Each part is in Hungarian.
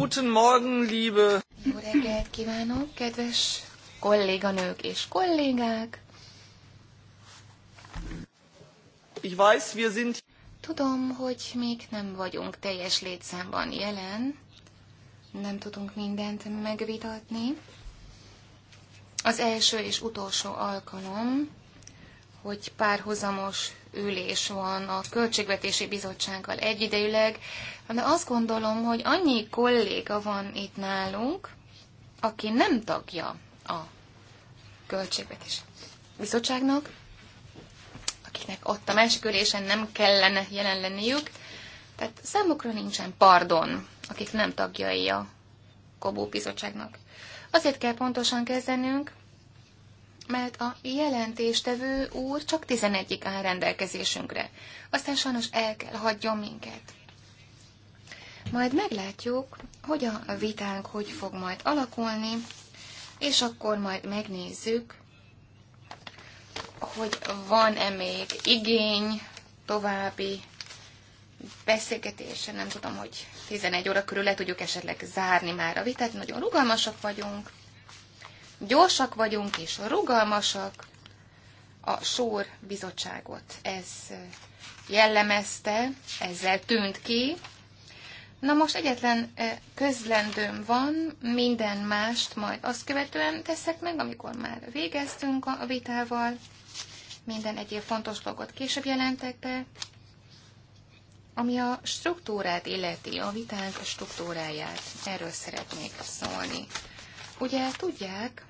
Guten Morgen, liebe... Jó reggelt kívánok, kedves kolléganők és kollégák! Ich weiß, wir sind... Tudom, hogy még nem vagyunk teljes létszámban jelen, nem tudunk mindent megvitatni. Az első és utolsó alkalom, hogy párhuzamos ülés van a Költségvetési Bizottsággal egyidejűleg, de azt gondolom, hogy annyi kolléga van itt nálunk, aki nem tagja a Költségvetési Bizottságnak, akiknek ott a másik ülésen nem kellene jelen lenniük, tehát számukra nincsen pardon, akik nem tagjai a Kobó Bizottságnak. Azért kell pontosan kezdenünk, mert a jelentéstevő úr csak 11-ig áll rendelkezésünkre. Aztán sajnos el kell hagyjon minket. Majd meglátjuk, hogy a vitánk hogy fog majd alakulni, és akkor majd megnézzük, hogy van-e még igény további beszélgetésre. Nem tudom, hogy 11 óra körül le tudjuk esetleg zárni már a vitát. Nagyon rugalmasak vagyunk gyorsak vagyunk és rugalmasak. A SOR bizottságot ez jellemezte, ezzel tűnt ki. Na most egyetlen közlendőm van, minden mást majd azt követően teszek meg, amikor már végeztünk a vitával. Minden egyéb fontos dolgot később jelentek be. Ami a struktúrát illeti, a vitánk struktúráját, erről szeretnék szólni. Ugye tudják,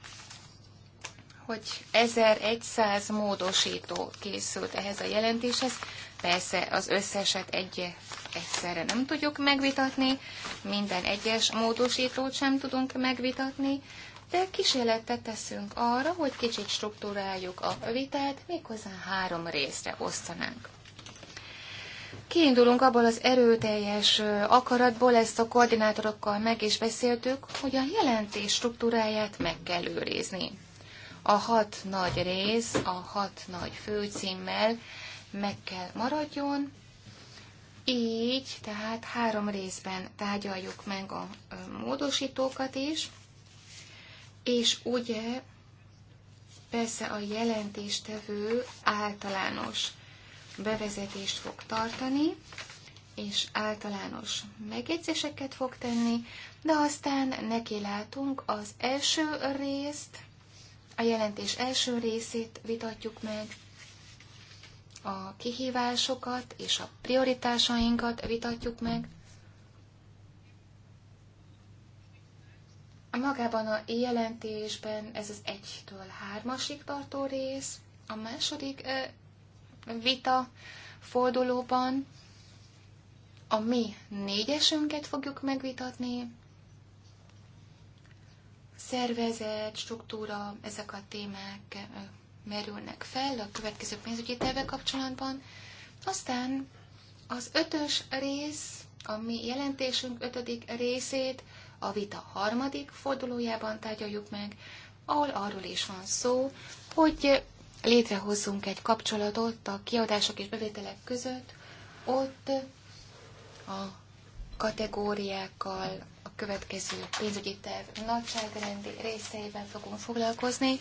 hogy 1100 módosító készült ehhez a jelentéshez. Persze az összeset egy, egyszerre nem tudjuk megvitatni, minden egyes módosítót sem tudunk megvitatni, de kísérletet teszünk arra, hogy kicsit struktúráljuk a vitát, méghozzá három részre osztanánk. Kiindulunk abból az erőteljes akaratból, ezt a koordinátorokkal meg is beszéltük, hogy a jelentés struktúráját meg kell őrizni. A hat nagy rész, a hat nagy főcímmel meg kell maradjon, így, tehát három részben tárgyaljuk meg a módosítókat is, és ugye persze a jelentéstevő általános bevezetést fog tartani, és általános megjegyzéseket fog tenni, de aztán nekilátunk az első részt, a jelentés első részét vitatjuk meg, a kihívásokat és a prioritásainkat vitatjuk meg. Magában a jelentésben ez az 1-től 3-asig tartó rész, a második vita fordulóban a mi négyesünket fogjuk megvitatni, szervezet, struktúra, ezek a témák merülnek fel a következő pénzügyi terve kapcsolatban. Aztán az ötös rész, a mi jelentésünk ötödik részét a vita harmadik fordulójában tárgyaljuk meg, ahol arról is van szó, hogy létrehozzunk egy kapcsolatot a kiadások és bevételek között, ott a kategóriákkal, a következő pénzügyi terv nagyságrendi részeivel fogunk foglalkozni,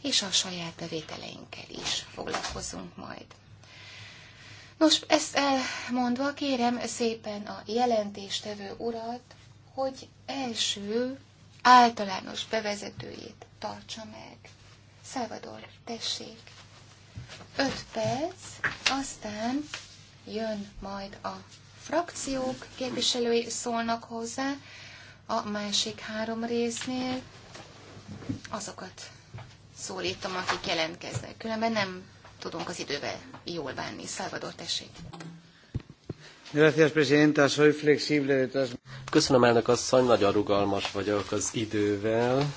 és a saját bevételeinkkel is foglalkozunk majd. Nos, ezt elmondva kérem szépen a jelentéstevő urat, hogy első általános bevezetőjét tartsa meg Szávador, tessék. Öt perc, aztán jön majd a frakciók képviselői szólnak hozzá, a másik három résznél azokat szólítom, akik jelentkeznek. Különben nem tudunk az idővel jól bánni. Szávador, tessék! Köszönöm, elnök asszony, nagyon rugalmas vagyok az idővel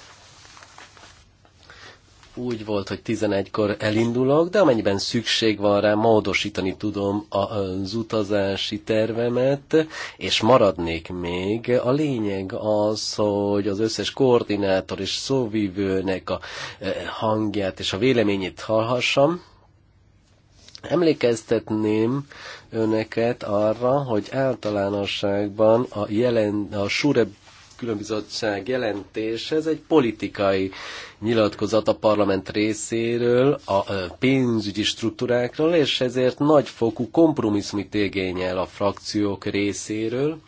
úgy volt, hogy 11-kor elindulok, de amennyiben szükség van rá, módosítani tudom az utazási tervemet, és maradnék még. A lényeg az, hogy az összes koordinátor és szóvívőnek a e, hangját és a véleményét hallhassam. Emlékeztetném önöket arra, hogy általánosságban a, jelen, a Sure különbizottság jelentés, ez egy politikai nyilatkozat a parlament részéről a pénzügyi struktúrákról, és ezért nagyfokú kompromisszumit igényel a frakciók részéről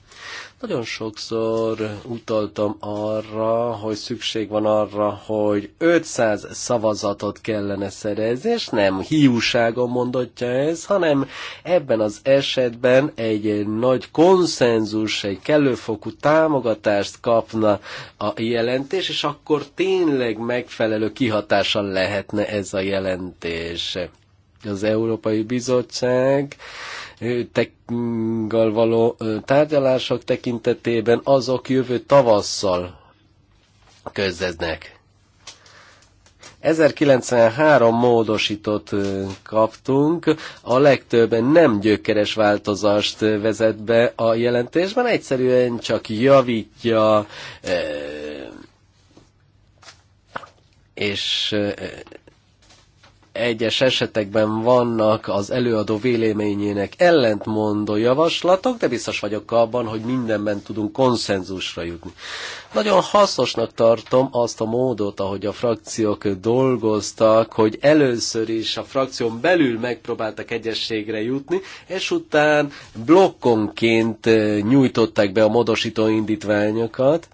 nagyon sokszor utaltam arra, hogy szükség van arra, hogy 500 szavazatot kellene szerezni, és nem hiúságon mondottja ez, hanem ebben az esetben egy nagy konszenzus, egy kellőfokú támogatást kapna a jelentés, és akkor tényleg megfelelő kihatással lehetne ez a jelentés az Európai Bizottság tekkel való tárgyalások tekintetében azok jövő tavasszal közzeznek. 1093 módosítót kaptunk, a legtöbben nem gyökeres változást vezet be a jelentésben, egyszerűen csak javítja és egyes esetekben vannak az előadó véleményének ellentmondó javaslatok, de biztos vagyok abban, hogy mindenben tudunk konszenzusra jutni. Nagyon hasznosnak tartom azt a módot, ahogy a frakciók dolgoztak, hogy először is a frakción belül megpróbáltak egyességre jutni, és után blokkonként eh, nyújtották be a módosító indítványokat,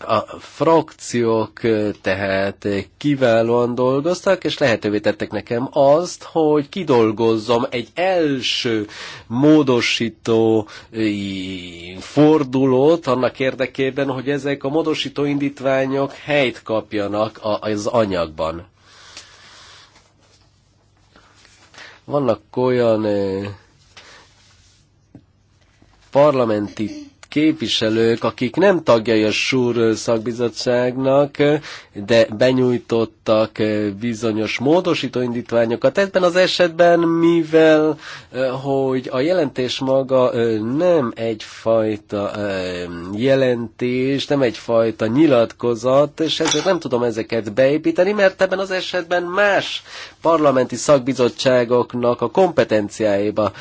a frakciók tehát kiválóan dolgoztak, és lehetővé tettek nekem azt, hogy kidolgozzam egy első módosító fordulót annak érdekében, hogy ezek a módosító indítványok helyt kapjanak az anyagban. Vannak olyan parlamenti képviselők, akik nem tagjai a SUR szakbizottságnak, de benyújtottak eh, bizonyos módosítóindítványokat. indítványokat. Ebben az esetben, mivel eh, hogy a jelentés maga eh, nem egyfajta jelentés, nem egyfajta nyilatkozat, és ezért nem tudom ezeket beépíteni, mert ebben az esetben más parlamenti szakbizottságoknak a kompetenciáiba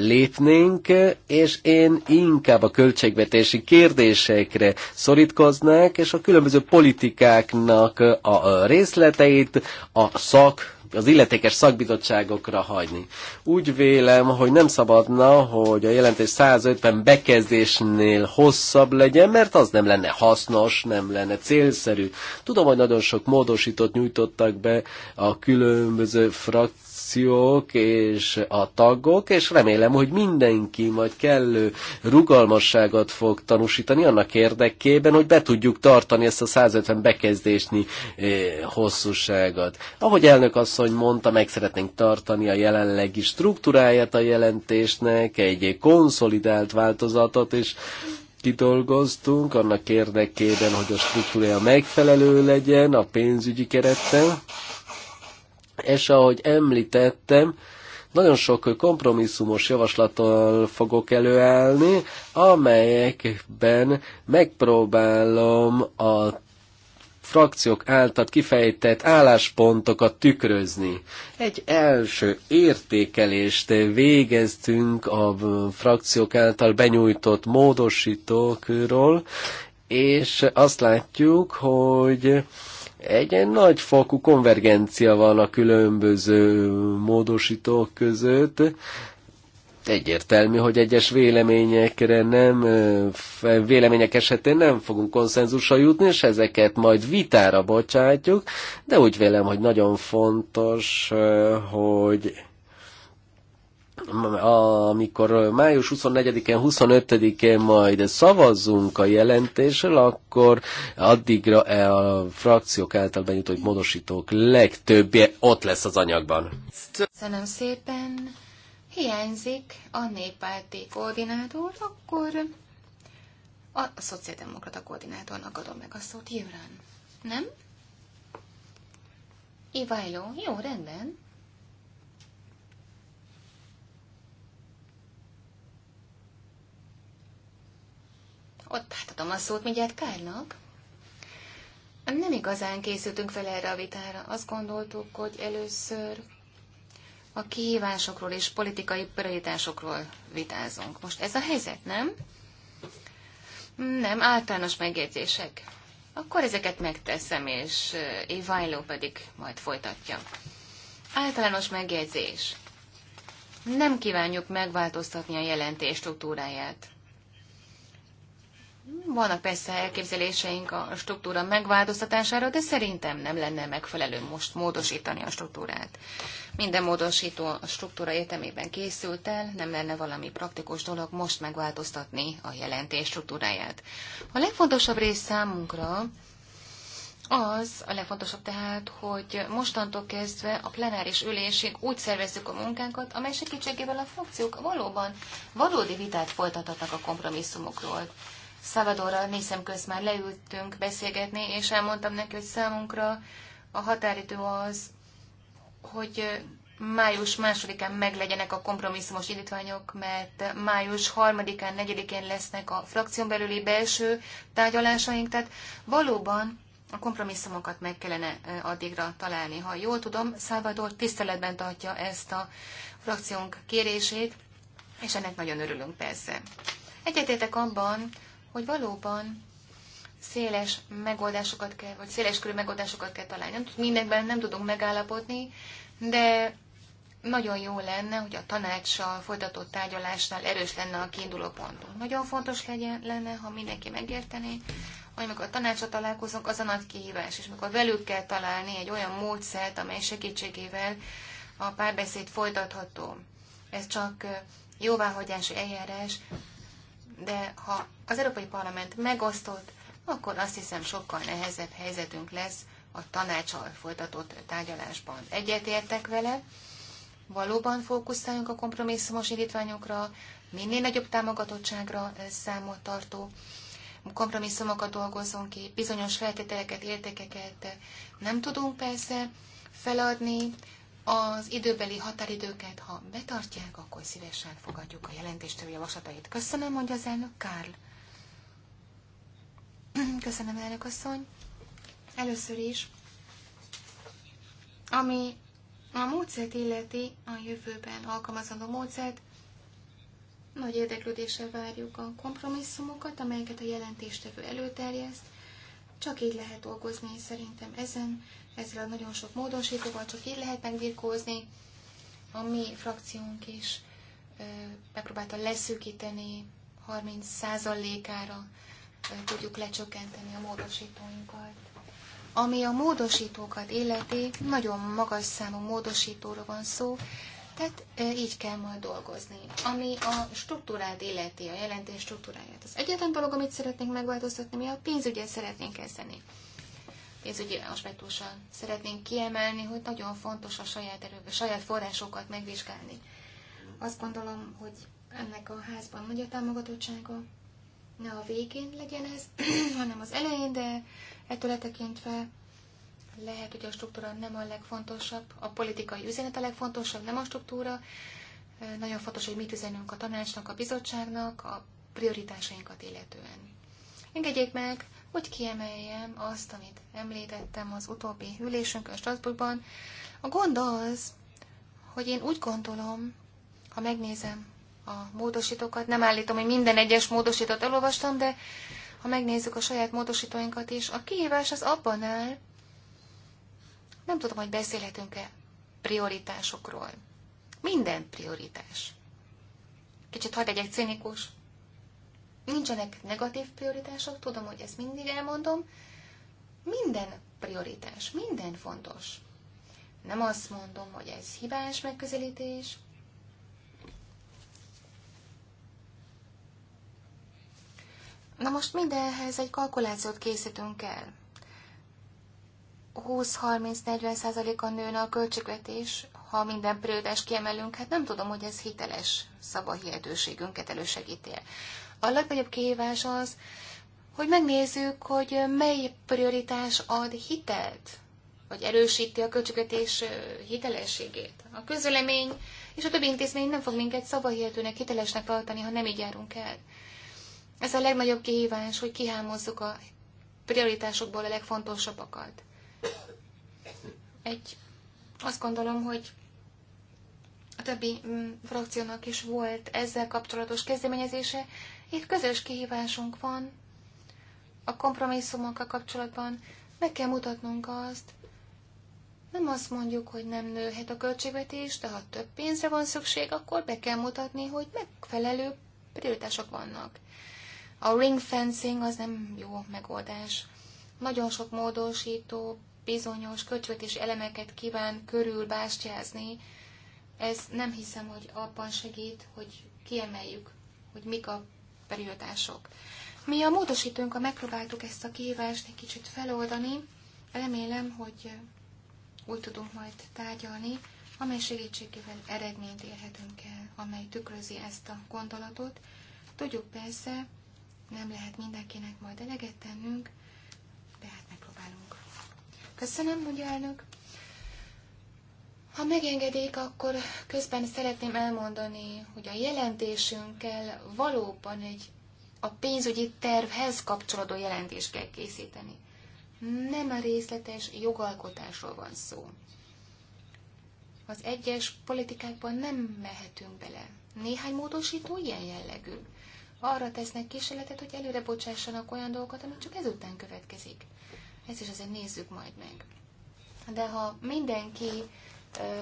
lépnénk, és én inkább a költség költségvetési kérdésekre szorítkoznák, és a különböző politikáknak a részleteit a szak az illetékes szakbizottságokra hagyni. Úgy vélem, hogy nem szabadna, hogy a jelentés 150 bekezdésnél hosszabb legyen, mert az nem lenne hasznos, nem lenne célszerű. Tudom, hogy nagyon sok módosítót nyújtottak be a különböző frakciók, frakciók és a tagok, és remélem, hogy mindenki majd kellő rugalmasságot fog tanúsítani annak érdekében, hogy be tudjuk tartani ezt a 150 bekezdésnyi eh, hosszúságot. Ahogy elnök asszony mondta, meg szeretnénk tartani a jelenlegi struktúráját a jelentésnek, egy konszolidált változatot, is kidolgoztunk annak érdekében, hogy a struktúrája megfelelő legyen a pénzügyi kerettel, és ahogy említettem, nagyon sok kompromisszumos javaslattal fogok előállni, amelyekben megpróbálom a frakciók által kifejtett álláspontokat tükrözni. Egy első értékelést végeztünk a frakciók által benyújtott módosítókról, és azt látjuk, hogy egy nagyfokú konvergencia van a különböző módosítók között. Egyértelmű, hogy egyes véleményekre nem, vélemények esetén nem fogunk konszenzusra jutni, és ezeket majd vitára bocsátjuk, de úgy vélem, hogy nagyon fontos, hogy amikor május 24-én, 25-én majd szavazzunk a jelentésről, akkor addigra e a frakciók által benyújtott módosítók legtöbbje ott lesz az anyagban. Köszönöm szépen. Hiányzik a néppárti koordinátor, akkor a, a szociáldemokrata koordinátornak adom meg a szót Jövrán. Nem? Iváló, jó, rendben. Ott átadom a szót mindjárt Kárnak. Nem igazán készültünk fel erre a vitára. Azt gondoltuk, hogy először a kihívásokról és politikai prioritásokról vitázunk. Most ez a helyzet, nem? Nem, általános megjegyzések. Akkor ezeket megteszem, és eh, Ivajló pedig majd folytatja. Általános megjegyzés. Nem kívánjuk megváltoztatni a jelentés struktúráját. Vannak persze elképzeléseink a struktúra megváltoztatására, de szerintem nem lenne megfelelő most módosítani a struktúrát. Minden módosító a struktúra értelmében készült el, nem lenne valami praktikus dolog most megváltoztatni a jelentés struktúráját. A legfontosabb rész számunkra az, a legfontosabb tehát, hogy mostantól kezdve a plenáris ülésig úgy szervezzük a munkánkat, amely segítségével a funkciók valóban valódi vitát folytathatnak a kompromisszumokról. Szavadorral négy szem közt már leültünk beszélgetni, és elmondtam neki, hogy számunkra a határidő az, hogy május másodikán meglegyenek a kompromisszumos indítványok, mert május harmadikán, negyedikén lesznek a frakción belüli belső tárgyalásaink, tehát valóban a kompromisszumokat meg kellene addigra találni. Ha jól tudom, Szávador tiszteletben tartja ezt a frakciónk kérését, és ennek nagyon örülünk persze. Egyetértek abban, hogy valóban széles megoldásokat kell, vagy széles körű megoldásokat kell találni. Nem, mindenben nem tudunk megállapodni, de nagyon jó lenne, hogy a tanácssal folytatott tárgyalásnál erős lenne a kiinduló pontunk. Nagyon fontos legyen, lenne, ha mindenki megértené, hogy amikor a tanácsra találkozunk, az a nagy kihívás, és mikor velük kell találni egy olyan módszert, amely segítségével a párbeszéd folytatható. Ez csak jóváhagyási eljárás, de ha az Európai Parlament megosztott, akkor azt hiszem sokkal nehezebb helyzetünk lesz a tanácsal folytatott tárgyalásban. Egyetértek vele, valóban fókuszáljunk a kompromisszumos indítványokra, minél nagyobb támogatottságra számot tartó kompromisszumokat dolgozunk ki, bizonyos feltételeket, értékeket nem tudunk persze feladni, az időbeli határidőket, ha betartják, akkor szívesen fogadjuk a a javaslatait. Köszönöm, mondja az elnök Kárl. Köszönöm, elnök asszony. Először is, ami a módszert illeti, a jövőben alkalmazandó módszert, nagy érdeklődéssel várjuk a kompromisszumokat, amelyeket a jelentéstevő előterjeszt. Csak így lehet dolgozni szerintem ezen, ezzel a nagyon sok módosítóval, csak így lehet megbirkózni. A mi frakciónk is ö, megpróbálta leszűkíteni 30%-ára tudjuk lecsökkenteni a módosítóinkat. Ami a módosítókat illeti, nagyon magas számú módosítóra van szó, tehát így kell majd dolgozni. Ami a struktúrát illeti, a jelentés struktúráját. Az egyetlen dolog, amit szeretnénk megváltoztatni, mi a pénzügyet szeretnénk kezdeni. Pénzügyi aspektussal szeretnénk kiemelni, hogy nagyon fontos a saját a saját forrásokat megvizsgálni. Azt gondolom, hogy ennek a házban nagy a támogatottsága. Ne a végén legyen ez, hanem az elején, de ettől tekintve lehet, hogy a struktúra nem a legfontosabb, a politikai üzenet a legfontosabb, nem a struktúra. Nagyon fontos, hogy mit üzenünk a tanácsnak, a bizottságnak, a prioritásainkat illetően. Engedjék meg, hogy kiemeljem azt, amit említettem az utóbbi ülésünkön Strasbourgban. A gond az, hogy én úgy gondolom, ha megnézem a módosítókat, nem állítom, hogy minden egyes módosítót elolvastam, de ha megnézzük a saját módosítóinkat is, a kihívás az abban áll, nem tudom, hogy beszélhetünk-e prioritásokról. Minden prioritás. Kicsit hagyd egy cinikus. Nincsenek negatív prioritások, tudom, hogy ezt mindig elmondom. Minden prioritás, minden fontos. Nem azt mondom, hogy ez hibás megközelítés. Na most mindenhez egy kalkulációt készítünk el. 20-30-40 százaléka nőne a költségvetés, ha minden prioritást kiemelünk, hát nem tudom, hogy ez hiteles szavahihetőségünket elősegítél. A legnagyobb kihívás az, hogy megnézzük, hogy mely prioritás ad hitelt, vagy erősíti a költségvetés hitelességét. A közvélemény és a többi intézmény nem fog minket szabahihetőnek, hitelesnek tartani, ha nem így járunk el. Ez a legnagyobb kihívás, hogy kihámozzuk a prioritásokból a legfontosabbakat egy, azt gondolom, hogy a többi mm, frakciónak is volt ezzel kapcsolatos kezdeményezése. Itt közös kihívásunk van a kompromisszumokkal kapcsolatban. Meg kell mutatnunk azt, nem azt mondjuk, hogy nem nőhet a költségvetés, de ha több pénzre van szükség, akkor be kell mutatni, hogy megfelelő prioritások vannak. A ring fencing az nem jó megoldás. Nagyon sok módosító bizonyos költségvetési elemeket kíván körülbástyázni, ez nem hiszem, hogy abban segít, hogy kiemeljük, hogy mik a periódások. Mi a a megpróbáltuk ezt a kihívást egy kicsit feloldani. Remélem, hogy úgy tudunk majd tárgyalni, amely segítségével eredményt érhetünk el, amely tükrözi ezt a gondolatot. Tudjuk persze, nem lehet mindenkinek majd eleget tennünk, Köszönöm, mondja elnök. Ha megengedik, akkor közben szeretném elmondani, hogy a jelentésünkkel valóban egy a pénzügyi tervhez kapcsolódó jelentést kell készíteni. Nem a részletes jogalkotásról van szó. Az egyes politikákban nem mehetünk bele. Néhány módosító ilyen jellegű. Arra tesznek kísérletet, hogy előre bocsássanak olyan dolgokat, amit csak ezután következik. Ezt is azért nézzük majd meg. De ha mindenki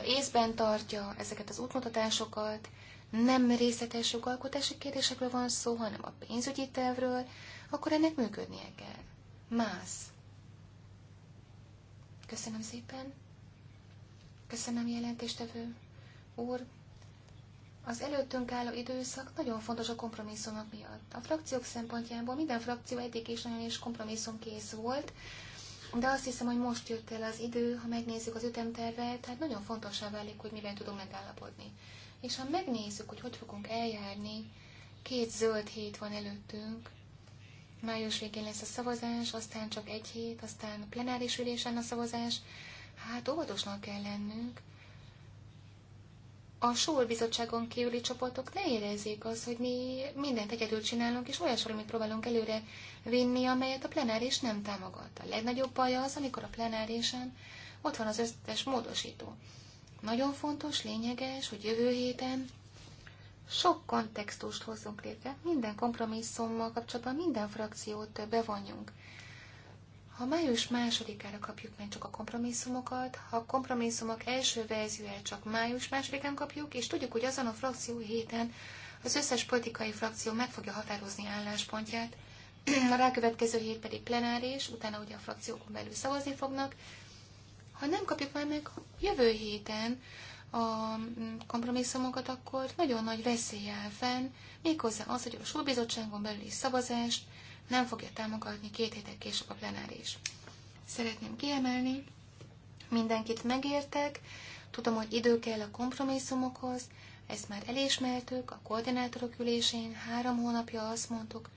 észben tartja ezeket az útmutatásokat, nem részletes jogalkotási kérdésekről van szó, hanem a pénzügyi tervről, akkor ennek működnie kell. Más. Köszönöm szépen. Köszönöm, jelentéstevő úr. Az előttünk álló időszak nagyon fontos a kompromisszumok miatt. A frakciók szempontjából minden frakció eddig is nagyon is kompromisszumkész volt, de azt hiszem, hogy most jött el az idő, ha megnézzük az ütemtervet, tehát nagyon fontosá válik, hogy miben tudunk megállapodni. És ha megnézzük, hogy hogy fogunk eljárni, két zöld hét van előttünk, május végén lesz a szavazás, aztán csak egy hét, aztán plenáris ülésen a szavazás, hát óvatosnak kell lennünk, a Súl bizottságon kívüli csoportok ne érezzék az, hogy mi mindent egyedül csinálunk, és olyasmit próbálunk előre vinni, amelyet a plenáris nem támogat. A legnagyobb baj az, amikor a plenárisen ott van az összes módosító. Nagyon fontos, lényeges, hogy jövő héten sok kontextust hozzunk létre, minden kompromisszummal kapcsolatban minden frakciót bevonjunk. Ha május másodikára kapjuk meg csak a kompromisszumokat, ha a kompromisszumok első verzióját csak május másodikán kapjuk, és tudjuk, hogy azon a frakció héten az összes politikai frakció meg fogja határozni álláspontját, a rákövetkező hét pedig plenáris, utána ugye a frakciókon belül szavazni fognak. Ha nem kapjuk már meg jövő héten a kompromisszumokat, akkor nagyon nagy veszély áll fenn, méghozzá az, hogy a súlybizottságon is szavazást nem fogja támogatni két héttel később a plenáris. Szeretném kiemelni, mindenkit megértek, tudom, hogy idő kell a kompromisszumokhoz, ezt már elismertük, a koordinátorok ülésén három hónapja azt mondtuk,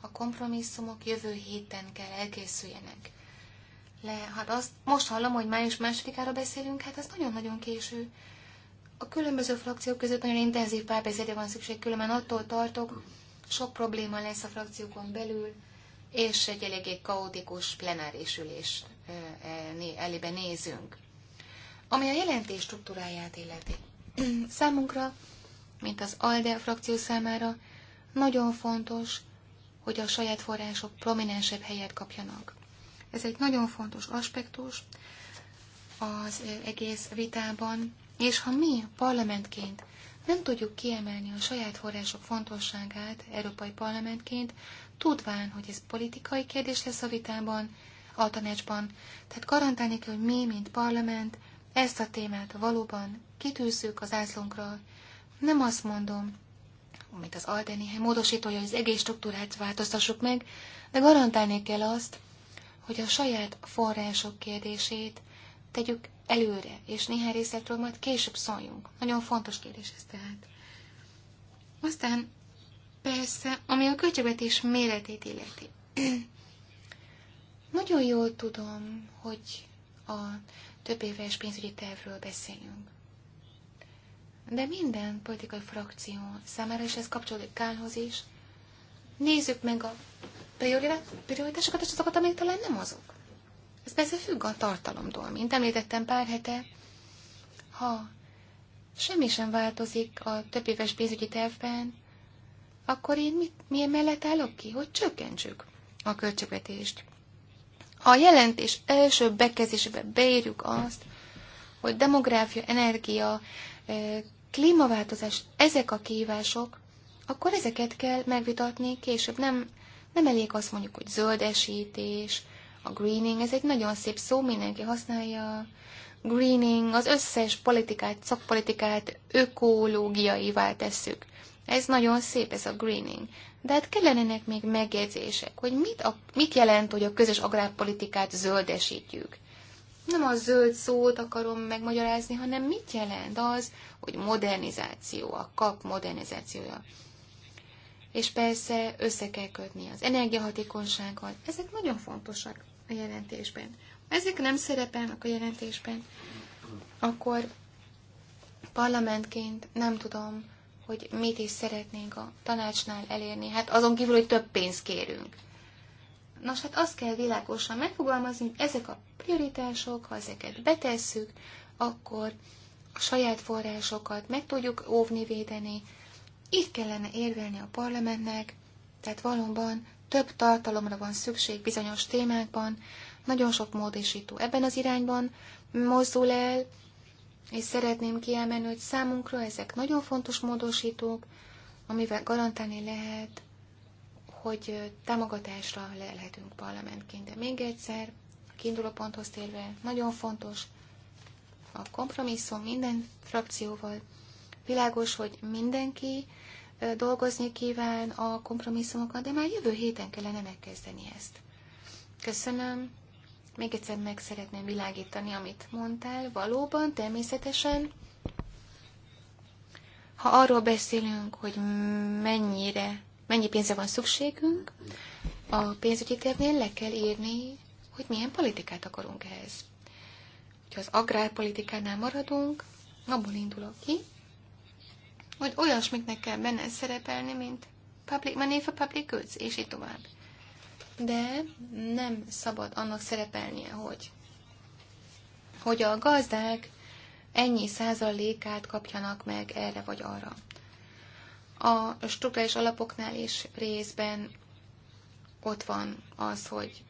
a kompromisszumok jövő héten kell elkészüljenek. Le, hát azt most hallom, hogy május másodikára beszélünk, hát ez nagyon-nagyon késő. A különböző frakciók között nagyon intenzív párbeszédre van szükség, különben attól tartok, sok probléma lesz a frakciókon belül, és egy eléggé kaotikus plenáris ülés elébe nézünk. Ami a jelentés struktúráját illeti. Számunkra, mint az ALDE frakció számára, nagyon fontos, hogy a saját források prominensebb helyet kapjanak. Ez egy nagyon fontos aspektus az egész vitában, és ha mi parlamentként nem tudjuk kiemelni a saját források fontosságát Európai Parlamentként, tudván, hogy ez politikai kérdés lesz a vitában, a tanácsban. Tehát garantálni kell, hogy mi, mint parlament, ezt a témát valóban kitűzzük az ászlónkra. Nem azt mondom, mint az Aldeni módosítója, hogy az egész struktúrát változtassuk meg, de garantálni kell azt, hogy a saját források kérdését tegyük előre, és néhány részletről majd később szóljunk. Nagyon fontos kérdés ez tehát. Aztán persze, ami a költségvetés méretét illeti. Nagyon jól tudom, hogy a több éves pénzügyi tervről beszélünk. De minden politikai frakció számára, és ez kapcsolódik Kálhoz is, nézzük meg a prioritásokat, és azokat, amik talán nem azok. Ez persze függ a tartalomtól. Mint említettem pár hete, ha semmi sem változik a több éves pénzügyi tervben, akkor én mit, milyen mellett állok ki, hogy csökkentsük a költségvetést. Ha a jelentés első bekezésébe beírjuk azt, hogy demográfia, energia, eh, klímaváltozás, ezek a kívások, akkor ezeket kell megvitatni később. Nem, nem elég azt mondjuk, hogy zöldesítés, a greening, ez egy nagyon szép szó, mindenki használja. Greening, az összes politikát, szakpolitikát ökológiaivá tesszük. Ez nagyon szép, ez a greening. De hát kellenének még megjegyzések, hogy mit, a, mit jelent, hogy a közös agrárpolitikát zöldesítjük. Nem a zöld szót akarom megmagyarázni, hanem mit jelent az, hogy modernizáció, a kap modernizációja. És persze össze kell kötni az energiahatékonysággal. ezek nagyon fontosak a jelentésben. Ha ezek nem szerepelnek a jelentésben, akkor parlamentként nem tudom, hogy mit is szeretnénk a tanácsnál elérni. Hát azon kívül, hogy több pénzt kérünk. Nos, hát azt kell világosan megfogalmazni, hogy ezek a prioritások, ha ezeket betesszük, akkor a saját forrásokat meg tudjuk óvni, védeni. Így kellene érvelni a parlamentnek, tehát valóban több tartalomra van szükség bizonyos témákban, nagyon sok módosító ebben az irányban mozdul el, és szeretném kiemelni, hogy számunkra ezek nagyon fontos módosítók, amivel garantálni lehet, hogy támogatásra lehetünk parlamentként. De még egyszer, a kiinduló ponthoz térve, nagyon fontos a kompromisszum minden frakcióval. Világos, hogy mindenki dolgozni kíván a kompromisszumokat, de már jövő héten kellene megkezdeni ezt. Köszönöm. Még egyszer meg szeretném világítani, amit mondtál. Valóban, természetesen, ha arról beszélünk, hogy mennyire, mennyi pénze van szükségünk, a pénzügyi tervnél le kell írni, hogy milyen politikát akarunk ehhez. Ha az agrárpolitikánál maradunk, abból indulok ki, hogy olyasmiknek kell benne szerepelni, mint public money for public goods, és így tovább. De nem szabad annak szerepelnie, hogy, hogy a gazdák ennyi százalékát kapjanak meg erre vagy arra. A struktúrális alapoknál is részben ott van az, hogy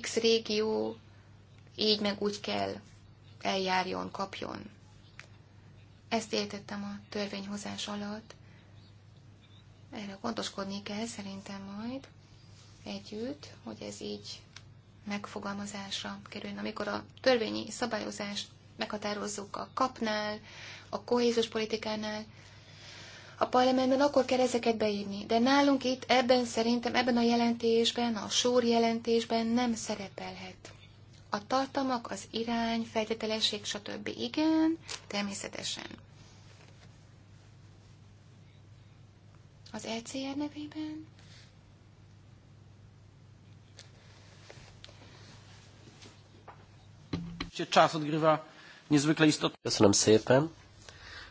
X régió így meg úgy kell eljárjon, kapjon. Ezt értettem a törvényhozás alatt. Erre gondoskodni kell szerintem majd együtt, hogy ez így megfogalmazásra kerül. Amikor a törvényi szabályozást meghatározzuk a kapnál, a kohézus politikánál, a parlamentben akkor kell ezeket beírni. De nálunk itt ebben szerintem, ebben a jelentésben, a sor jelentésben nem szerepelhet a tartalmak, az irány, feltételesség, stb. Igen, természetesen. Az ECR nevében? Köszönöm szépen.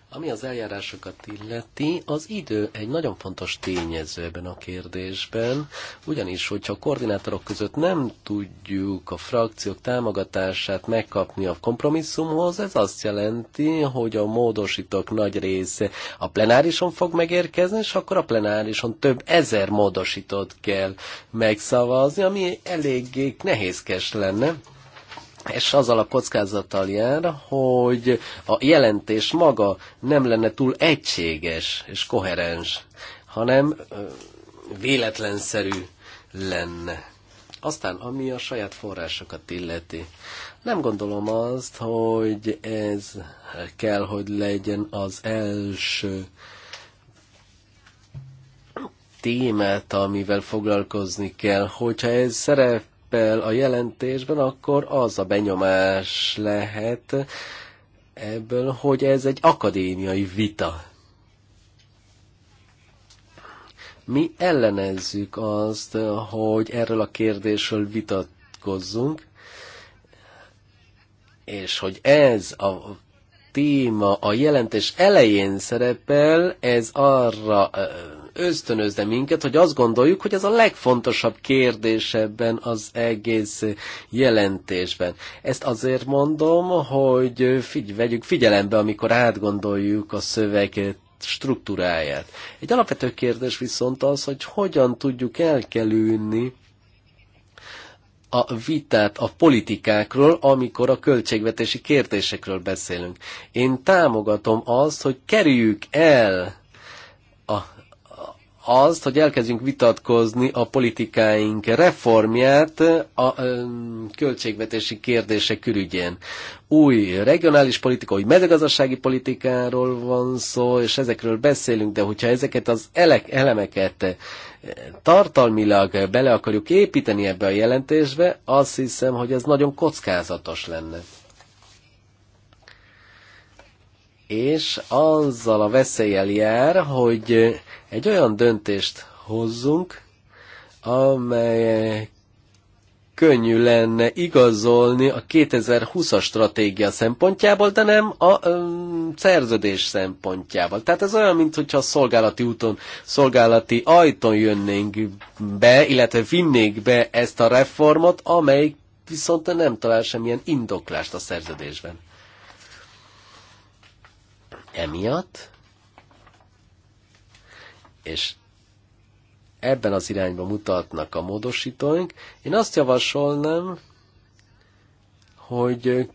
Ami az eljárásokat illeti, az idő egy nagyon fontos tényező ebben a kérdésben, ugyanis, hogyha a koordinátorok között nem tudjuk a frakciók támogatását megkapni a kompromisszumhoz, ez azt jelenti, hogy a módosítók nagy része a plenárison fog megérkezni, és akkor a plenárison több ezer módosítót kell megszavazni, ami eléggé nehézkes lenne és azzal a kockázattal jár, hogy a jelentés maga nem lenne túl egységes és koherens, hanem véletlenszerű lenne. Aztán, ami a saját forrásokat illeti, nem gondolom azt, hogy ez kell, hogy legyen az első témát, amivel foglalkozni kell. Hogyha ez szerep szerepel a jelentésben, akkor az a benyomás lehet ebből, hogy ez egy akadémiai vita. Mi ellenezzük azt, hogy erről a kérdésről vitatkozzunk, és hogy ez a téma a jelentés elején szerepel, ez arra ösztönözne minket, hogy azt gondoljuk, hogy ez a legfontosabb kérdés ebben az egész jelentésben. Ezt azért mondom, hogy figy- vegyük figyelembe, amikor átgondoljuk a szöveget struktúráját. Egy alapvető kérdés viszont az, hogy hogyan tudjuk elkelülni a vitát a politikákról, amikor a költségvetési kérdésekről beszélünk. Én támogatom azt, hogy kerüljük el azt, hogy elkezdjünk vitatkozni a politikáink reformját a költségvetési kérdések ürügyén. Új regionális politika, új mezőgazdasági politikáról van szó, és ezekről beszélünk, de hogyha ezeket az elek, elemeket tartalmilag bele akarjuk építeni ebbe a jelentésbe, azt hiszem, hogy ez nagyon kockázatos lenne. és azzal a veszéllyel jár, hogy egy olyan döntést hozzunk, amely könnyű lenne igazolni a 2020-as stratégia szempontjából, de nem a um, szerződés szempontjából. Tehát ez olyan, mintha a szolgálati úton, szolgálati ajtón jönnénk be, illetve vinnék be ezt a reformot, amely viszont nem talál semmilyen indoklást a szerződésben emiatt, és ebben az irányba mutatnak a módosítóink. Én azt javasolnám, hogy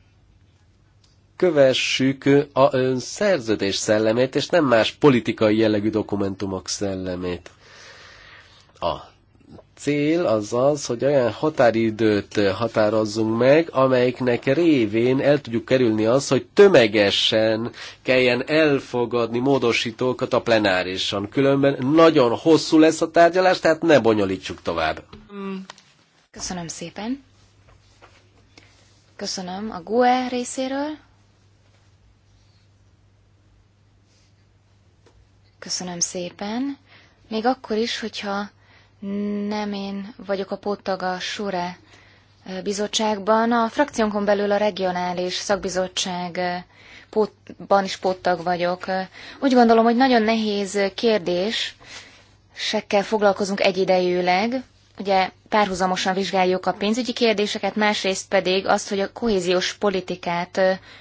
kövessük a ön szerződés szellemét, és nem más politikai jellegű dokumentumok szellemét. A cél az az, hogy olyan határidőt határozzunk meg, amelyiknek révén el tudjuk kerülni azt, hogy tömegesen kelljen elfogadni módosítókat a plenárison. Különben nagyon hosszú lesz a tárgyalás, tehát ne bonyolítsuk tovább. Köszönöm szépen. Köszönöm a GUE részéről. Köszönöm szépen. Még akkor is, hogyha nem én vagyok a póttag a SURE eh, bizottságban. A frakciónkon belül a regionális szakbizottság eh, pótban is póttag vagyok. Eh, úgy gondolom, hogy nagyon nehéz kérdés, sekkel foglalkozunk egyidejűleg, ugye párhuzamosan vizsgáljuk a pénzügyi kérdéseket, másrészt pedig azt, hogy a kohéziós politikát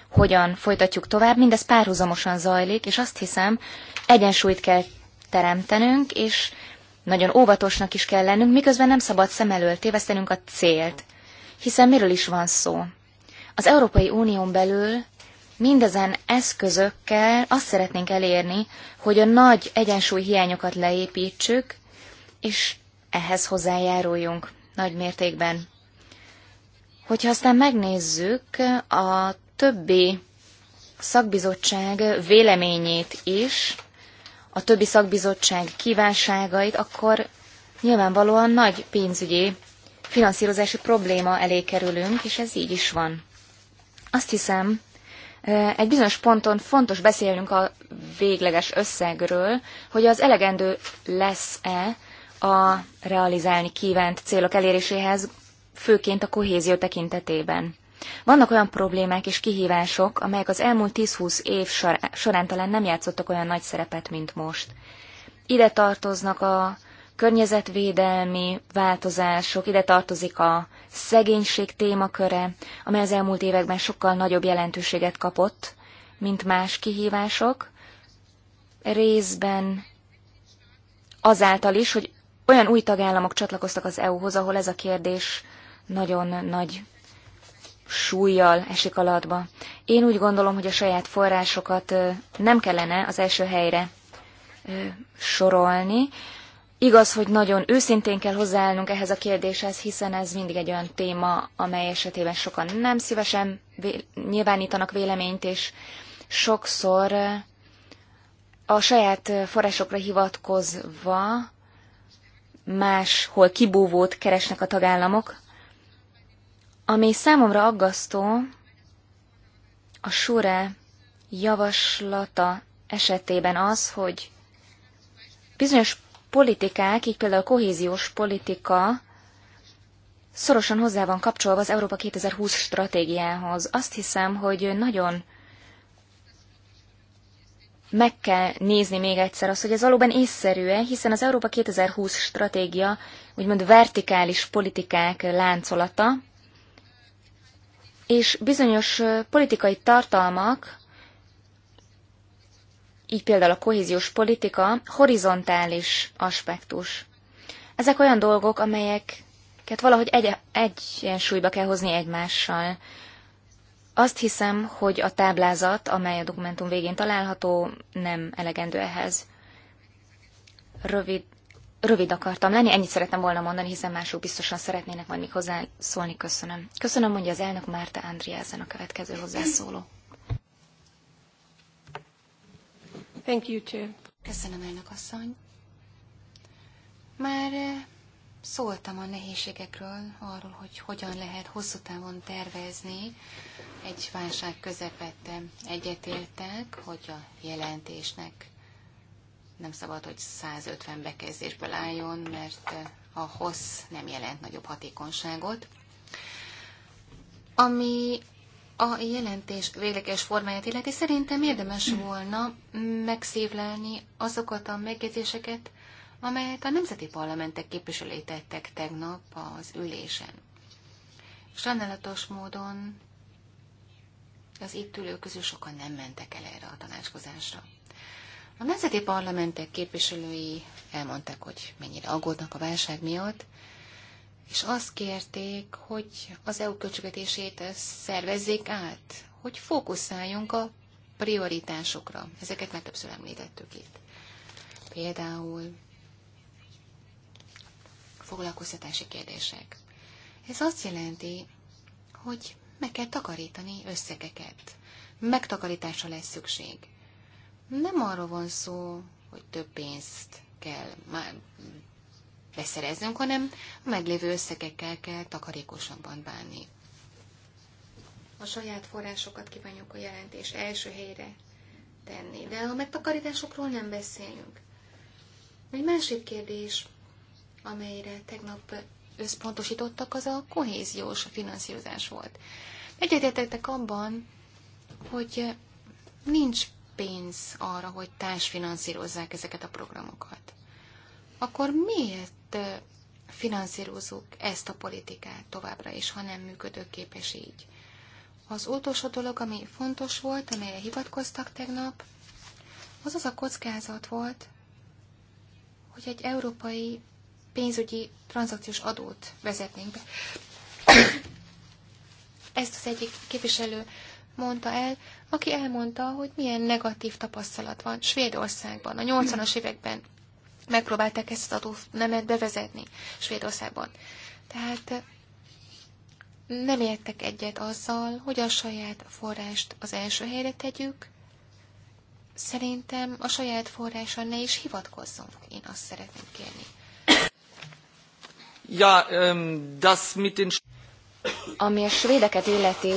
hogyan folytatjuk tovább, mindez párhuzamosan zajlik, és azt hiszem, egyensúlyt kell teremtenünk, és nagyon óvatosnak is kell lennünk, miközben nem szabad szem elől tévesztenünk a célt. Hiszen miről is van szó? Az Európai Unión belül mindezen eszközökkel azt szeretnénk elérni, hogy a nagy egyensúly hiányokat leépítsük, és ehhez hozzájáruljunk nagy mértékben. Hogyha aztán megnézzük a többi szakbizottság véleményét is, a többi szakbizottság kívánságait, akkor nyilvánvalóan nagy pénzügyi finanszírozási probléma elé kerülünk, és ez így is van. Azt hiszem, egy bizonyos ponton fontos beszélnünk a végleges összegről, hogy az elegendő lesz-e a realizálni kívánt célok eléréséhez, főként a kohézió tekintetében. Vannak olyan problémák és kihívások, amelyek az elmúlt 10-20 év során talán nem játszottak olyan nagy szerepet, mint most. Ide tartoznak a környezetvédelmi változások, ide tartozik a szegénység témaköre, amely az elmúlt években sokkal nagyobb jelentőséget kapott, mint más kihívások, részben azáltal is, hogy olyan új tagállamok csatlakoztak az EU-hoz, ahol ez a kérdés nagyon nagy súlyjal esik alatba. Én úgy gondolom, hogy a saját forrásokat nem kellene az első helyre sorolni. Igaz, hogy nagyon őszintén kell hozzáállnunk ehhez a kérdéshez, hiszen ez mindig egy olyan téma, amely esetében sokan nem szívesen nyilvánítanak véleményt, és sokszor a saját forrásokra hivatkozva máshol kibúvót keresnek a tagállamok, ami számomra aggasztó, a SURE javaslata esetében az, hogy bizonyos politikák, így például a kohéziós politika, szorosan hozzá van kapcsolva az Európa 2020 stratégiához. Azt hiszem, hogy nagyon meg kell nézni még egyszer azt, hogy ez valóban észszerű-e, hiszen az Európa 2020 stratégia úgymond vertikális politikák láncolata, és bizonyos politikai tartalmak, így például a kohéziós politika, horizontális aspektus. Ezek olyan dolgok, amelyeket valahogy egy, egyensúlyba kell hozni egymással. Azt hiszem, hogy a táblázat, amely a dokumentum végén található, nem elegendő ehhez. Rövid Rövid akartam lenni, ennyit szerettem volna mondani, hiszen mások biztosan szeretnének majd még hozzászólni. Köszönöm. Köszönöm, mondja az elnök Márta Andriázen a következő hozzászóló. Thank you too. Köszönöm, elnök asszony. Már eh, szóltam a nehézségekről, arról, hogy hogyan lehet hosszú távon tervezni. Egy válság közepette egyetértek, hogy a jelentésnek nem szabad, hogy 150 bekezdésből álljon, mert eh, a hossz nem jelent nagyobb hatékonyságot. Ami a jelentés végleges formáját illeti, szerintem érdemes volna megszívlelni azokat a megjegyzéseket, amelyet a nemzeti parlamentek képviselői tettek tegnap az ülésen. Sajnálatos módon az itt ülők közül sokan nem mentek el erre a tanácskozásra. A nemzeti parlamentek képviselői elmondták, hogy mennyire aggódnak a válság miatt, és azt kérték, hogy az EU költségvetését szervezzék át, hogy fókuszáljunk a prioritásokra. Ezeket már többször említettük itt. Például foglalkoztatási kérdések. Ez azt jelenti, hogy meg kell takarítani összegeket. Megtakarításra lesz szükség. Nem arról van szó, hogy több pénzt kell már beszereznünk, hanem a meglévő összegekkel kell takarékosabban bánni. A saját forrásokat kívánjuk a jelentés első helyre tenni, de a megtakarításokról nem beszélünk. Egy másik kérdés, amelyre tegnap összpontosítottak, az a kohéziós finanszírozás volt. Egyetértettek abban, hogy nincs pénz arra, hogy társfinanszírozzák ezeket a programokat. Akkor miért finanszírozunk ezt a politikát továbbra is, ha nem működőképes így? Az utolsó dolog, ami fontos volt, amelyre hivatkoztak tegnap, az az a kockázat volt, hogy egy európai pénzügyi tranzakciós adót vezetnénk be. Ezt az egyik képviselő mondta el, aki elmondta, hogy milyen negatív tapasztalat van Svédországban a 80-as években. Megpróbálták ezt az adónemet bevezetni Svédországban. Tehát nem értek egyet azzal, hogy a saját forrást az első helyre tegyük. Szerintem a saját forrásra ne is hivatkozzunk, én azt szeretném kérni. Ja, um, das mit den... Ami a svédeket illeti,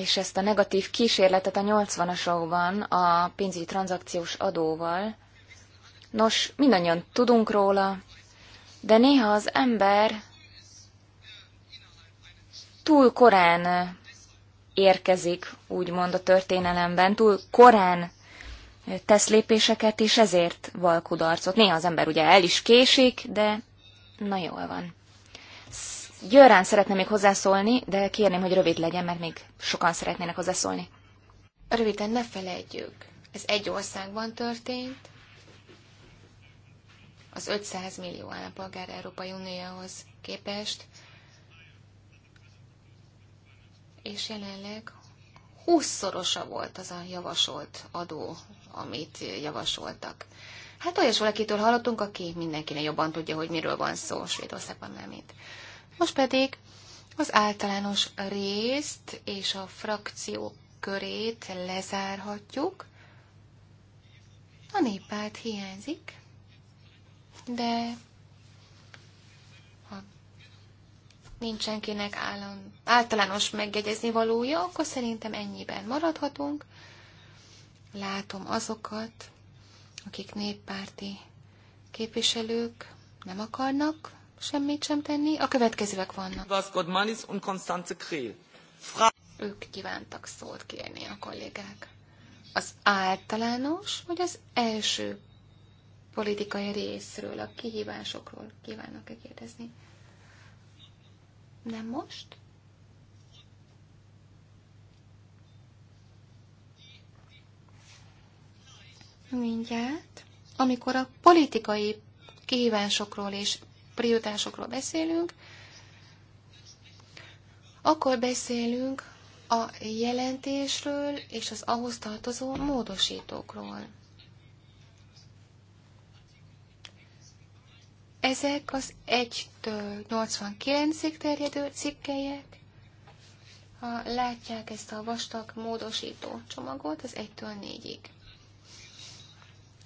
és ezt a negatív kísérletet a 80-asokban a pénzügyi tranzakciós adóval. Nos, mindannyian tudunk róla, de néha az ember túl korán érkezik, úgymond a történelemben, túl korán tesz lépéseket, és ezért val kudarcot. Néha az ember ugye el is késik, de na jól van. Győrán szeretne még hozzászólni, de kérném, hogy rövid legyen, mert még sokan szeretnének hozzászólni. Röviden ne felejtjük, ez egy országban történt, az 500 millió állampolgár Európai Unióhoz képest, és jelenleg 20-szorosa volt az a javasolt adó, amit javasoltak. Hát olyas valakitől hallottunk, aki mindenkinek jobban tudja, hogy miről van szó Svédországban, nem itt. Most pedig az általános részt és a frakció körét lezárhatjuk. A néppárt hiányzik, de ha nincsenkinek általános megjegyezni valója, akkor szerintem ennyiben maradhatunk. Látom azokat, akik néppárti képviselők nem akarnak semmit sem tenni. A következőek vannak. Vasco Manis und Constanze Krill. Fra- ők kívántak szót kérni a kollégák. Az általános, vagy az első politikai részről, a kihívásokról kívánnak-e kérdezni? Nem most? Mindjárt. Amikor a politikai kihívásokról és prioritásokról beszélünk, akkor beszélünk a jelentésről és az ahhoz tartozó módosítókról. Ezek az 1-től 89-ig terjedő cikkelyek. Ha látják ezt a vastag módosító csomagot, az 1-től 4-ig.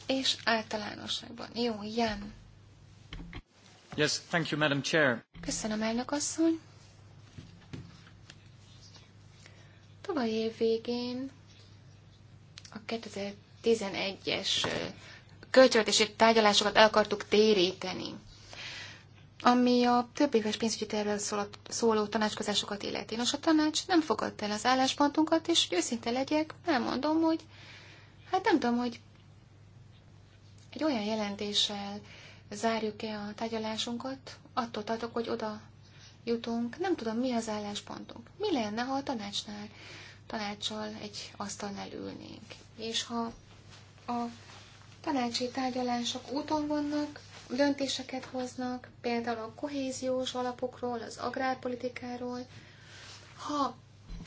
És általánosságban. Jó, Jan. Köszönöm, elnök asszony. Tavaly év végén a 2011-es költségvetési tárgyalásokat el akartuk téríteni, ami a több éves pénzügyi tervről szóló, szóló tanácskozásokat illeti. Nos, a tanács nem fogadta el az álláspontunkat, és hogy őszinte legyek, elmondom, hogy hát nem tudom, hogy egy olyan jelentéssel zárjuk-e a tárgyalásunkat, attól tartok, hogy oda jutunk, nem tudom, mi az álláspontunk. Mi lenne, ha a tanácsnál, tanácssal egy asztalnál ülnénk? És ha a tanácsi tárgyalások úton vannak, döntéseket hoznak, például a kohéziós alapokról, az agrárpolitikáról, ha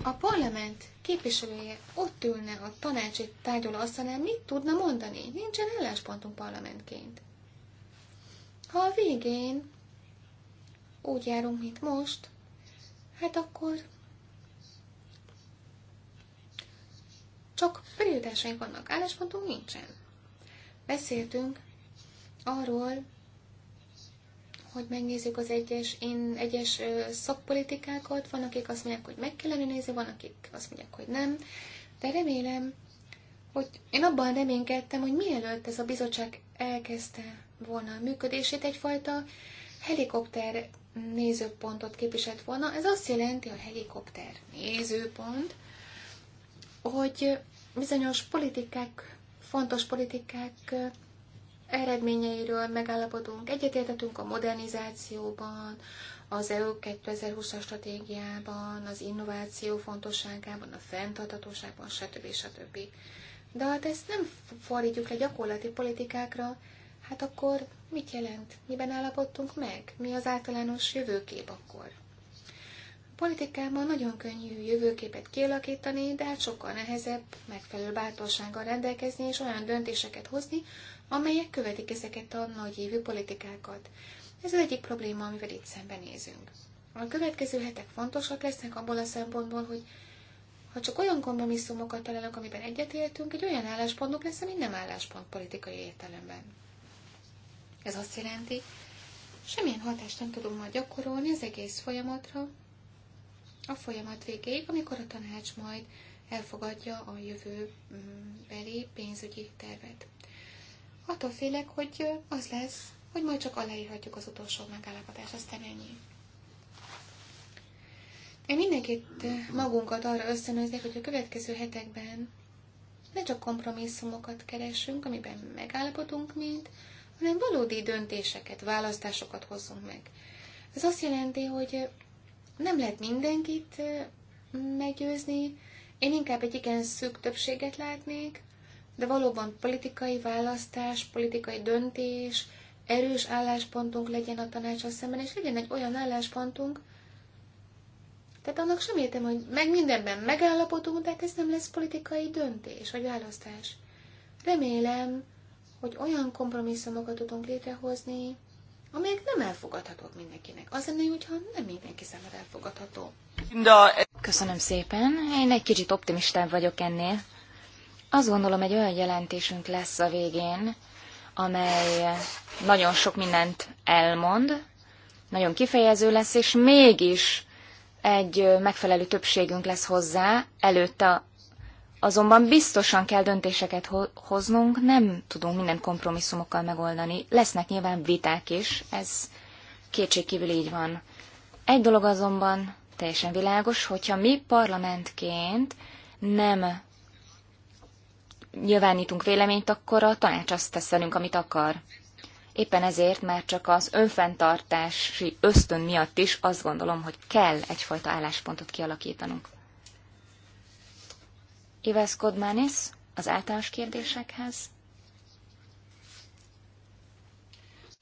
a parlament képviselője ott ülne a tanácsi tárgyaló asztalnál, mit tudna mondani? Nincsen álláspontunk parlamentként. Ha a végén úgy járunk, mint most, hát akkor csak prioritásaink vannak, álláspontunk nincsen. Beszéltünk arról, hogy megnézzük az egyes, én, egyes szakpolitikákat, van, akik azt mondják, hogy meg kellene nézni, van, akik azt mondják, hogy nem, de remélem, hogy én abban reménykedtem, hogy mielőtt ez a bizottság elkezdte volna a működését, egyfajta helikopter nézőpontot képviselt volna. Ez azt jelenti, a helikopter nézőpont, hogy bizonyos politikák, fontos politikák eredményeiről megállapodunk, egyetértetünk a modernizációban, az EU 2020-as stratégiában, az innováció fontosságában, a fenntartatóságban, stb. stb. De hát ezt nem fordítjuk le gyakorlati politikákra, Hát akkor mit jelent? Miben állapodtunk meg? Mi az általános jövőkép akkor? A politikában nagyon könnyű jövőképet kialakítani, de hát sokkal nehezebb megfelelő bátorsággal rendelkezni és olyan döntéseket hozni, amelyek követik ezeket a nagyévű politikákat. Ez az egyik probléma, amivel itt szembenézünk. A következő hetek fontosak lesznek abból a szempontból, hogy ha csak olyan kompromisszumokat találunk, amiben egyetértünk, egy olyan álláspontunk lesz, ami nem álláspont politikai értelemben. Ez azt jelenti, semmilyen hatást nem tudunk majd gyakorolni az egész folyamatra, a folyamat végéig, amikor a tanács majd elfogadja a jövőbeli pénzügyi tervet. Attól félek, hogy az lesz, hogy majd csak aláírhatjuk az utolsó megállapodást, aztán ennyi. Én mindenkit eh, magunkat arra összenőznék, hogy a következő hetekben ne csak kompromisszumokat keresünk, amiben megállapodunk mint, hanem valódi döntéseket, választásokat hozzunk meg. Ez azt jelenti, hogy nem lehet mindenkit meggyőzni, én inkább egy igen szűk többséget látnék, de valóban politikai választás, politikai döntés, erős álláspontunk legyen a tanácsos szemben, és legyen egy olyan álláspontunk, tehát annak sem értem, hogy meg mindenben megállapodunk, de hát ez nem lesz politikai döntés vagy választás. Remélem, hogy olyan kompromisszumokat tudunk létrehozni, amelyek nem elfogadhatók mindenkinek. Az lenne, hogyha nem mindenki számára elfogadható. De... Köszönöm szépen. Én egy kicsit optimistább vagyok ennél. Azt gondolom, egy olyan jelentésünk lesz a végén, amely nagyon sok mindent elmond, nagyon kifejező lesz, és mégis egy megfelelő többségünk lesz hozzá előtte. Azonban biztosan kell döntéseket hoznunk, nem tudunk minden kompromisszumokkal megoldani. Lesznek nyilván viták is, ez kétségkívül így van. Egy dolog azonban teljesen világos, hogyha mi parlamentként nem nyilvánítunk véleményt, akkor a tanács azt tesz velünk, amit akar. Éppen ezért már csak az önfenntartási ösztön miatt is azt gondolom, hogy kell egyfajta álláspontot kialakítanunk. Ives Kodmanis az általános kérdésekhez.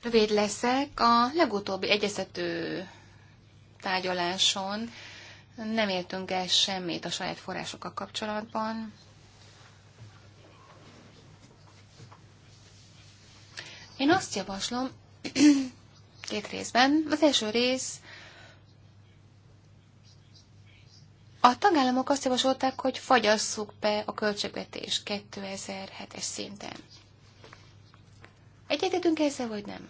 Rövid leszek. A legutóbbi egyeztető tárgyaláson nem értünk el semmit a saját forrásokkal kapcsolatban. Én azt javaslom, két részben. Az első rész A tagállamok azt javasolták, hogy fagyasszuk be a költségvetés 2007-es szinten. Egyetetünk ezzel, vagy nem?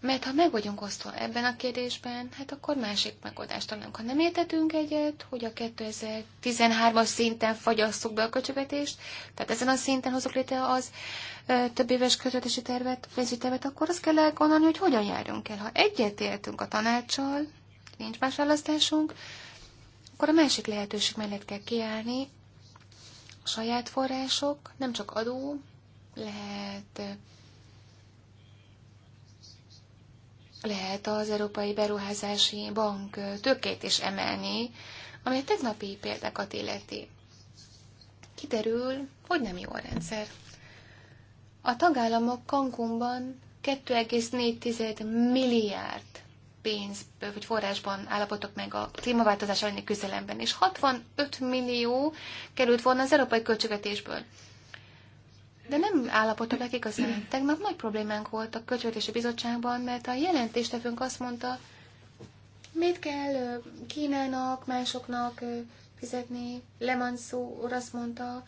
Mert ha meg vagyunk osztva ebben a kérdésben, hát akkor másik megoldást találunk. Ha nem értetünk egyet, hogy a 2013-as szinten fagyasszuk be a költségvetést, tehát ezen a szinten hozok létre az ö, több éves költségvetési tervet, pénzügyi tervet, akkor azt kell elgondolni, hogy hogyan járjunk el. Ha egyetértünk a tanácssal, nincs más választásunk, akkor a másik lehetőség mellett kell kiállni, a saját források, nem csak adó, lehet lehet az Európai Beruházási Bank tökét is emelni, ami a tegnapi példákat illeti. Kiderül, hogy nem jó a rendszer. A tagállamok Cancúnban 2,4 milliárd pénz, vagy forrásban állapodtak meg a klímaváltozás elleni küzdelemben, és 65 millió került volna az európai költségvetésből. De nem állapodtak meg az Tegnap nagy problémánk volt a Költségvetési Bizottságban, mert a jelentéstevőnk azt mondta, mit kell Kínának, másoknak fizetni. Lemanszó úr azt mondta,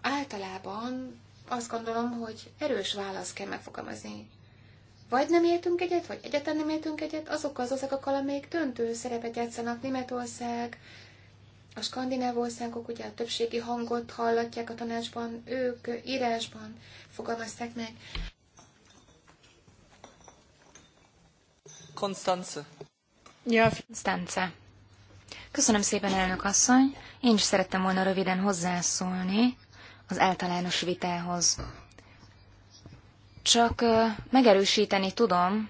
általában azt gondolom, hogy erős választ kell megfogalmazni vagy nem értünk egyet, vagy egyetlen nem értünk egyet, azok az országokkal, amelyek döntő szerepet játszanak, Németország, a skandináv országok ugye a többségi hangot hallatják a tanácsban, ők írásban fogalmazták meg. Konstance. Ja, Konstance. Köszönöm szépen, elnök asszony. Én is szerettem volna röviden hozzászólni az általános vitához. Csak megerősíteni tudom,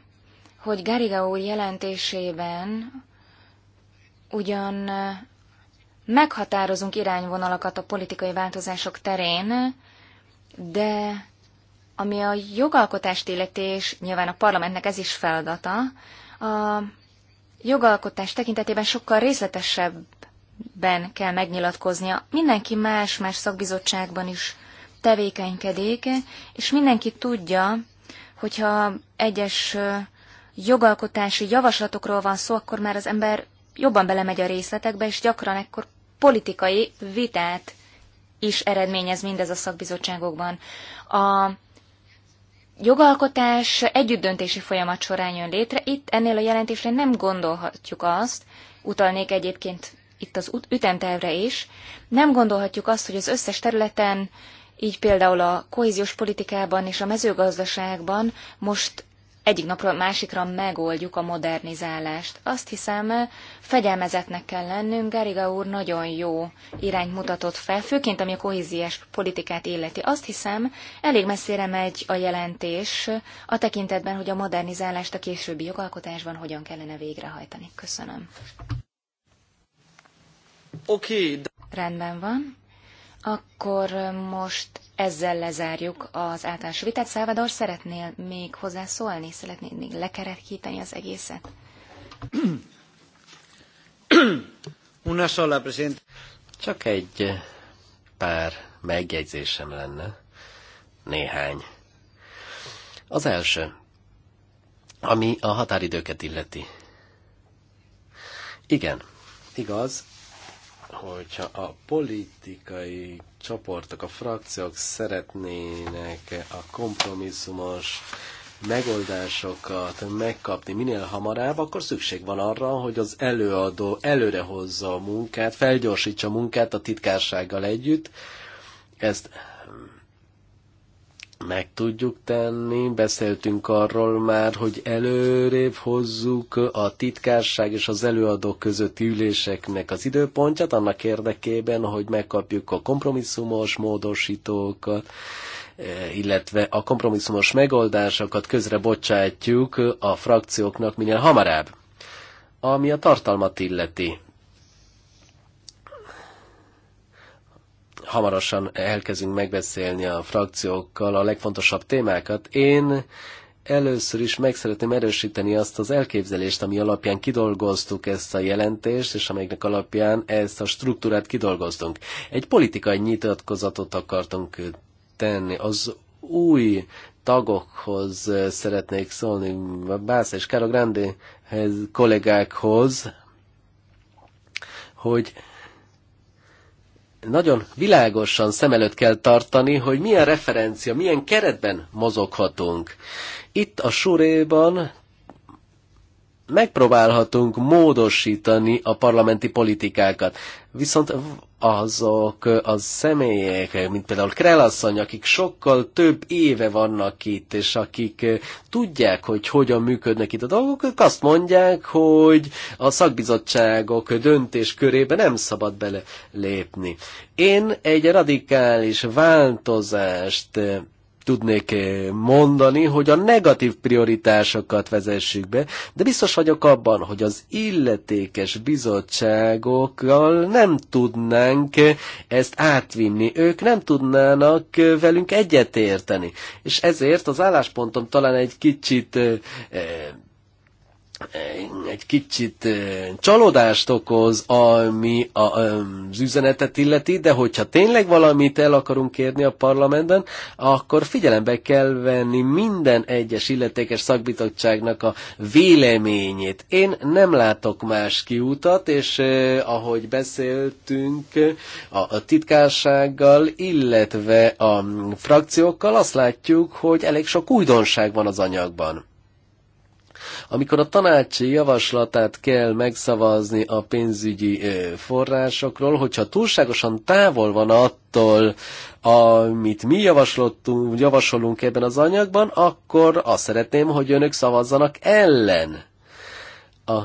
hogy Gariga úr jelentésében ugyan meghatározunk irányvonalakat a politikai változások terén, de ami a jogalkotást illeti, és nyilván a parlamentnek ez is feladata, a jogalkotás tekintetében sokkal részletesebben kell megnyilatkoznia. Mindenki más-más szakbizottságban is tevékenykedik, és mindenki tudja, hogyha egyes jogalkotási javaslatokról van szó, akkor már az ember jobban belemegy a részletekbe, és gyakran ekkor politikai vitát is eredményez mindez a szakbizottságokban. A jogalkotás együttdöntési folyamat során jön létre, itt ennél a jelentésnél nem gondolhatjuk azt, utalnék egyébként itt az ütemtervre is, nem gondolhatjuk azt, hogy az összes területen így például a kohéziós politikában és a mezőgazdaságban most egyik napról a másikra megoldjuk a modernizálást. Azt hiszem, fegyelmezetnek kell lennünk. Geriga úr nagyon jó irányt mutatott fel, főként ami a kohéziás politikát illeti. Azt hiszem, elég messzire megy a jelentés a tekintetben, hogy a modernizálást a későbbi jogalkotásban hogyan kellene végrehajtani. Köszönöm. Oké. Okay. Rendben van. Akkor most ezzel lezárjuk az általános vitát. Szávador, szeretnél még hozzászólni? Szeretnéd még lekerekíteni az egészet? Una sola, presidente. Csak egy pár megjegyzésem lenne. Néhány. Az első, ami a határidőket illeti. Igen, igaz, hogyha a politikai csoportok, a frakciók szeretnének a kompromisszumos megoldásokat megkapni minél hamarabb, akkor szükség van arra, hogy az előadó előre hozza a munkát, felgyorsítsa a munkát a titkársággal együtt. Ezt meg tudjuk tenni. Beszéltünk arról már, hogy előrébb hozzuk a titkárság és az előadók közötti üléseknek az időpontját, annak érdekében, hogy megkapjuk a kompromisszumos módosítókat, eh, illetve a kompromisszumos megoldásokat közre bocsátjuk a frakcióknak minél hamarabb. Ami a tartalmat illeti, hamarosan elkezdünk megbeszélni a frakciókkal a legfontosabb témákat. Én először is meg szeretném erősíteni azt az elképzelést, ami alapján kidolgoztuk ezt a jelentést, és amelynek alapján ezt a struktúrát kidolgoztunk. Egy politikai nyitatkozatot akartunk tenni. Az új tagokhoz szeretnék szólni, Bász és Caro Grande kollégákhoz, hogy nagyon világosan szem előtt kell tartani, hogy milyen referencia, milyen keretben mozoghatunk. Itt a suréban megpróbálhatunk módosítani a parlamenti politikákat. Viszont azok a személyek, mint például Krelasszony, akik sokkal több éve vannak itt, és akik eh, tudják, hogy hogyan működnek itt a dolgok, ők azt mondják, hogy a szakbizottságok döntés körébe nem szabad belelépni. Én egy radikális változást eh, tudnék eh, mondani, hogy a negatív prioritásokat vezessük be, de biztos vagyok abban, hogy az illetékes bizottságokkal nem tudnánk eh, ezt átvinni. Ők nem tudnának eh, velünk egyetérteni. És ezért az álláspontom talán egy kicsit egy kicsit csalódást okoz, ami az üzenetet illeti, de hogyha tényleg valamit el akarunk kérni a parlamentben, akkor figyelembe kell venni minden egyes illetékes szakbizottságnak a véleményét. Én nem látok más kiutat, és ahogy beszéltünk a titkársággal, illetve a frakciókkal, azt látjuk, hogy elég sok újdonság van az anyagban amikor a tanács javaslatát kell megszavazni a pénzügyi forrásokról, hogyha túlságosan távol van attól, amit mi javasolunk ebben az anyagban, akkor azt szeretném, hogy önök szavazzanak ellen. A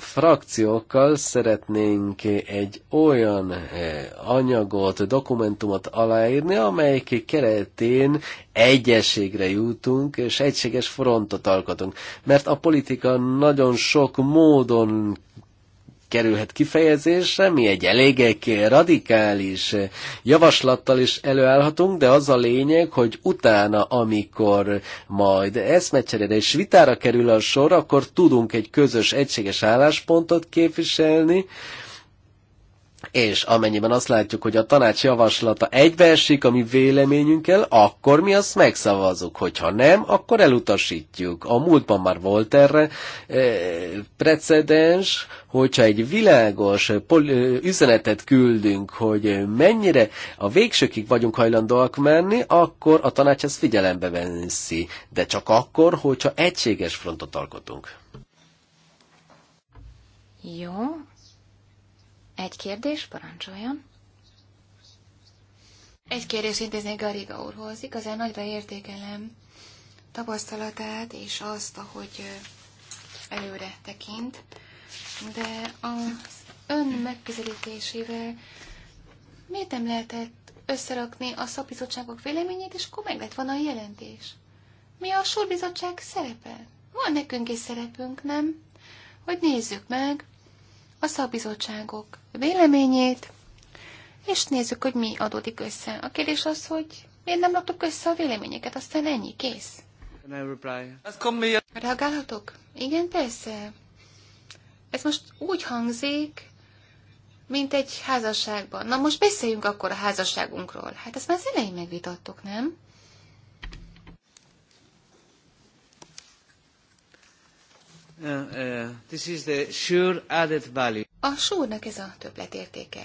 frakciókkal szeretnénk egy olyan eh, anyagot, dokumentumot aláírni, amelyik keretén egyességre jutunk, és egységes frontot alkotunk. Mert a politika nagyon sok módon kerülhet kifejezésre, mi egy eléggé radikális javaslattal is előállhatunk, de az a lényeg, hogy utána, amikor majd eszmecserére és vitára kerül a sor, akkor tudunk egy közös, egységes álláspontot képviselni, és amennyiben azt látjuk, hogy a tanács javaslata egybeesik a mi véleményünkkel, akkor mi azt megszavazunk, hogyha nem, akkor elutasítjuk. A múltban már volt erre e, precedens, hogyha egy világos eh, eh, üzenetet küldünk, hogy mennyire a végsőkig vagyunk hajlandóak menni, akkor a tanács ezt figyelembe veszi, de csak akkor, hogyha egységes frontot alkotunk. Jó, egy kérdés, parancsoljon. Egy kérdés intéznék Gariga úrhoz. Igazán nagyra értékelem tapasztalatát és azt, ahogy előre tekint, de az ön megközelítésével miért nem lehetett összerakni a szakbizottságok véleményét, és akkor meg lett volna a jelentés? Mi a sorbizottság szerepe? Van nekünk is szerepünk, nem? Hogy nézzük meg, a szakbizottságok véleményét, és nézzük, hogy mi adódik össze. A kérdés az, hogy miért nem laktuk össze a véleményeket, aztán ennyi, kész. Reagálhatok? Igen, persze. Ez most úgy hangzik, mint egy házasságban. Na most beszéljünk akkor a házasságunkról. Hát ezt már az elején megvitattuk, nem? Uh, this is the sure added value. A súrnak ez a többletértéke.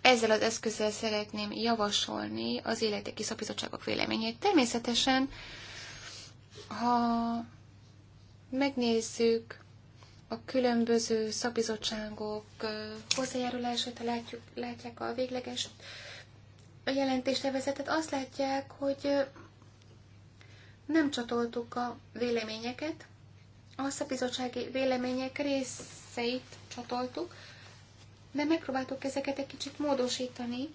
Ezzel az eszközzel szeretném javasolni az életeki szakbizottságok véleményét. Természetesen, ha megnézzük a különböző szakbizottságok uh, hozzájárulását, látjuk, látják a végleges a jelentéstevezetet, azt látják, hogy uh, nem csatoltuk a véleményeket, a szabizottsági vélemények részeit csatoltuk, de megpróbáltuk ezeket egy kicsit módosítani.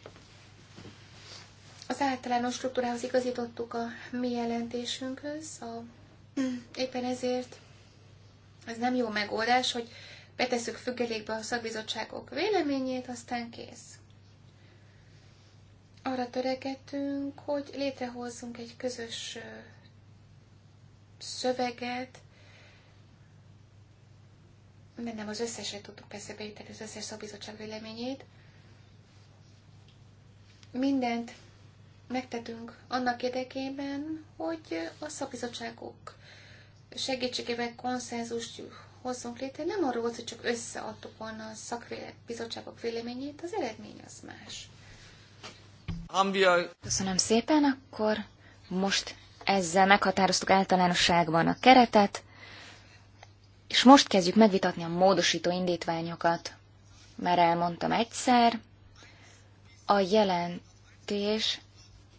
Az általános struktúrához igazítottuk a mi jelentésünkhöz. A... Éppen ezért ez nem jó megoldás, hogy betesszük függelékbe a szakbizottságok véleményét, aztán kész. Arra törekedtünk, hogy létrehozzunk egy közös szöveget, mert nem az összeset tudtuk persze beíteni, az összes szabizottság véleményét. Mindent megtetünk annak érdekében, hogy a szabizottságok segítségével konszenzust hozzunk létre. Nem arról volt, hogy csak összeadtuk volna a szakbizottságok véleményét, az eredmény az más. Köszönöm szépen, akkor most ezzel meghatároztuk általánosságban a keretet, és most kezdjük megvitatni a módosító indítványokat. Már elmondtam egyszer, a jelentés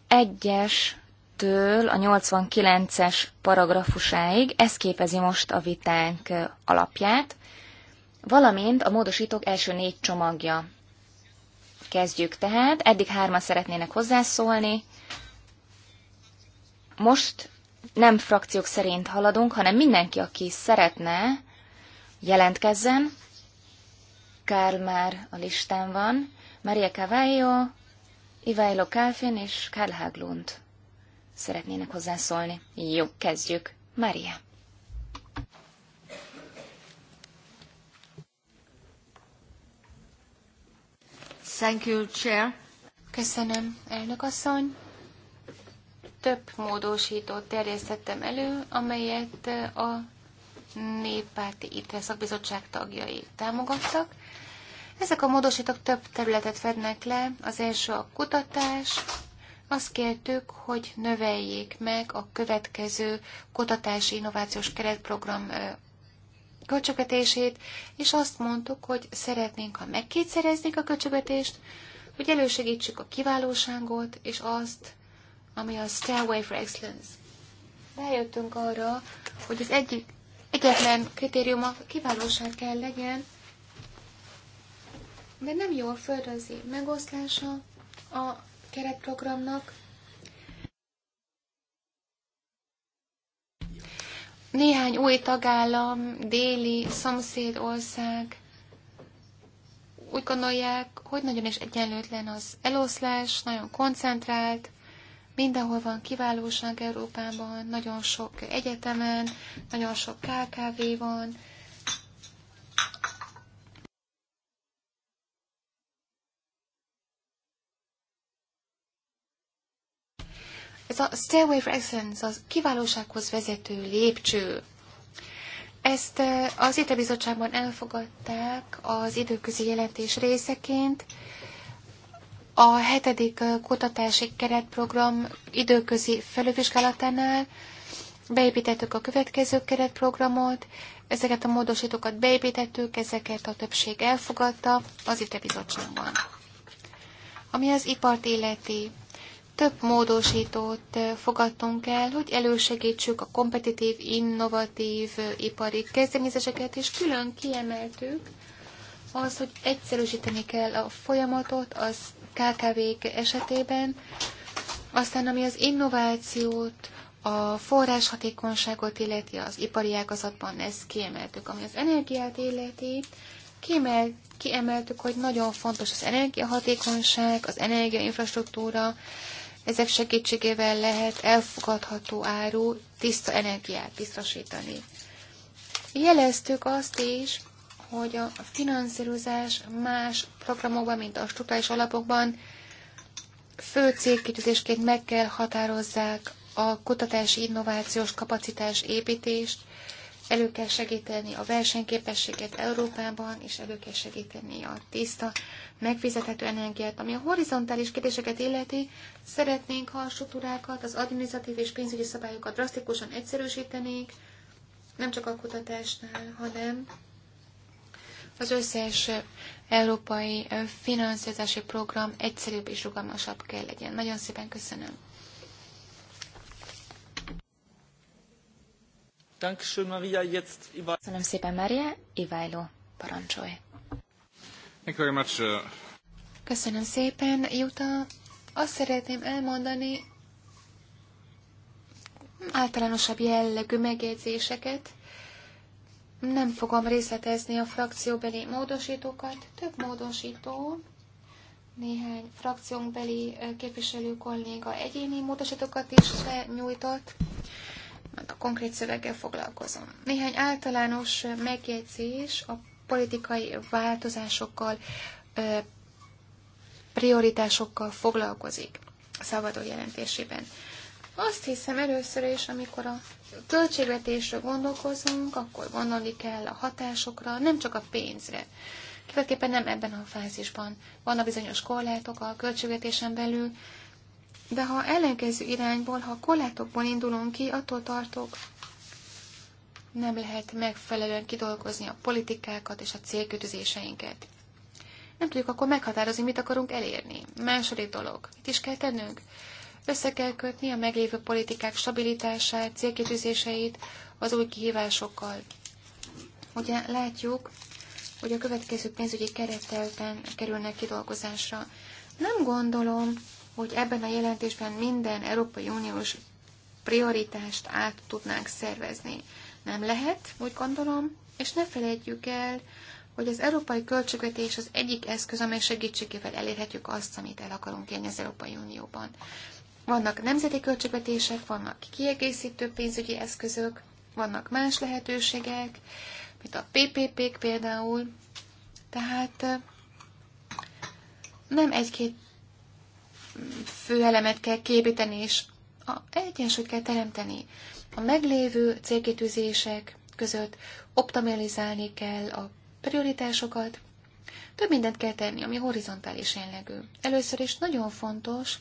egyes től a 89-es paragrafusáig, ez képezi most a vitánk alapját, valamint a módosítók első négy csomagja. Kezdjük tehát, eddig hárman szeretnének hozzászólni, most nem frakciók szerint haladunk, hanem mindenki, aki szeretne, jelentkezzen. Kárl már a listán van. Maria Cavallo, Ivailo Kálfin és Karl Haglund szeretnének hozzászólni. Jó, kezdjük. Maria. Thank you, Chair. Köszönöm, elnök asszony több módosítót terjesztettem elő, amelyet a néppárti ITRE szakbizottság tagjai támogattak. Ezek a módosítók több területet fednek le. Az első a kutatás. Azt kértük, hogy növeljék meg a következő kutatási innovációs keretprogram költségvetését, és azt mondtuk, hogy szeretnénk, ha megkétszereznék a költségvetést, hogy elősegítsük a kiválóságot, és azt, ami a Stairway for Excellence. Rájöttünk arra, hogy az egyik egyetlen kritérium a kiválóság kell legyen, mert nem jól földrajzi megoszlása a keretprogramnak. Néhány új tagállam, déli, szomszédország úgy gondolják, hogy nagyon is egyenlőtlen az eloszlás, nagyon koncentrált, Mindenhol van kiválóság Európában, nagyon sok egyetemen, nagyon sok KKV van, Ez a Stairway of Excellence, az kiválósághoz vezető lépcső. Ezt eh, az Ételbizottságban elfogadták az időközi jelentés részeként. A hetedik kutatási keretprogram időközi felülvizsgálatánál beépítettük a következő keretprogramot, ezeket a módosítókat beépítettük, ezeket a többség elfogadta az itt a bizottságban. Ami az ipart illeti, több módosítót fogadtunk el, hogy elősegítsük a kompetitív, innovatív ipari kezdeményezéseket, és külön kiemeltük az, hogy egyszerűsíteni kell a folyamatot, az KKV-k esetében, aztán ami az innovációt, a forráshatékonyságot illeti az ipari ágazatban, ezt kiemeltük. Ami az energiát illeti, kiemel, kiemeltük, hogy nagyon fontos az energiahatékonyság, az energiainfrastruktúra, ezek segítségével lehet elfogadható áru tiszta energiát biztosítani. Jeleztük azt is, hogy a finanszírozás más programokban, mint a struktúrális alapokban fő célkitűzésként meg kell határozzák a kutatási innovációs kapacitás építést, elő kell segíteni a versenyképességet Európában, és elő kell segíteni a tiszta, megfizethető energiát. Ami a horizontális kérdéseket illeti, szeretnénk, ha a struktúrákat, az administratív és pénzügyi szabályokat drasztikusan egyszerűsítenék, nem csak a kutatásnál, hanem az összes európai finanszírozási program egyszerűbb és rugalmasabb kell legyen. Nagyon szépen köszönöm. Köszönöm szépen, Maria. Iváló, parancsolj. Thank you very much. Uh, köszönöm szépen, Juta. Azt szeretném elmondani általánosabb jellegű megjegyzéseket, nem fogom részletezni a frakcióbeli módosítókat. Több módosító, néhány frakciónkbeli képviselő kolléga egyéni módosítókat is nyújtott. mert a konkrét szöveggel foglalkozom. Néhány általános megjegyzés a politikai változásokkal, prioritásokkal foglalkozik a Szabadon jelentésében. Azt hiszem először is, amikor a költségvetésről gondolkozunk, akkor gondolni kell a hatásokra, nem csak a pénzre. Kivetképpen nem ebben a fázisban. Vannak bizonyos korlátok a költségvetésen belül, de ha ellenkező irányból, ha korlátokból indulunk ki, attól tartok, nem lehet megfelelően kidolgozni a politikákat és a célkötözéseinket. Nem tudjuk akkor meghatározni, mit akarunk elérni. Második dolog, mit is kell tennünk? Össze kell kötni a meglévő politikák stabilitását, célkitűzéseit az új kihívásokkal. Ugye látjuk, hogy a következő pénzügyi keretelben kerülnek kidolgozásra. Nem gondolom, hogy ebben a jelentésben minden Európai Uniós prioritást át tudnánk szervezni. Nem lehet, úgy gondolom, és ne felejtjük el, hogy az európai költségvetés az egyik eszköz, amely segítségével elérhetjük azt, amit el akarunk élni az Európai Unióban. Vannak nemzeti költségvetések, vannak kiegészítő pénzügyi eszközök, vannak más lehetőségek, mint a PPP-k például. Tehát nem egy-két fő elemet kell képíteni, és a egyensúlyt kell teremteni. A meglévő célkitűzések között optimalizálni kell a prioritásokat, több mindent kell tenni, ami horizontális jellegű. Először is nagyon fontos,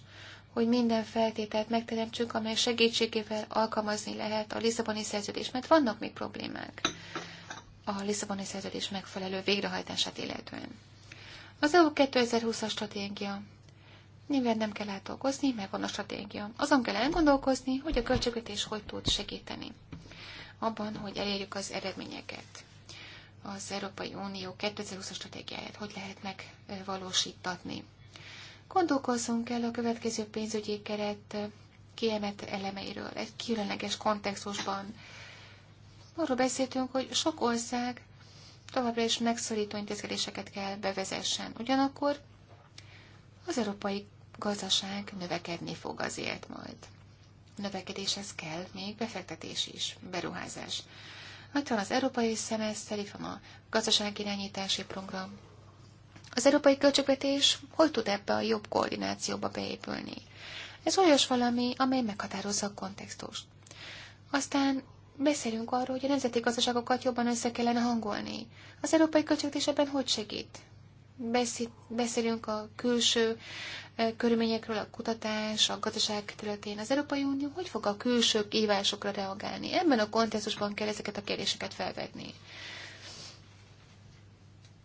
hogy minden feltételt megteremtsünk, amely segítségével alkalmazni lehet a Lisszaboni szerződés, mert vannak még problémák a Lisszaboni szerződés megfelelő végrehajtását illetően. Az EU 2020-as stratégia. Nyilván nem kell átdolgozni, mert van a stratégia. Azon kell elgondolkozni, hogy a költségvetés hogy tud segíteni abban, hogy elérjük az eredményeket. Az Európai Unió 2020-as stratégiáját hogy lehet megvalósítatni. Gondolkozzunk el a következő pénzügyi keret kiemelt elemeiről, egy különleges kontextusban. Arról beszéltünk, hogy sok ország továbbra is megszorító intézkedéseket kell bevezessen. Ugyanakkor az európai gazdaság növekedni fog azért majd. Növekedéshez kell még befektetés is, beruházás. Majd van az európai szemeszter, itt van a gazdaságirányítási program, az európai költségvetés hogy tud ebbe a jobb koordinációba beépülni? Ez olyas valami, amely meghatározza a kontextust. Aztán beszélünk arról, hogy a nemzeti gazdaságokat jobban össze kellene hangolni. Az európai költségvetés ebben hogy segít? Beszélünk a külső e, körülményekről, a kutatás, a gazdaság területén. Az Európai Unió hogy fog a külső kívásokra reagálni? Ebben a kontextusban kell ezeket a kérdéseket felvetni.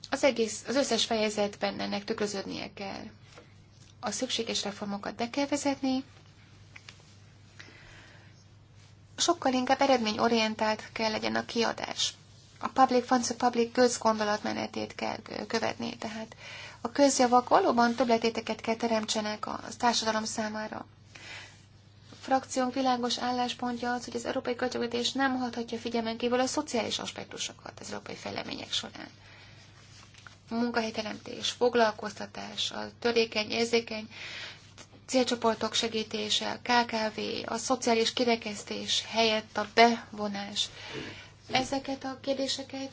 Az, egész, az összes fejezetben ennek tükröződnie kell. A szükséges reformokat be kell vezetni, sokkal inkább eredményorientált kell legyen a kiadás. A public funds, a public goods gondolatmenetét kell követni, tehát a közjavak valóban többletéteket kell teremtsenek a társadalom számára. A frakciónk világos álláspontja az, hogy az európai költségvetés nem hathatja figyelmen kívül a szociális aspektusokat az európai fejlemények során munkahelyteremtés, foglalkoztatás, a törékeny, érzékeny célcsoportok segítése, a KKV, a szociális kirekesztés helyett a bevonás. Ezeket a kérdéseket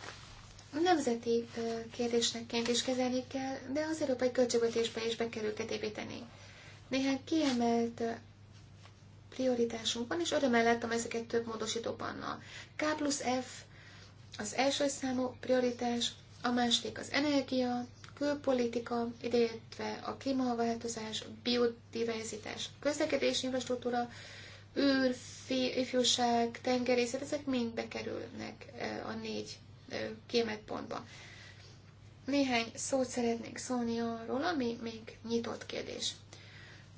nemzeti kérdésnek is kezelni kell, de az európai költségvetésbe is bekerül építeni. Néhány kiemelt prioritásunk van, és örömmel láttam ezeket több módosítóban. A K plusz F az első számú prioritás, a második az energia, külpolitika, ideértve a klímaváltozás, biodiverzitás, közlekedési infrastruktúra, űr, fi, ifjúság, tengerészet, ezek mind bekerülnek e, a négy e, kiemelt pontba. Néhány szót szeretnék szólni arról, ami még nyitott kérdés.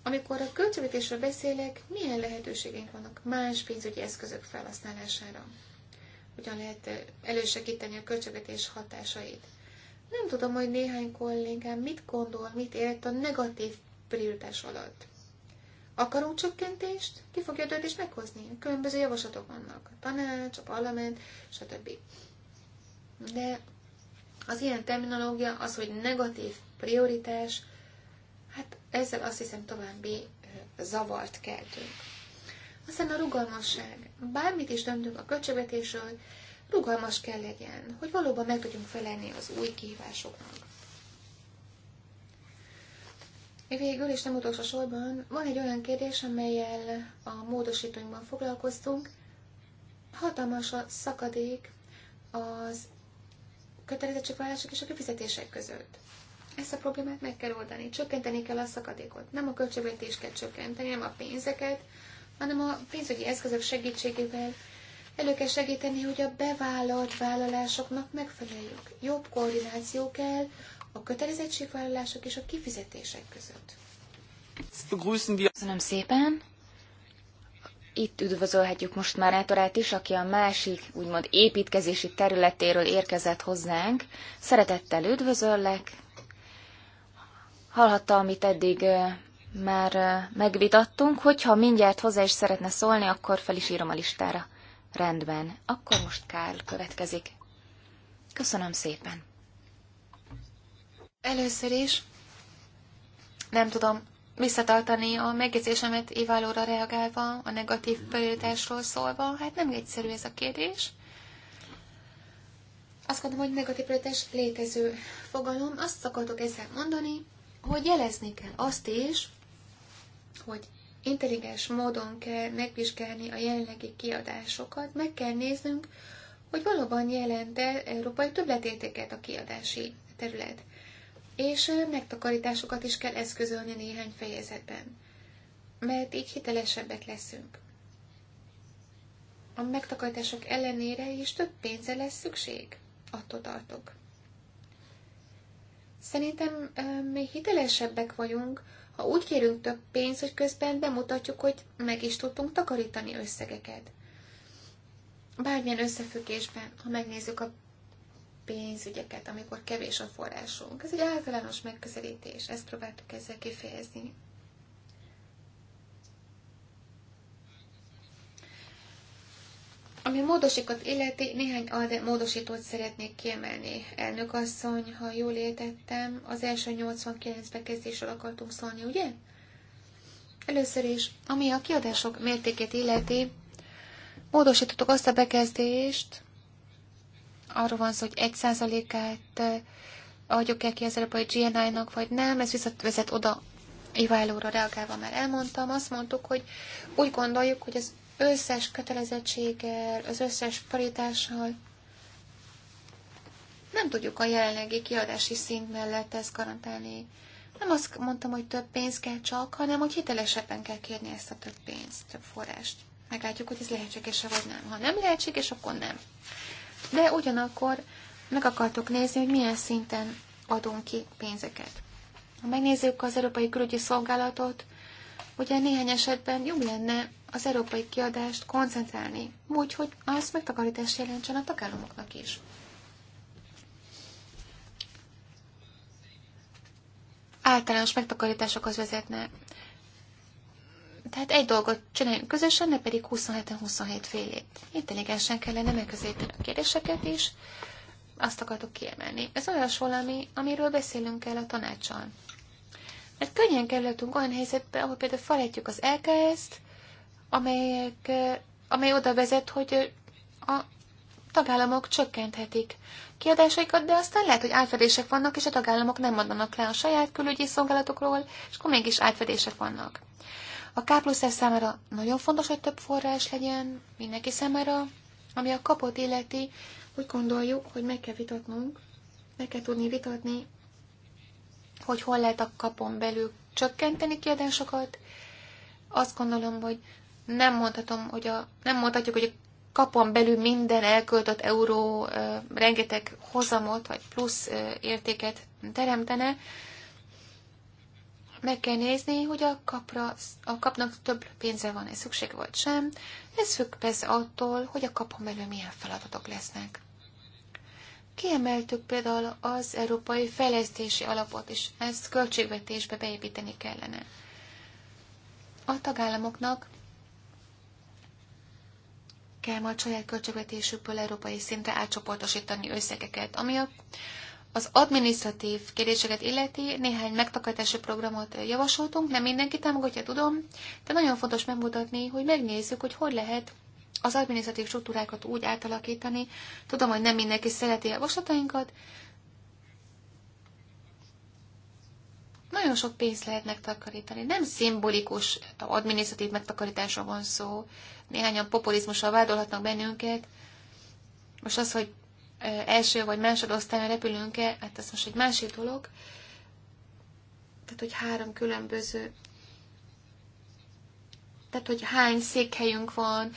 Amikor a költségvetésről beszélek, milyen lehetőségeink vannak más pénzügyi eszközök felhasználására? hogyan lehet eh, elősegíteni a költségvetés hatásait. Nem tudom, hogy néhány kollégám mit gondol, mit élt a negatív prioritás alatt. Akarunk csökkentést? Ki fogja a döntést meghozni? Különböző javaslatok vannak. A tanács, a parlament, stb. De az ilyen terminológia az, hogy negatív prioritás, hát ezzel azt hiszem további eh, zavart keltünk. Aztán a rugalmasság. Bármit is döntünk a költségvetésről, rugalmas kell legyen, hogy valóban meg tudjunk felelni az új kihívásoknak. Végül, és nem utolsó sorban, van egy olyan kérdés, amelyel a módosítóinkban foglalkoztunk. Hatalmas a szakadék az kötelezettségvállások és a kifizetések között. Ezt a problémát meg kell oldani. Csökkenteni kell a szakadékot. Nem a költségvetést kell csökkenteni, hanem a pénzeket, hanem a pénzügyi eszközök segítségével elő kell segíteni, hogy a bevállalt vállalásoknak megfeleljük. Jobb koordináció kell a kötelezettségvállalások és a kifizetések között. Köszönöm szépen! Itt üdvözölhetjük most már Nátorát is, aki a másik, úgymond építkezési területéről érkezett hozzánk. Szeretettel üdvözöllek! Hallhatta, amit eddig már eh, megvitattunk, hogyha mindjárt hozzá is szeretne szólni, akkor fel is írom a listára. Rendben, akkor most Kárl következik. Köszönöm szépen. Először is nem tudom visszatartani a megjegyzésemet Iválóra reagálva, a negatív prioritásról szólva. Hát nem egyszerű ez a kérdés. Azt gondolom, hogy negatív prioritás létező fogalom. Azt akartok ezzel mondani, hogy jelezni kell azt is, hogy intelligens módon kell megvizsgálni a jelenlegi kiadásokat, meg kell néznünk, hogy valóban jelente európai többletértéket a kiadási terület. És megtakarításokat is kell eszközölni néhány fejezetben, mert így hitelesebbek leszünk. A megtakarítások ellenére is több pénze lesz szükség, attól tartok. Szerintem mi hitelesebbek vagyunk, ha úgy kérünk több pénzt, hogy közben bemutatjuk, hogy meg is tudtunk takarítani összegeket. Bármilyen összefüggésben, ha megnézzük a pénzügyeket, amikor kevés a forrásunk. Ez egy általános megközelítés, ezt próbáltuk ezzel kifejezni. Ami módosikat illeti, néhány ALDE módosítót szeretnék kiemelni. Elnök asszony, ha jól értettem, az első 89 bekezdésről akartunk szólni, ugye? Először is, ami a kiadások mértékét illeti, módosítottuk azt a bekezdést, arról van szó, hogy 1%-át adjuk el ki az európai GNI-nak, vagy nem, ez visszavezet oda Iválóra reagálva már elmondtam, azt mondtuk, hogy úgy gondoljuk, hogy az összes kötelezettséggel, az összes paritással. Nem tudjuk a jelenlegi kiadási szint mellett ezt garantálni. Nem azt mondtam, hogy több pénz kell csak, hanem hogy hitelesebben kell kérni ezt a több pénzt, több forrást. Meglátjuk, hogy ez lehetséges-e vagy nem. Ha nem lehetséges, akkor nem. De ugyanakkor meg akartok nézni, hogy milyen szinten adunk ki pénzeket. Ha megnézzük az Európai Külügyi Szolgálatot, ugye néhány esetben jobb lenne az európai kiadást koncentrálni, úgy, hogy az megtakarítás jelentsen a tagállamoknak is. Általános megtakarításokhoz vezetne. Tehát egy dolgot csináljunk közösen, ne pedig 27-27 félét. Intelligensen kellene megközelíteni a kérdéseket is, azt akartok kiemelni. Ez olyas valami, amiről beszélünk kell a tanácsal. Mert könnyen kerültünk olyan helyzetbe, ahol például felejtjük az LKS-t, amelyek, amely oda vezet, hogy a tagállamok csökkenthetik kiadásaikat, de aztán lehet, hogy átfedések vannak, és a tagállamok nem adnak le a saját külügyi szolgálatokról, és akkor mégis átfedések vannak. A K plusz F számára nagyon fontos, hogy több forrás legyen mindenki számára, ami a kapott illeti, úgy gondoljuk, hogy meg kell vitatnunk, meg kell tudni vitatni, hogy hol lehet a kapon belül csökkenteni kiadásokat. Azt gondolom, hogy nem mondhatom, hogy a, nem mondhatjuk, hogy a kapon belül minden elköltött euró rengeteg hozamot vagy plusz értéket teremtene. Meg kell nézni, hogy a, kapra, a kapnak több pénze van-e szükség vagy sem. Ez függ persze attól, hogy a kapon belül milyen feladatok lesznek. Kiemeltük például az Európai Fejlesztési Alapot, és ezt költségvetésbe beépíteni kellene. A tagállamoknak kell majd saját költségvetésükből európai szintre átcsoportosítani összegeket, ami a az adminisztratív kérdéseket illeti, néhány megtakarítási programot javasoltunk, nem mindenki támogatja, tudom, de nagyon fontos megmutatni, hogy megnézzük, hogy hogy lehet az adminisztratív struktúrákat úgy átalakítani. Tudom, hogy nem mindenki szereti a javaslatainkat. Nagyon sok pénzt lehet megtakarítani. Nem szimbolikus adminisztratív megtakarításról van szó néhányan populizmussal vádolhatnak bennünket. Most az, hogy első vagy másodosztályon repülünk-e, hát ez most egy másik dolog. Tehát, hogy három különböző tehát, hogy hány székhelyünk van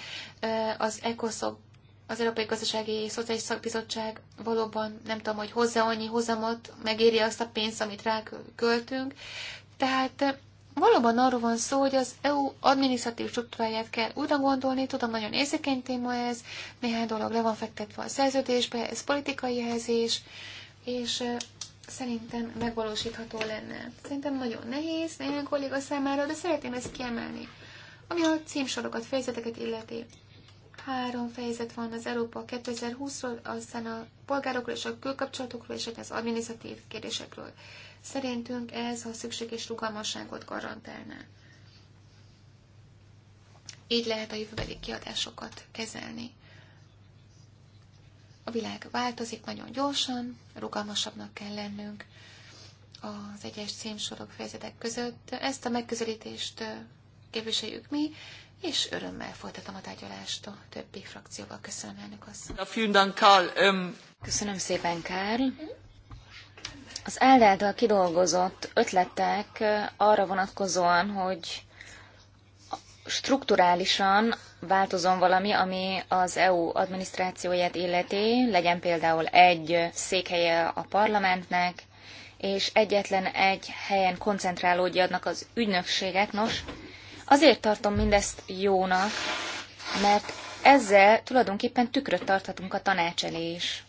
az ECOSZOK, az Európai Gazdasági és Szociális Szakbizottság valóban, nem tudom, hogy hozzá annyi hozamot megéri azt a pénzt, amit rá költünk. Tehát Valóban arról van szó, hogy az EU adminisztratív struktúráját kell újra gondolni, tudom, nagyon érzékeny téma ez, néhány dolog le van fektetve a szerződésbe, ez politikai jelzés, és szerintem megvalósítható lenne. Szerintem nagyon nehéz néhány kolléga számára, de szeretném ezt kiemelni. Ami a címsorokat, fejezeteket illeti. Három fejezet van az Európa 2020-ról, aztán a polgárokról és a külkapcsolatokról, és az adminisztratív kérdésekről. Szerintünk ez a szükséges rugalmasságot garantálná. Így lehet a jövőbeli kiadásokat kezelni. A világ változik nagyon gyorsan, rugalmasabbnak kell lennünk az egyes címsorok fejezetek között. Ezt a megközelítést képviseljük mi, és örömmel folytatom a tárgyalást a többi frakcióval. Köszönöm, elnök asszony. Ähm, Köszönöm szépen, Kárl. Az Eldáltal kidolgozott ötletek arra vonatkozóan, hogy strukturálisan változon valami, ami az EU adminisztrációját illeti, legyen például egy székhelye a parlamentnek, és egyetlen egy helyen koncentrálódjanak az ügynökségek. Nos, azért tartom mindezt jónak, mert ezzel tulajdonképpen tükröt tarthatunk a tanács elé is.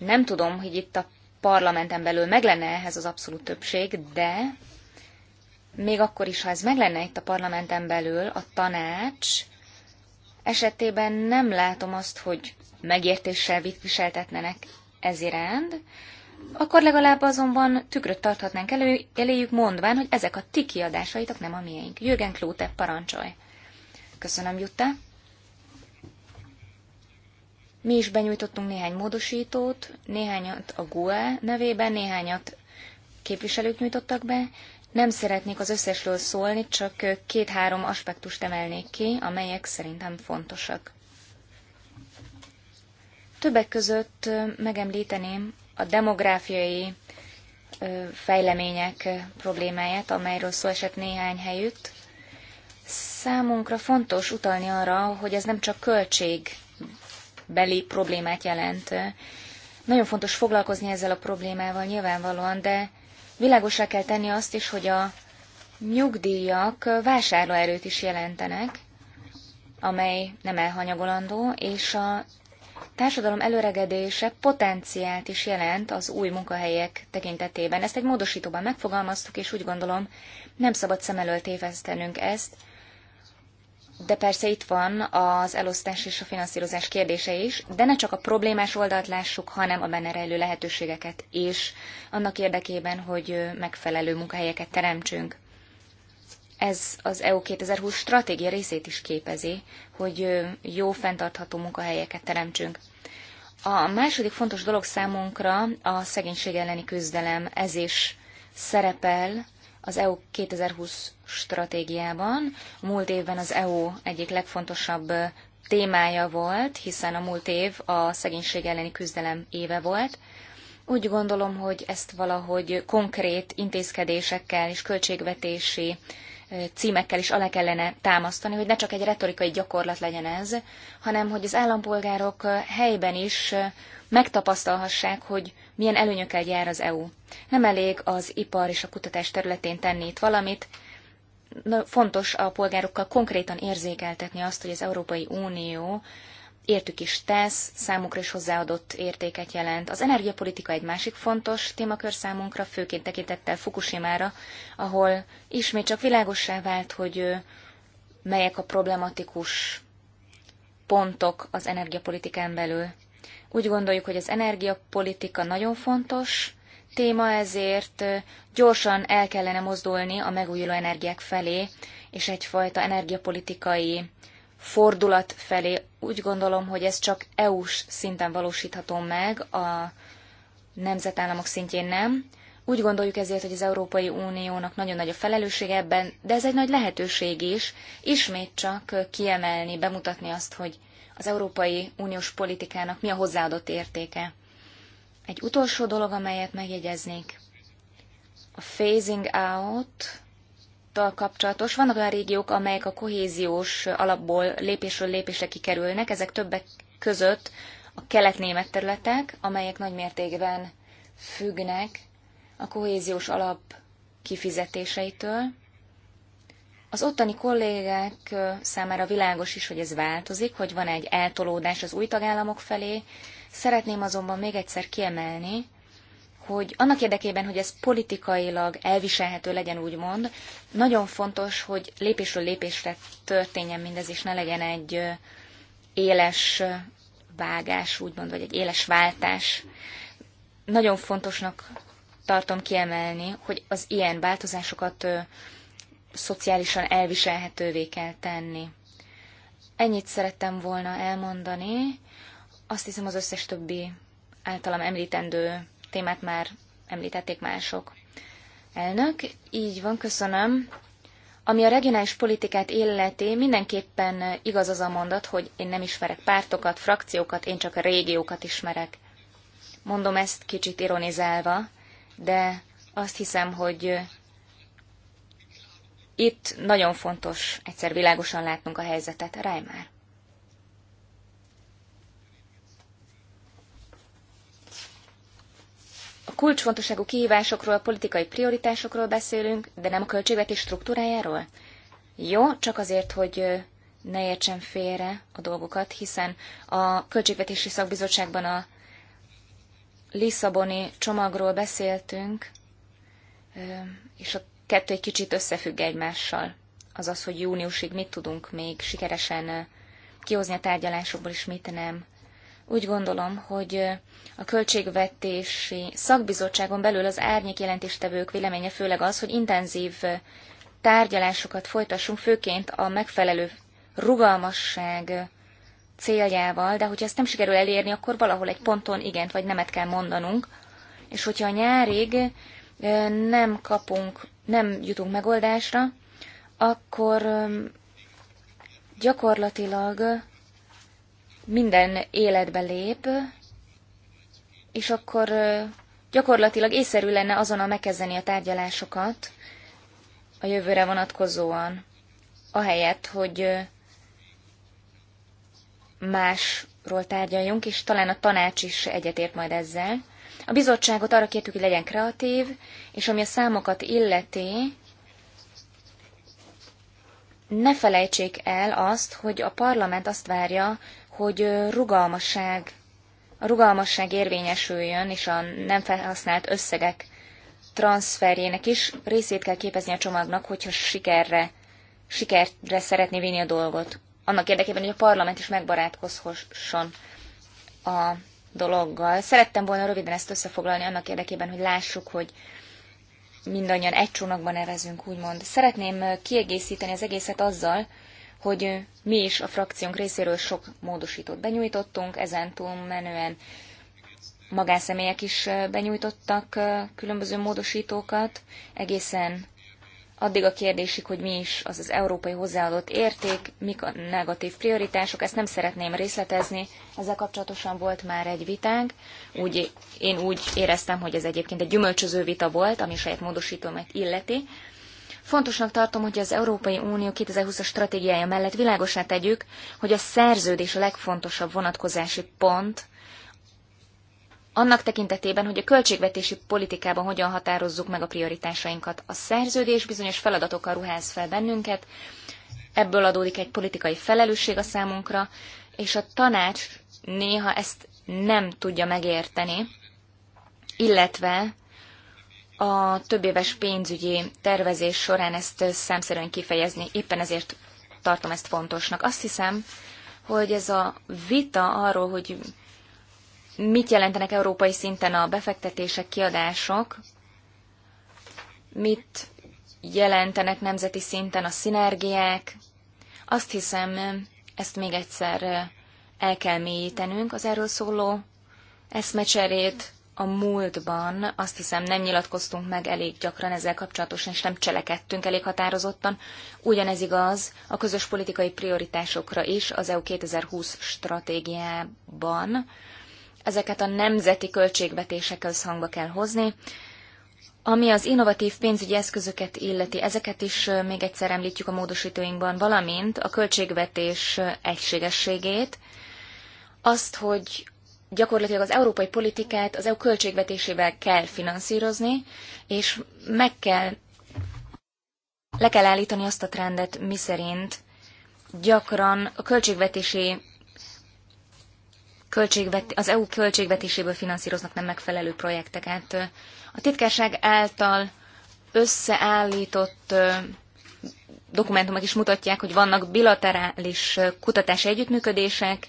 Nem tudom, hogy itt a parlamenten belül meg lenne ehhez az abszolút többség, de még akkor is, ha ez meg lenne itt a parlamenten belül, a tanács esetében nem látom azt, hogy megértéssel viseltetnenek ez iránt, akkor legalább azonban tükröt tarthatnánk elő, eléjük mondván, hogy ezek a ti kiadásaitok nem a miénk. Jürgen Klóte, parancsolj! Köszönöm, Jutta! Mi is benyújtottunk néhány módosítót, néhányat a GUE nevében, néhányat képviselők nyújtottak be. Nem szeretnék az összesről szólni, csak két-három aspektust emelnék ki, amelyek szerintem fontosak. Többek között megemlíteném a demográfiai fejlemények problémáját, amelyről szó esett néhány helyütt. Számunkra fontos utalni arra, hogy ez nem csak költség beli problémát jelent. Nagyon fontos foglalkozni ezzel a problémával nyilvánvalóan, de világosra kell tenni azt is, hogy a nyugdíjak vásárlóerőt is jelentenek, amely nem elhanyagolandó, és a társadalom előregedése potenciált is jelent az új munkahelyek tekintetében. Ezt egy módosítóban megfogalmaztuk, és úgy gondolom, nem szabad szem elől tévesztenünk ezt, de persze itt van az elosztás és a finanszírozás kérdése is, de ne csak a problémás oldalt lássuk, hanem a benne rejlő lehetőségeket is, annak érdekében, hogy megfelelő munkahelyeket teremtsünk. Ez az EU 2020 stratégia részét is képezi, hogy jó, fenntartható munkahelyeket teremtsünk. A második fontos dolog számunkra a szegénység elleni küzdelem. Ez is szerepel az EU 2020 stratégiában. Múlt évben az EU egyik legfontosabb témája volt, hiszen a múlt év a szegénység elleni küzdelem éve volt. Úgy gondolom, hogy ezt valahogy konkrét intézkedésekkel és költségvetési címekkel is alá kellene támasztani, hogy ne csak egy retorikai gyakorlat legyen ez, hanem hogy az állampolgárok helyben is megtapasztalhassák, hogy milyen előnyökkel jár az EU. Nem elég az ipar és a kutatás területén tenni itt valamit, fontos a polgárokkal konkrétan érzékeltetni azt, hogy az Európai Unió értük is tesz, számukra is hozzáadott értéket jelent. Az energiapolitika egy másik fontos témakör számunkra, főként tekintettel Fukushima-ra, ahol ismét csak világossá vált, hogy melyek a problematikus pontok az energiapolitikán belül. Úgy gondoljuk, hogy az energiapolitika nagyon fontos téma, ezért gyorsan el kellene mozdulni a megújuló energiák felé, és egyfajta energiapolitikai fordulat felé. Úgy gondolom, hogy ez csak EU-s szinten valósítható meg, a nemzetállamok szintjén nem. Úgy gondoljuk ezért, hogy az Európai Uniónak nagyon nagy a felelősség ebben, de ez egy nagy lehetőség is, ismét csak kiemelni, bemutatni azt, hogy az Európai Uniós politikának mi a hozzáadott értéke. Egy utolsó dolog, amelyet megjegyeznék. A phasing out tal kapcsolatos. Vannak olyan régiók, amelyek a kohéziós alapból lépésről lépésre kikerülnek, ezek többek között a kelet-német területek, amelyek nagymértékben függnek a kohéziós alap kifizetéseitől. Az ottani kollégák számára világos is, hogy ez változik, hogy van egy eltolódás az új tagállamok felé. Szeretném azonban még egyszer kiemelni, hogy annak érdekében, hogy ez politikailag elviselhető legyen, úgymond, nagyon fontos, hogy lépésről lépésre történjen mindez, és ne legyen egy éles vágás, úgymond, vagy egy éles váltás. Nagyon fontosnak tartom kiemelni, hogy az ilyen változásokat szociálisan elviselhetővé kell tenni. Ennyit szerettem volna elmondani. Azt hiszem az összes többi általam említendő témát már említették mások. Elnök, így van, köszönöm. Ami a regionális politikát illeti, mindenképpen igaz az a mondat, hogy én nem ismerek pártokat, frakciókat, én csak a régiókat ismerek. Mondom ezt kicsit ironizálva, de azt hiszem, hogy itt nagyon fontos egyszer világosan látnunk a helyzetet. Reimer. A kulcsfontosságú kihívásokról, a politikai prioritásokról beszélünk, de nem a költségvetés struktúrájáról? Jó, csak azért, hogy ne értsen félre a dolgokat, hiszen a Költségvetési Szakbizottságban a Lisszaboni csomagról beszéltünk, és a kettő egy kicsit összefügg egymással. Azaz, hogy júniusig mit tudunk még sikeresen kihozni a tárgyalásokból, és mit nem. Úgy gondolom, hogy a költségvetési szakbizottságon belül az árnyék jelentéstevők véleménye főleg az, hogy intenzív tárgyalásokat folytassunk, főként a megfelelő rugalmasság céljával, de hogyha ezt nem sikerül elérni, akkor valahol egy ponton igent vagy nemet kell mondanunk. És hogyha a nyárig nem kapunk nem jutunk megoldásra, akkor gyakorlatilag minden életbe lép, és akkor gyakorlatilag észszerű lenne azonnal megkezdeni a tárgyalásokat a jövőre vonatkozóan, ahelyett, hogy másról tárgyaljunk, és talán a tanács is egyetért majd ezzel. A bizottságot arra kértük, hogy legyen kreatív, és ami a számokat illeti, ne felejtsék el azt, hogy a parlament azt várja, hogy rugalmasság, a rugalmasság érvényesüljön, és a nem felhasznált összegek transferjének is részét kell képezni a csomagnak, hogyha sikerre, sikerre szeretné vinni a dolgot. Annak érdekében, hogy a parlament is megbarátkozhasson a dologgal. Szerettem volna röviden ezt összefoglalni annak érdekében, hogy lássuk, hogy mindannyian egy csónakban nevezünk, úgymond. Szeretném kiegészíteni az egészet azzal, hogy mi is a frakciónk részéről sok módosítót benyújtottunk, ezen menően magánszemélyek is benyújtottak különböző módosítókat, egészen addig a kérdésig, hogy mi is az az európai hozzáadott érték, mik a negatív prioritások, ezt nem szeretném részletezni, ezzel kapcsolatosan volt már egy vitánk, úgy, én úgy éreztem, hogy ez egyébként egy gyümölcsöző vita volt, ami saját módosítómat illeti. Fontosnak tartom, hogy az Európai Unió 2020-as stratégiája mellett világosá tegyük, hogy a szerződés a legfontosabb vonatkozási pont annak tekintetében, hogy a költségvetési politikában hogyan határozzuk meg a prioritásainkat. A szerződés bizonyos feladatokkal ruház fel bennünket, ebből adódik egy politikai felelősség a számunkra, és a tanács néha ezt nem tudja megérteni, illetve a többéves pénzügyi tervezés során ezt számszerűen kifejezni, éppen ezért tartom ezt fontosnak. Azt hiszem, hogy ez a vita arról, hogy mit jelentenek európai szinten a befektetések, kiadások, mit jelentenek nemzeti szinten a szinergiák. Azt hiszem, ezt még egyszer el kell mélyítenünk az erről szóló eszmecserét. A múltban azt hiszem nem nyilatkoztunk meg elég gyakran ezzel kapcsolatosan, és nem cselekedtünk elég határozottan. Ugyanez igaz a közös politikai prioritásokra is az EU 2020 stratégiában ezeket a nemzeti költségvetések összhangba kell hozni. Ami az innovatív pénzügyi eszközöket illeti, ezeket is még egyszer említjük a módosítóinkban, valamint a költségvetés egységességét, azt, hogy gyakorlatilag az európai politikát az EU költségvetésével kell finanszírozni, és meg kell, le kell állítani azt a trendet, miszerint gyakran a költségvetési költségvet, az EU költségvetéséből finanszíroznak nem megfelelő projekteket. A titkárság által összeállított dokumentumok is mutatják, hogy vannak bilaterális kutatási együttműködések,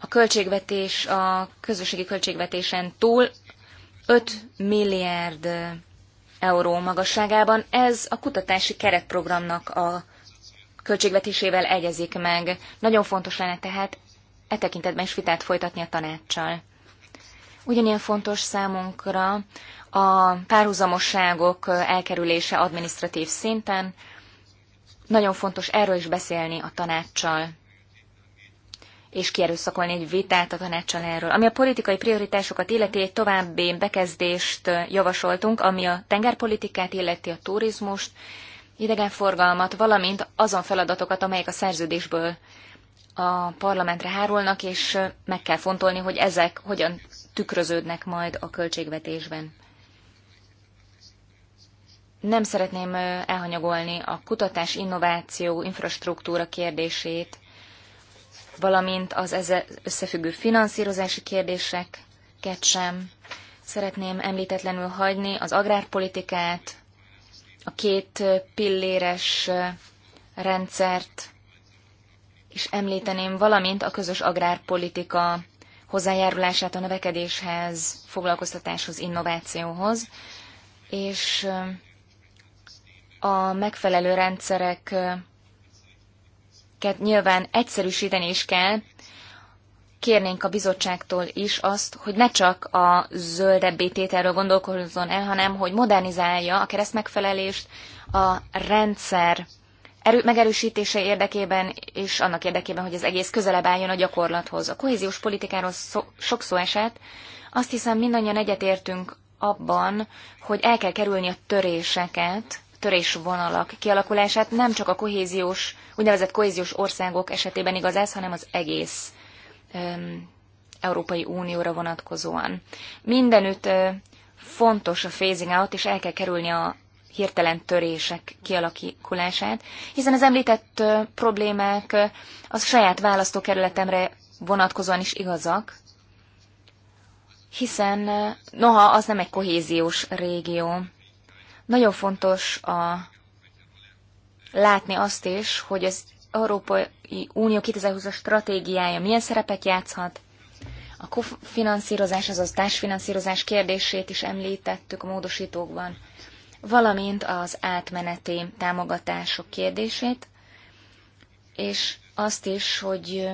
a költségvetés, a közösségi költségvetésen túl 5 milliárd euró magasságában. Ez a kutatási keretprogramnak a költségvetésével egyezik meg. Nagyon fontos lenne tehát e tekintetben is vitát folytatni a tanácssal. Ugyanilyen fontos számunkra a párhuzamosságok elkerülése administratív szinten. Nagyon fontos erről is beszélni a tanácssal, és kierőszakolni egy vitát a tanácssal erről. Ami a politikai prioritásokat illeti, egy további bekezdést javasoltunk, ami a tengerpolitikát illeti, a turizmust, idegenforgalmat, valamint azon feladatokat, amelyek a szerződésből a parlamentre hárulnak, és meg kell fontolni, hogy ezek hogyan tükröződnek majd a költségvetésben. Nem szeretném elhanyagolni a kutatás, innováció, infrastruktúra kérdését, valamint az ezzel összefüggő finanszírozási kérdéseket sem. Szeretném említetlenül hagyni az agrárpolitikát, a két pilléres rendszert, is említeném, valamint a közös agrárpolitika hozzájárulását a növekedéshez, foglalkoztatáshoz, innovációhoz, és a megfelelő rendszereket nyilván egyszerűsíteni is kell, kérnénk a bizottságtól is azt, hogy ne csak a zöldebbé tételről gondolkozzon el, hanem hogy modernizálja a keresztmegfelelést, a rendszer erő, megerősítése érdekében, és annak érdekében, hogy az egész közelebb álljon a gyakorlathoz. A kohéziós politikáról szó, sok szó esett, azt hiszem mindannyian egyetértünk abban, hogy el kell kerülni a töréseket, törésvonalak kialakulását, nem csak a kohéziós, úgynevezett kohéziós országok esetében igaz ez, hanem az egész um, Európai Unióra vonatkozóan. Mindenütt uh, fontos a phasing out, és el kell kerülni a hirtelen törések kialakulását, hiszen az említett problémák az saját választókerületemre vonatkozóan is igazak, hiszen noha az nem egy kohéziós régió, nagyon fontos a, látni azt is, hogy az Európai Unió 2020-as stratégiája milyen szerepet játszhat, a kofinanszírozás, azaz társfinanszírozás kérdését is említettük a módosítókban valamint az átmeneti támogatások kérdését, és azt is, hogy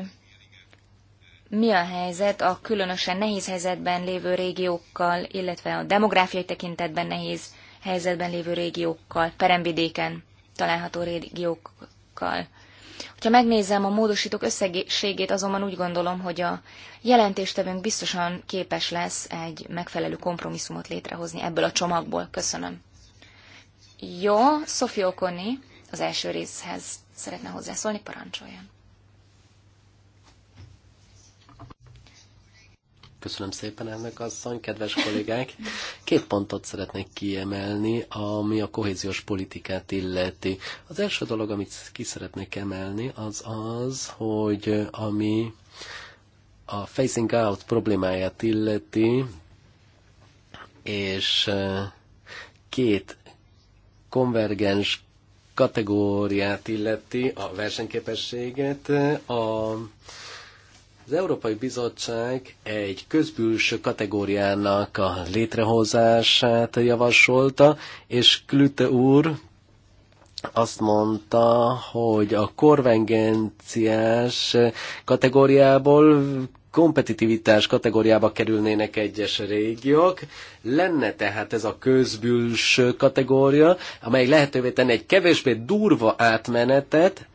mi a helyzet a különösen nehéz helyzetben lévő régiókkal, illetve a demográfiai tekintetben nehéz helyzetben lévő régiókkal, peremvidéken található régiókkal. Ha megnézem a módosítók összegségét, azonban úgy gondolom, hogy a jelentéstevünk biztosan képes lesz egy megfelelő kompromisszumot létrehozni ebből a csomagból. Köszönöm. Jó, Sophie Okoni az első részhez szeretne hozzászólni, parancsoljon. Köszönöm szépen, elnök asszony, kedves kollégák! Két pontot szeretnék kiemelni, ami a kohéziós politikát illeti. Az első dolog, amit ki szeretnék emelni, az az, hogy ami a phasing out problémáját illeti, és eh, két konvergens kategóriát illeti a versenyképességet, a az Európai Bizottság egy közbülső kategóriának a létrehozását javasolta, és Klüte úr azt mondta, hogy a korvengenciás kategóriából kompetitivitás kategóriába kerülnének egyes régiók. Lenne tehát ez a közbülső kategória, amely lehetővé tenne egy kevésbé durva átmenetet,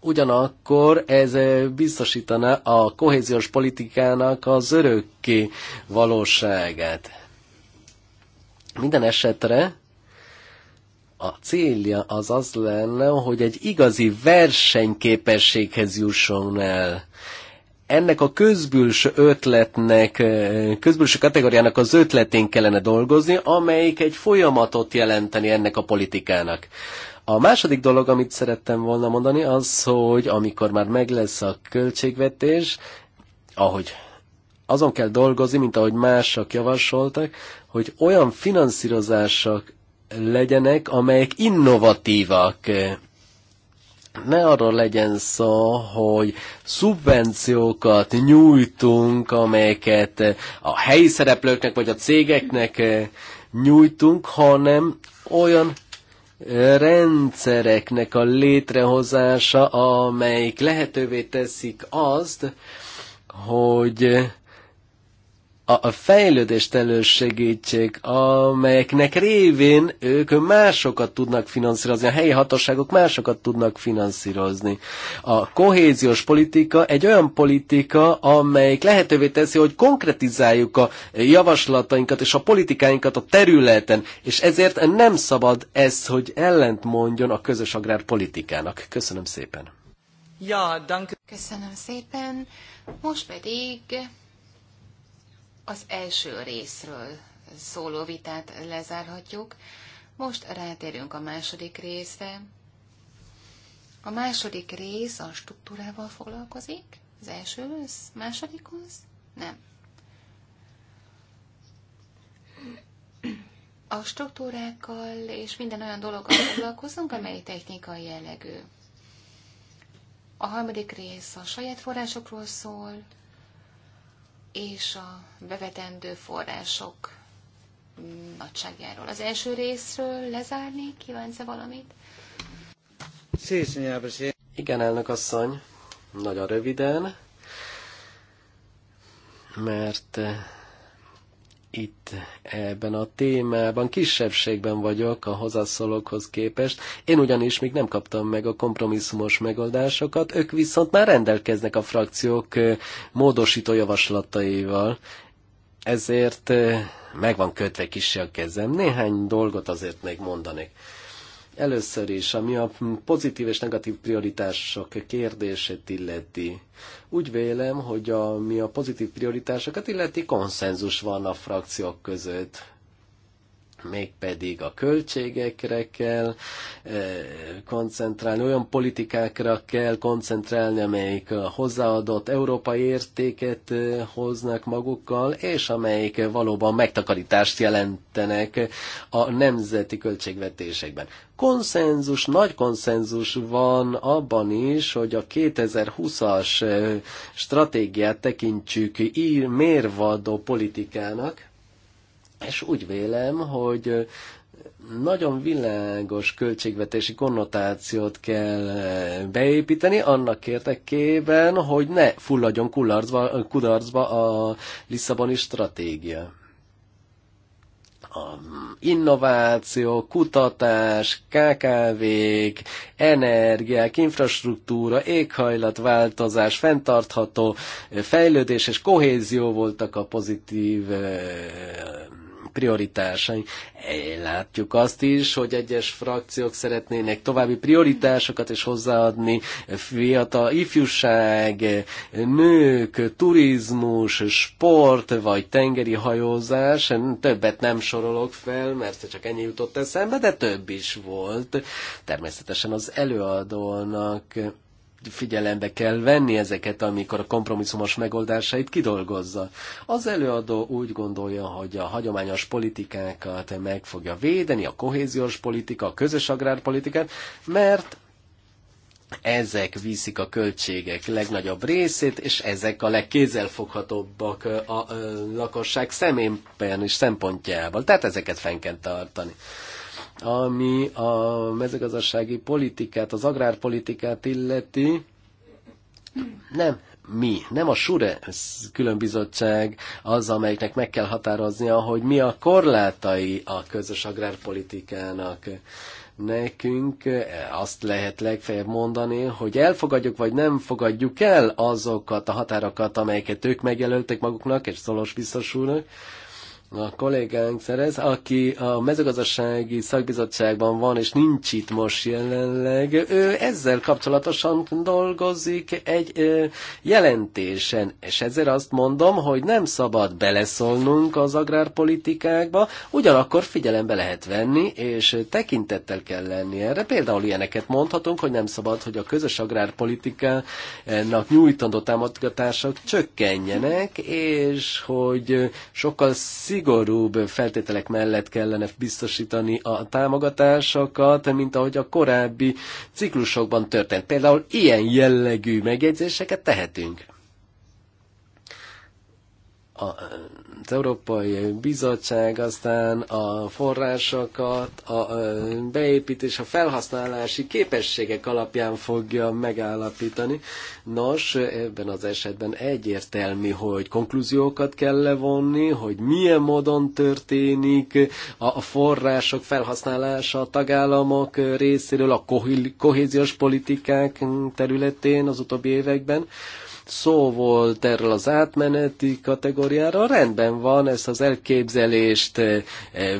ugyanakkor ez biztosítana a kohéziós politikának az örökké valóságát. Minden esetre a célja az az lenne, hogy egy igazi versenyképességhez jusson el ennek a közbülső ötletnek, eh, közbülső kategóriának az ötletén kellene dolgozni, amelyik egy folyamatot jelenteni ennek a politikának. A második dolog, amit szerettem volna mondani, az, hogy amikor már meg lesz a költségvetés, ahogy azon kell dolgozni, mint ahogy mások javasoltak, hogy olyan finanszírozások legyenek, amelyek innovatívak, ne arról legyen szó, hogy szubvenciókat nyújtunk, amelyeket a helyi szereplőknek vagy a cégeknek nyújtunk, hanem olyan rendszereknek a létrehozása, amelyik lehetővé teszik azt, hogy a a fejlődést elősegítsék, amelyeknek révén ők másokat tudnak finanszírozni, a helyi hatóságok másokat tudnak finanszírozni. A kohéziós politika egy olyan politika, amelyik lehetővé teszi, hogy konkretizáljuk a javaslatainkat és a politikáinkat a területen, és ezért nem szabad ez, hogy ellent mondjon a közös agrárpolitikának. Köszönöm szépen. Ja, danke. Köszönöm szépen. Most pedig az első részről szóló vitát lezárhatjuk. Most rátérünk a második részre. A második rész a struktúrával foglalkozik? Az első, rész, Másodikhoz? Nem. A struktúrákkal és minden olyan dologgal foglalkozunk, amely technikai jellegű. A harmadik rész a saját forrásokról szól, és a bevetendő források nagyságjáról. Az első részről lezárni, kívánsz-e valamit? Igen, elnök asszony, nagyon röviden, mert itt ebben a témában kisebbségben vagyok a hozzászólókhoz képest. Én ugyanis még nem kaptam meg a kompromisszumos megoldásokat, ők viszont már rendelkeznek a frakciók módosító javaslataival, ezért megvan kötve kisebb a kezem. Néhány dolgot azért még mondanék. Először is, ami a pozitív és negatív prioritások kérdését illeti. Úgy vélem, hogy ami a pozitív prioritásokat illeti, konszenzus van a frakciók között mégpedig a költségekre kell eh, koncentrálni, olyan politikákra kell koncentrálni, amelyik a hozzáadott európai értéket eh, hoznak magukkal, és amelyik valóban megtakarítást jelentenek a nemzeti költségvetésekben. Konszenzus, nagy konszenzus van abban is, hogy a 2020-as eh, stratégiát tekintsük mérvadó politikának, és úgy vélem, hogy nagyon világos költségvetési konnotációt kell beépíteni annak érdekében, hogy ne fulladjon kudarcba, kudarcba a Lisszaboni stratégia. A innováció, kutatás, KKV-k, energiák, infrastruktúra, éghajlatváltozás, fenntartható fejlődés és kohézió voltak a pozitív prioritásaink. Látjuk azt is, hogy egyes frakciók szeretnének további prioritásokat is hozzáadni, fiatal ifjúság, nők, turizmus, sport vagy tengeri hajózás, többet nem sorolok fel, mert csak ennyi jutott eszembe, de több is volt. Természetesen az előadónak figyelembe kell venni ezeket, amikor a kompromisszumos megoldásait kidolgozza. Az előadó úgy gondolja, hogy a hagyományos politikákat meg fogja védeni, a kohéziós politika, a közös agrárpolitikát, mert ezek viszik a költségek legnagyobb részét, és ezek a legkézzelfoghatóbbak a, a, a lakosság szemében és szempontjából. Tehát ezeket fenn kell tartani ami a mezőgazdasági politikát, az agrárpolitikát illeti, nem mi, nem a SURE különbizottság az, amelyiknek meg kell határoznia, hogy mi a korlátai a közös agrárpolitikának. Nekünk eh, azt lehet legfeljebb mondani, hogy elfogadjuk vagy nem fogadjuk el azokat a határokat, amelyeket ők megjelöltek maguknak, és szolos biztos úrnak, a kollégánk Szerez, aki a mezőgazdasági szakbizottságban van, és nincs itt most jelenleg, ő ezzel kapcsolatosan dolgozik egy ö, jelentésen, és ezért azt mondom, hogy nem szabad beleszólnunk az agrárpolitikákba, ugyanakkor figyelembe lehet venni, és tekintettel kell lenni erre. Például ilyeneket mondhatunk, hogy nem szabad, hogy a közös agrárpolitikának nyújtandó támogatások csökkenjenek, és hogy sokkal szí szigorúbb feltételek mellett kellene biztosítani a támogatásokat, mint ahogy a korábbi ciklusokban történt. Például ilyen jellegű megjegyzéseket tehetünk. A, Európai Bizottság aztán a forrásokat, a beépítés, a felhasználási képességek alapján fogja megállapítani. Nos, ebben az esetben egyértelmű, hogy konklúziókat kell levonni, hogy milyen módon történik a források felhasználása a tagállamok részéről a kohéziós politikák területén az utóbbi években szó volt erről az átmeneti kategóriáról, rendben van, ezt az elképzelést eh,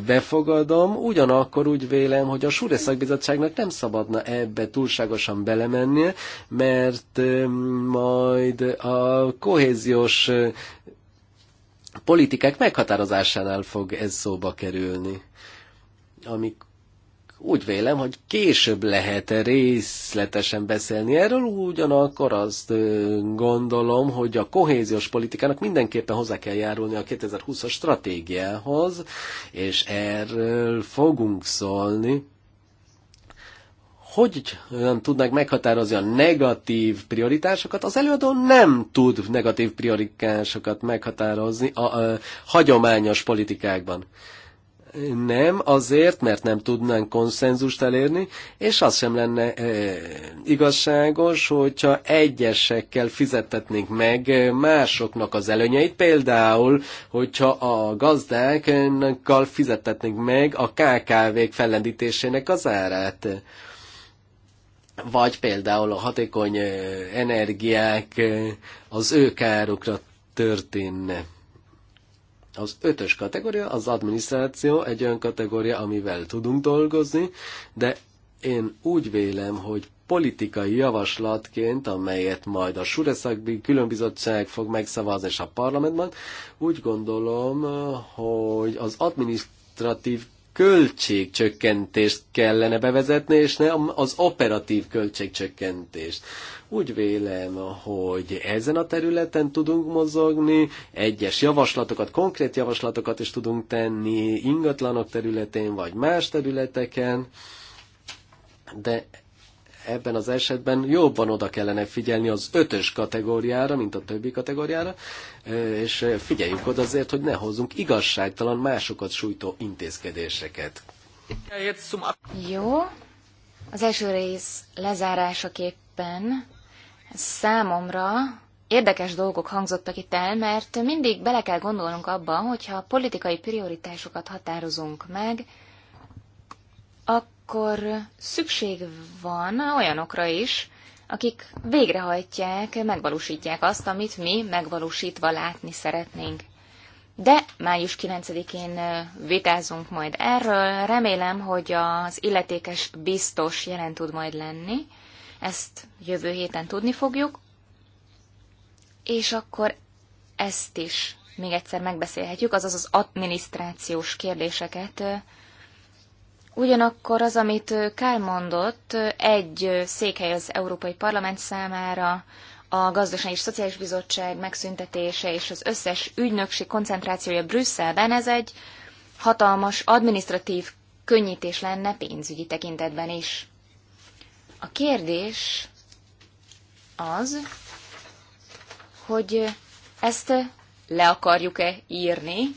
befogadom, ugyanakkor úgy vélem, hogy a Súre Szakbizottságnak nem szabadna ebbe túlságosan belemennie, mert eh, majd a kohéziós eh, politikák meghatározásánál fog ez szóba kerülni. Amikor úgy vélem, hogy később lehet -e részletesen beszélni erről, ugyanakkor azt gondolom, hogy a kohéziós politikának mindenképpen hozzá kell járulni a 2020-as stratégiához, és erről fogunk szólni. Hogy nem tudnak meghatározni a negatív prioritásokat? Az előadó nem tud negatív prioritásokat meghatározni a, a, a hagyományos politikákban nem azért, mert nem tudnánk konszenzust elérni, és az sem lenne e, igazságos, hogyha egyesekkel fizetetnénk meg eh, másoknak az előnyeit, például, hogyha a gazdákkal fizetetnénk meg a KKV-k fellendítésének az árát vagy például a hatékony eh, energiák az ő kárukra történne. Az ötös kategória az adminisztráció, egy olyan kategória, amivel tudunk dolgozni, de én úgy vélem, hogy politikai javaslatként, amelyet majd a Sureszakbi különbizottság fog megszavazni, és a parlamentben, úgy gondolom, hogy az administratív költségcsökkentést kellene bevezetni, és nem az operatív költségcsökkentést. Úgy vélem, hogy ezen a területen tudunk mozogni, egyes javaslatokat, konkrét javaslatokat is tudunk tenni ingatlanok területén, vagy más területeken, de ebben az esetben jobban oda kellene figyelni az ötös kategóriára, mint a többi kategóriára, és figyeljünk oda azért, hogy ne hozzunk igazságtalan másokat sújtó intézkedéseket. Jó. Az első rész lezárásaképpen számomra érdekes dolgok hangzottak itt el, mert mindig bele kell gondolnunk abba, hogyha politikai prioritásokat határozunk meg, akkor akkor szükség van olyanokra is, akik végrehajtják, megvalósítják azt, amit mi megvalósítva látni szeretnénk. De május 9-én vitázunk majd erről. Remélem, hogy az illetékes biztos jelen tud majd lenni. Ezt jövő héten tudni fogjuk. És akkor ezt is még egyszer megbeszélhetjük, azaz az adminisztrációs kérdéseket Ugyanakkor az, amit Kál mondott, egy székhely az Európai Parlament számára, a Gazdasági és Szociális Bizottság megszüntetése és az összes ügynökség koncentrációja Brüsszelben, ez egy hatalmas administratív könnyítés lenne pénzügyi tekintetben is. A kérdés az, hogy ezt le akarjuk-e írni,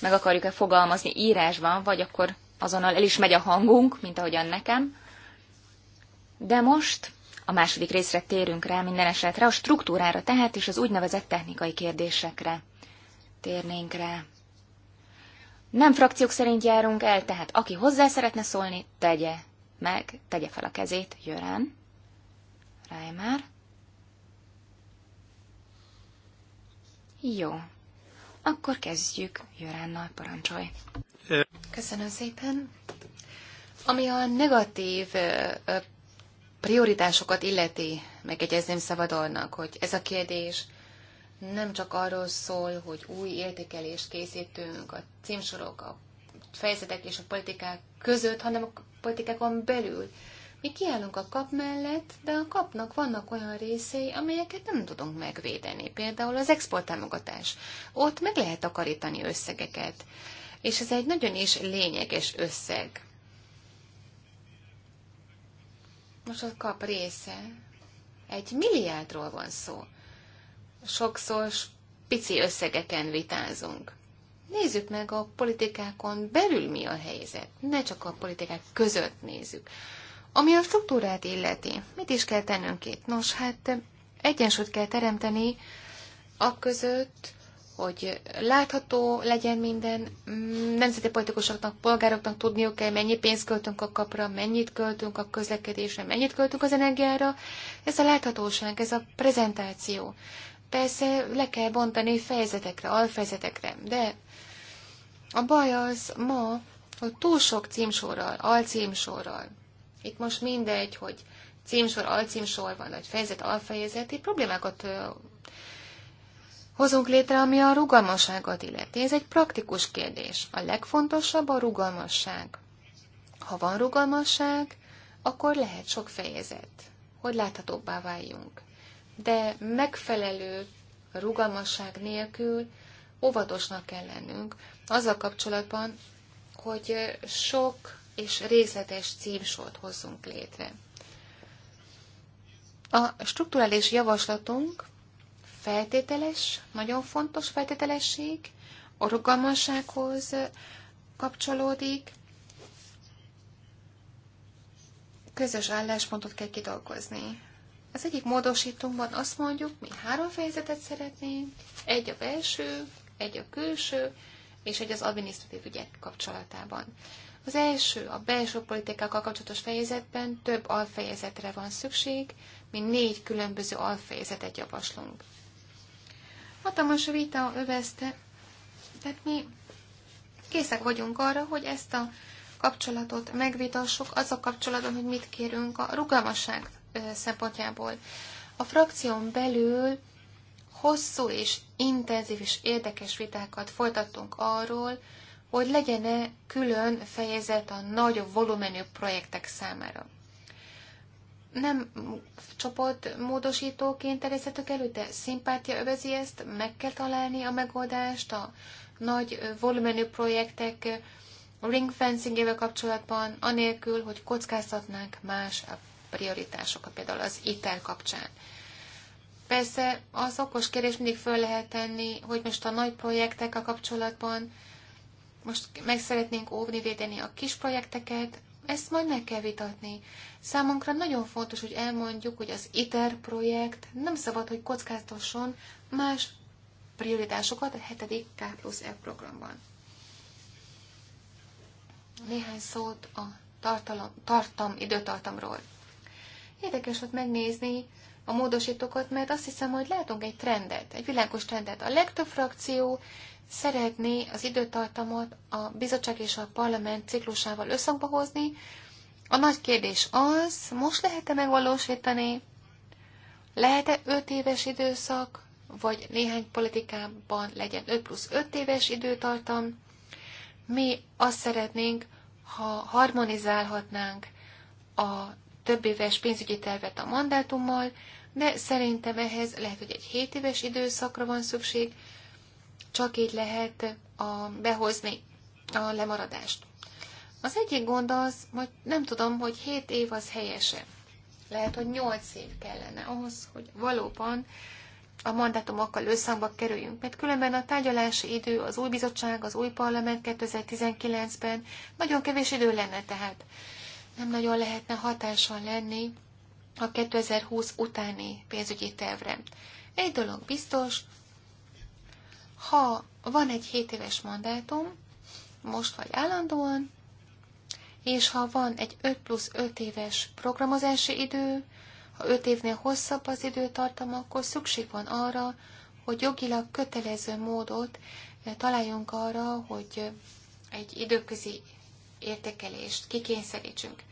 meg akarjuk-e fogalmazni írásban, vagy akkor azonnal el is megy a hangunk, mint ahogyan nekem. De most a második részre térünk rá minden esetre, a struktúrára tehát, és az úgynevezett technikai kérdésekre térnénk rá. Nem frakciók szerint járunk el, tehát aki hozzá szeretne szólni, tegye meg, tegye fel a kezét, Jörán. Rájmár. Jó, akkor kezdjük Jöránnal, parancsolj. Köszönöm szépen. Ami a negatív prioritásokat illeti, megegyezném Szabadonnak, hogy ez a kérdés nem csak arról szól, hogy új értékelést készítünk a címsorok, a fejezetek és a politikák között, hanem a politikákon belül mi kiállunk a kap mellett, de a kapnak vannak olyan részei, amelyeket nem tudunk megvédeni. Például az exporttámogatás. Ott meg lehet takarítani összegeket. És ez egy nagyon is lényeges összeg. Most a kap része. Egy milliárdról van szó. Sokszor pici összegeken vitázunk. Nézzük meg a politikákon belül mi a helyzet. Ne csak a politikák között nézzük. Ami a struktúrát illeti, mit is kell tennünk itt? Nos, hát egyensúlyt kell teremteni a között, hogy látható legyen minden, nemzeti politikusoknak, polgároknak tudniuk kell, mennyi pénzt költünk a kapra, mennyit költünk a közlekedésre, mennyit költünk az energiára. Ez a láthatóság, ez a prezentáció. Persze le kell bontani fejezetekre, alfejezetekre, de a baj az ma, hogy túl sok címsorral, alcímsorral, itt most mindegy, hogy címsor, alcímsor van, vagy fejezet, alfejezet, itt problémákat hozunk létre, ami a rugalmasságot illeti. Ez egy praktikus kérdés. A legfontosabb a rugalmasság. Ha van rugalmasság, akkor lehet sok fejezet, hogy láthatóbbá váljunk. De megfelelő rugalmasság nélkül óvatosnak kell lennünk azzal kapcsolatban, hogy sok és részletes címsort hozzunk létre. A strukturális javaslatunk feltételes, nagyon fontos feltételesség, a rugalmassághoz kapcsolódik, közös álláspontot kell kidolgozni. Az egyik módosítunkban azt mondjuk, mi három fejezetet szeretnénk, egy a belső, egy a külső, és egy az adminisztratív ügyek kapcsolatában. Az első, a belső politikákkal kapcsolatos fejezetben több alfejezetre van szükség, mint négy különböző alfejezetet javaslunk. Hatalmas vita övezte, tehát mi készek vagyunk arra, hogy ezt a kapcsolatot megvitassuk, az a kapcsolatban, hogy mit kérünk a rugalmasság szempontjából. A frakción belül hosszú és intenzív és érdekes vitákat folytattunk arról, hogy legyen-e külön fejezet a nagy volumenű projektek számára. Nem csoportmódosítóként terjesztettük elő, de szimpátia övezi ezt, meg kell találni a megoldást a nagy volumenű projektek ring fencingével kapcsolatban, anélkül, hogy kockáztatnánk más prioritásokat, például az itel kapcsán. Persze az okos kérdés mindig föl lehet tenni, hogy most a nagy projektek a kapcsolatban most meg szeretnénk óvni, védeni a kis projekteket, ezt majd meg kell vitatni. Számunkra nagyon fontos, hogy elmondjuk, hogy az ITER projekt nem szabad, hogy kockáztasson más prioritásokat a 7. K plusz E programban. Néhány szót a tartalom, tartam, időtartamról. Érdekes volt megnézni a módosítókat, mert azt hiszem, hogy látunk egy trendet, egy világos trendet. A legtöbb frakció szeretné az időtartamot a bizottság és a parlament ciklusával összhangba hozni. A nagy kérdés az, most lehet-e megvalósítani, lehet-e 5 éves időszak, vagy néhány politikában legyen 5 plusz 5 éves időtartam. Mi azt szeretnénk, ha harmonizálhatnánk a több éves pénzügyi tervet a mandátummal, de szerintem ehhez lehet, hogy egy 7 éves időszakra van szükség, csak így lehet a, behozni a lemaradást. Az egyik gond az, hogy nem tudom, hogy 7 év az helyese. Lehet, hogy 8 év kellene ahhoz, hogy valóban a mandátumokkal összhangba kerüljünk, mert különben a tárgyalási idő, az új bizottság, az új parlament 2019-ben nagyon kevés idő lenne, tehát nem nagyon lehetne hatással lenni a 2020 utáni pénzügyi tervre. Egy dolog biztos, ha van egy 7 éves mandátum, most vagy állandóan, és ha van egy 5 plusz 5 éves programozási idő, ha 5 évnél hosszabb az időtartam, akkor szükség van arra, hogy jogilag kötelező módot eh, találjunk arra, hogy eh, egy időközi értékelést kikényszerítsünk.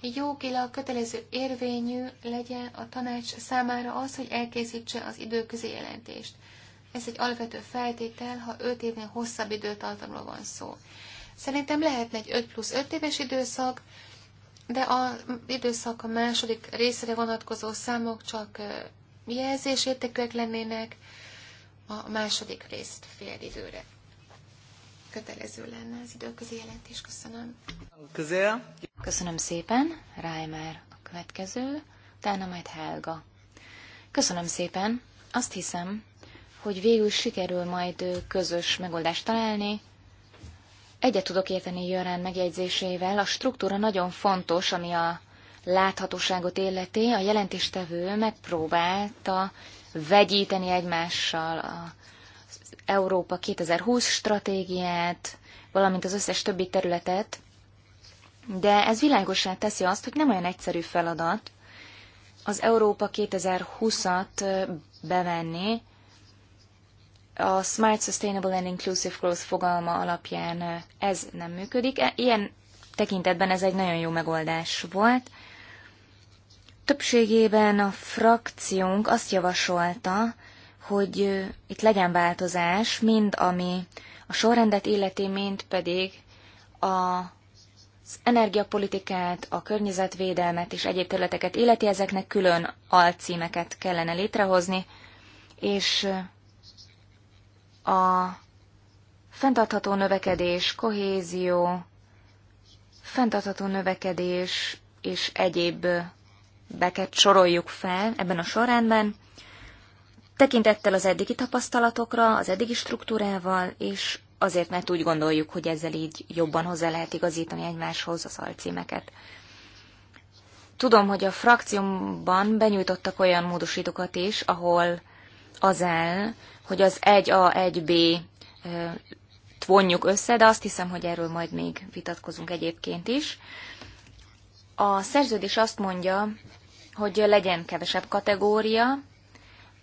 Jogilag kötelező érvényű legyen a tanács számára az, hogy elkészítse az időközi jelentést. Ez egy alapvető feltétel, ha 5 évnél hosszabb időtartamról van szó. Szerintem lehetne egy 5 plusz 5 éves időszak, de az időszak a második részre vonatkozó számok csak jelzésértékűek lennének, a második részt fél időre. Kötelező lenne az időközi jelentés. Köszönöm. Köszönöm, Köszönöm szépen. Reimer a következő, utána majd Helga. Köszönöm szépen. Azt hiszem, hogy végül sikerül majd közös megoldást találni. Egyet tudok érteni Jörán megjegyzésével, a struktúra nagyon fontos, ami a láthatóságot illeti. A jelentéstevő megpróbálta vegyíteni egymással az Európa 2020 stratégiát, valamint az összes többi területet, de ez világosan teszi azt, hogy nem olyan egyszerű feladat az Európa 2020-at bevenni, a Smart Sustainable and Inclusive Growth fogalma alapján ez nem működik. E, ilyen tekintetben ez egy nagyon jó megoldás volt. Többségében a frakciónk azt javasolta, hogy itt legyen változás, mind ami a sorrendet illeti, mind pedig a az energiapolitikát, a környezetvédelmet és egyéb területeket illeti, ezeknek külön alcímeket kellene létrehozni, és a fenntartható növekedés, kohézió, fenntartható növekedés és egyéb beket soroljuk fel ebben a sorrendben, tekintettel az eddigi tapasztalatokra, az eddigi struktúrával, és azért, mert úgy gondoljuk, hogy ezzel így jobban hozzá lehet igazítani egymáshoz az alcímeket. Tudom, hogy a frakciómban benyújtottak olyan módosítókat is, ahol az áll, hogy az 1A, 1B vonjuk össze, de azt hiszem, hogy erről majd még vitatkozunk egyébként is. A szerződés azt mondja, hogy legyen kevesebb kategória,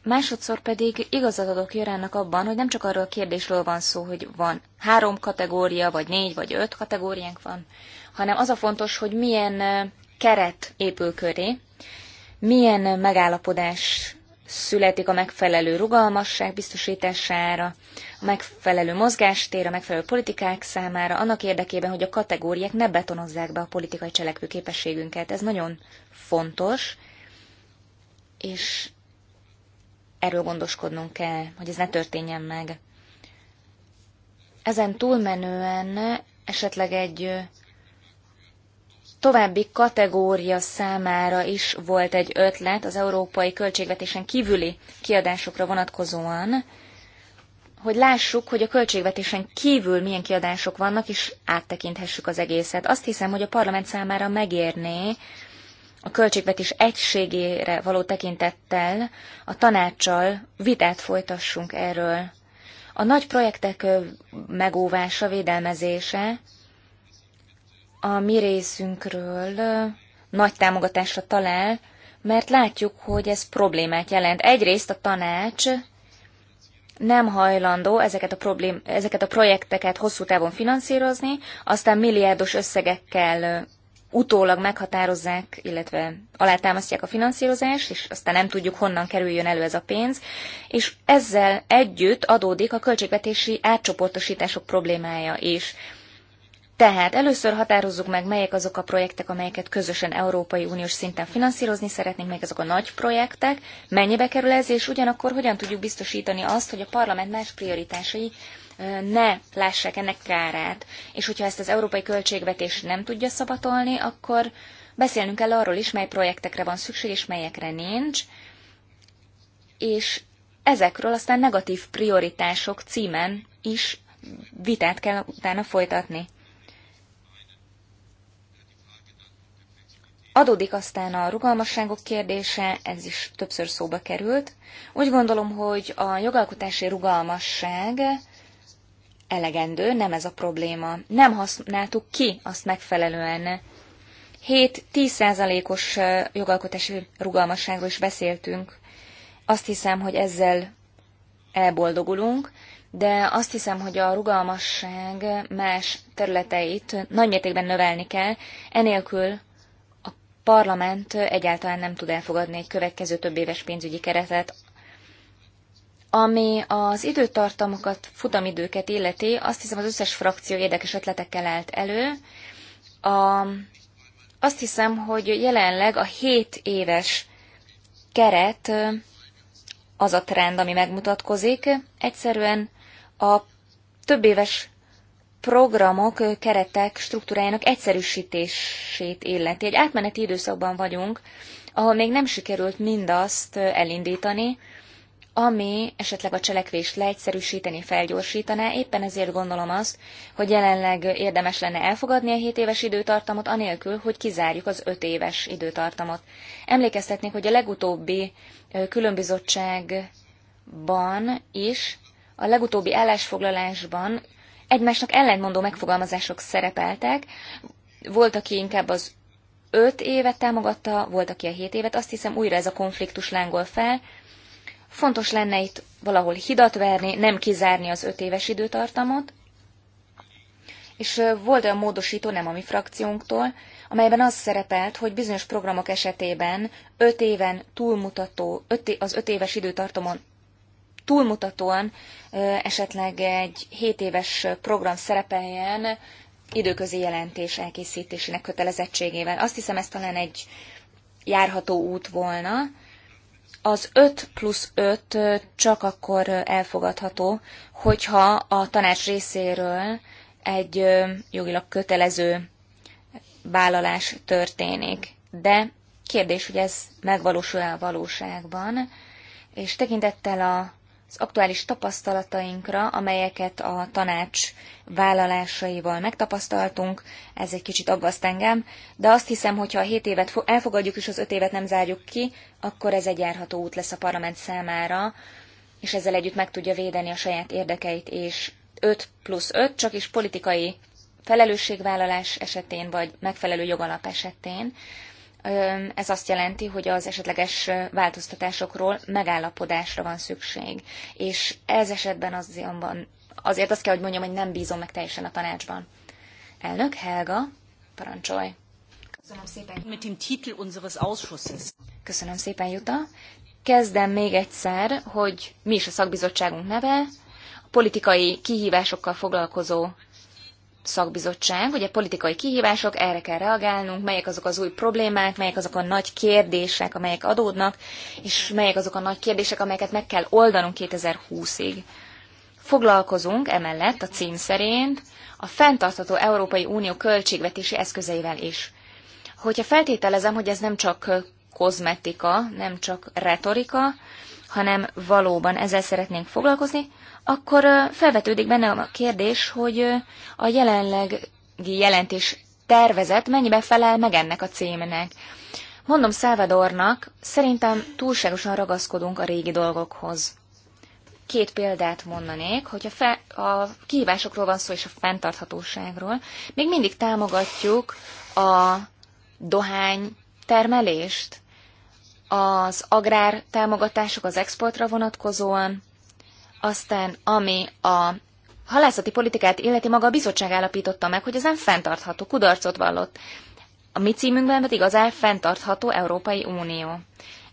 másodszor pedig igazat adok Jörának abban, hogy nem csak arról a kérdésről van szó, hogy van három kategória, vagy négy, vagy öt kategóriánk van, hanem az a fontos, hogy milyen keret épül köré, milyen megállapodás születik a megfelelő rugalmasság biztosítására, a megfelelő mozgástér, a megfelelő politikák számára, annak érdekében, hogy a kategóriák ne betonozzák be a politikai cselekvőképességünket. Ez nagyon fontos, és erről gondoskodnunk kell, hogy ez ne történjen meg. Ezen túlmenően esetleg egy további kategória számára is volt egy ötlet az európai költségvetésen kívüli kiadásokra vonatkozóan, hogy lássuk, hogy a költségvetésen kívül milyen kiadások vannak, és áttekinthessük az egészet. Azt hiszem, hogy a parlament számára megérné a költségvetés egységére való tekintettel a tanácssal vitát folytassunk erről. A nagy projektek megóvása, védelmezése a mi részünkről nagy támogatásra talál, mert látjuk, hogy ez problémát jelent. Egyrészt a tanács nem hajlandó ezeket a, problém, ezeket a projekteket hosszú távon finanszírozni, aztán milliárdos összegekkel utólag meghatározzák, illetve alátámasztják a finanszírozást, és aztán nem tudjuk, honnan kerüljön elő ez a pénz, és ezzel együtt adódik a költségvetési átcsoportosítások problémája is. Tehát először határozzuk meg, melyek azok a projektek, amelyeket közösen Európai Uniós szinten finanszírozni szeretnénk, melyek azok a nagy projektek, mennyibe kerül ez, és ugyanakkor hogyan tudjuk biztosítani azt, hogy a parlament más prioritásai ne lássák ennek kárát. És hogyha ezt az európai költségvetés nem tudja szabatolni, akkor beszélnünk kell arról is, mely projektekre van szükség, és melyekre nincs. És ezekről aztán negatív prioritások címen is vitát kell utána folytatni. Adódik aztán a rugalmasságok kérdése, ez is többször szóba került. Úgy gondolom, hogy a jogalkotási rugalmasság elegendő, nem ez a probléma. Nem használtuk ki azt megfelelően. 7-10 százalékos jogalkotási rugalmasságról is beszéltünk. Azt hiszem, hogy ezzel elboldogulunk, de azt hiszem, hogy a rugalmasság más területeit nagymértékben növelni kell, enélkül parlament egyáltalán nem tud elfogadni egy következő több éves pénzügyi keretet, ami az időtartamokat, futamidőket illeti, azt hiszem az összes frakció érdekes ötletekkel állt elő. A, azt hiszem, hogy jelenleg a 7 éves keret az a trend, ami megmutatkozik. Egyszerűen a több éves programok, keretek struktúrájának egyszerűsítését illeti. Egy átmeneti időszakban vagyunk, ahol még nem sikerült mindazt elindítani, ami esetleg a cselekvést leegyszerűsíteni, felgyorsítaná. Éppen ezért gondolom azt, hogy jelenleg érdemes lenne elfogadni a 7 éves időtartamot, anélkül, hogy kizárjuk az 5 éves időtartamot. Emlékeztetnék, hogy a legutóbbi különbizottságban is, a legutóbbi állásfoglalásban egymásnak ellentmondó megfogalmazások szerepeltek. Volt, aki inkább az öt évet támogatta, volt, aki a hét évet. Azt hiszem, újra ez a konfliktus lángol fel. Fontos lenne itt valahol hidat verni, nem kizárni az öt éves időtartamot. És volt olyan módosító, nem a mi frakciónktól, amelyben az szerepelt, hogy bizonyos programok esetében öt éven túlmutató, öt, az öt éves időtartamon túlmutatóan esetleg egy 7 éves program szerepeljen időközi jelentés elkészítésének kötelezettségével. Azt hiszem, ez talán egy járható út volna. Az 5 plusz 5 csak akkor elfogadható, hogyha a tanács részéről egy jogilag kötelező vállalás történik. De kérdés, hogy ez megvalósul-e a valóságban, és tekintettel a az aktuális tapasztalatainkra, amelyeket a tanács vállalásaival megtapasztaltunk. Ez egy kicsit aggaszt engem, de azt hiszem, hogy ha a 7 évet elfogadjuk és az 5 évet nem zárjuk ki, akkor ez egy járható út lesz a parlament számára, és ezzel együtt meg tudja védeni a saját érdekeit, és 5 plusz 5 csak is politikai felelősségvállalás esetén, vagy megfelelő jogalap esetén ez azt jelenti, hogy az esetleges változtatásokról megállapodásra van szükség. És ez esetben azonban azért azt kell, hogy mondjam, hogy nem bízom meg teljesen a tanácsban. Elnök Helga, parancsolj! Köszönöm szépen. Mit dem Titel unseres Ausschusses. Köszönöm szépen, Juta. Kezdem még egyszer, hogy mi is a szakbizottságunk neve, a politikai kihívásokkal foglalkozó szakbizottság, ugye politikai kihívások, erre kell reagálnunk, melyek azok az új problémák, melyek azok a nagy kérdések, amelyek adódnak, és melyek azok a nagy kérdések, amelyeket meg kell oldanunk 2020-ig. Foglalkozunk emellett a cím szerint a fenntartható Európai Unió költségvetési eszközeivel is. Hogyha feltételezem, hogy ez nem csak kozmetika, nem csak retorika, hanem valóban ezzel szeretnénk foglalkozni, akkor felvetődik bennem a kérdés, hogy a jelenlegi jelentés tervezet mennyibe felel meg ennek a címnek. Mondom Szávadornak, szerintem túlságosan ragaszkodunk a régi dolgokhoz. Két példát mondanék, hogy a fe, a kihívásokról van szó és a fenntarthatóságról, még mindig támogatjuk a dohány termelést, az agrár támogatások az exportra vonatkozóan, aztán, ami a halászati politikát illeti maga a bizottság állapította meg, hogy nem fenntartható kudarcot vallott. A mi címünkben pedig az áll e fenntartható Európai Unió.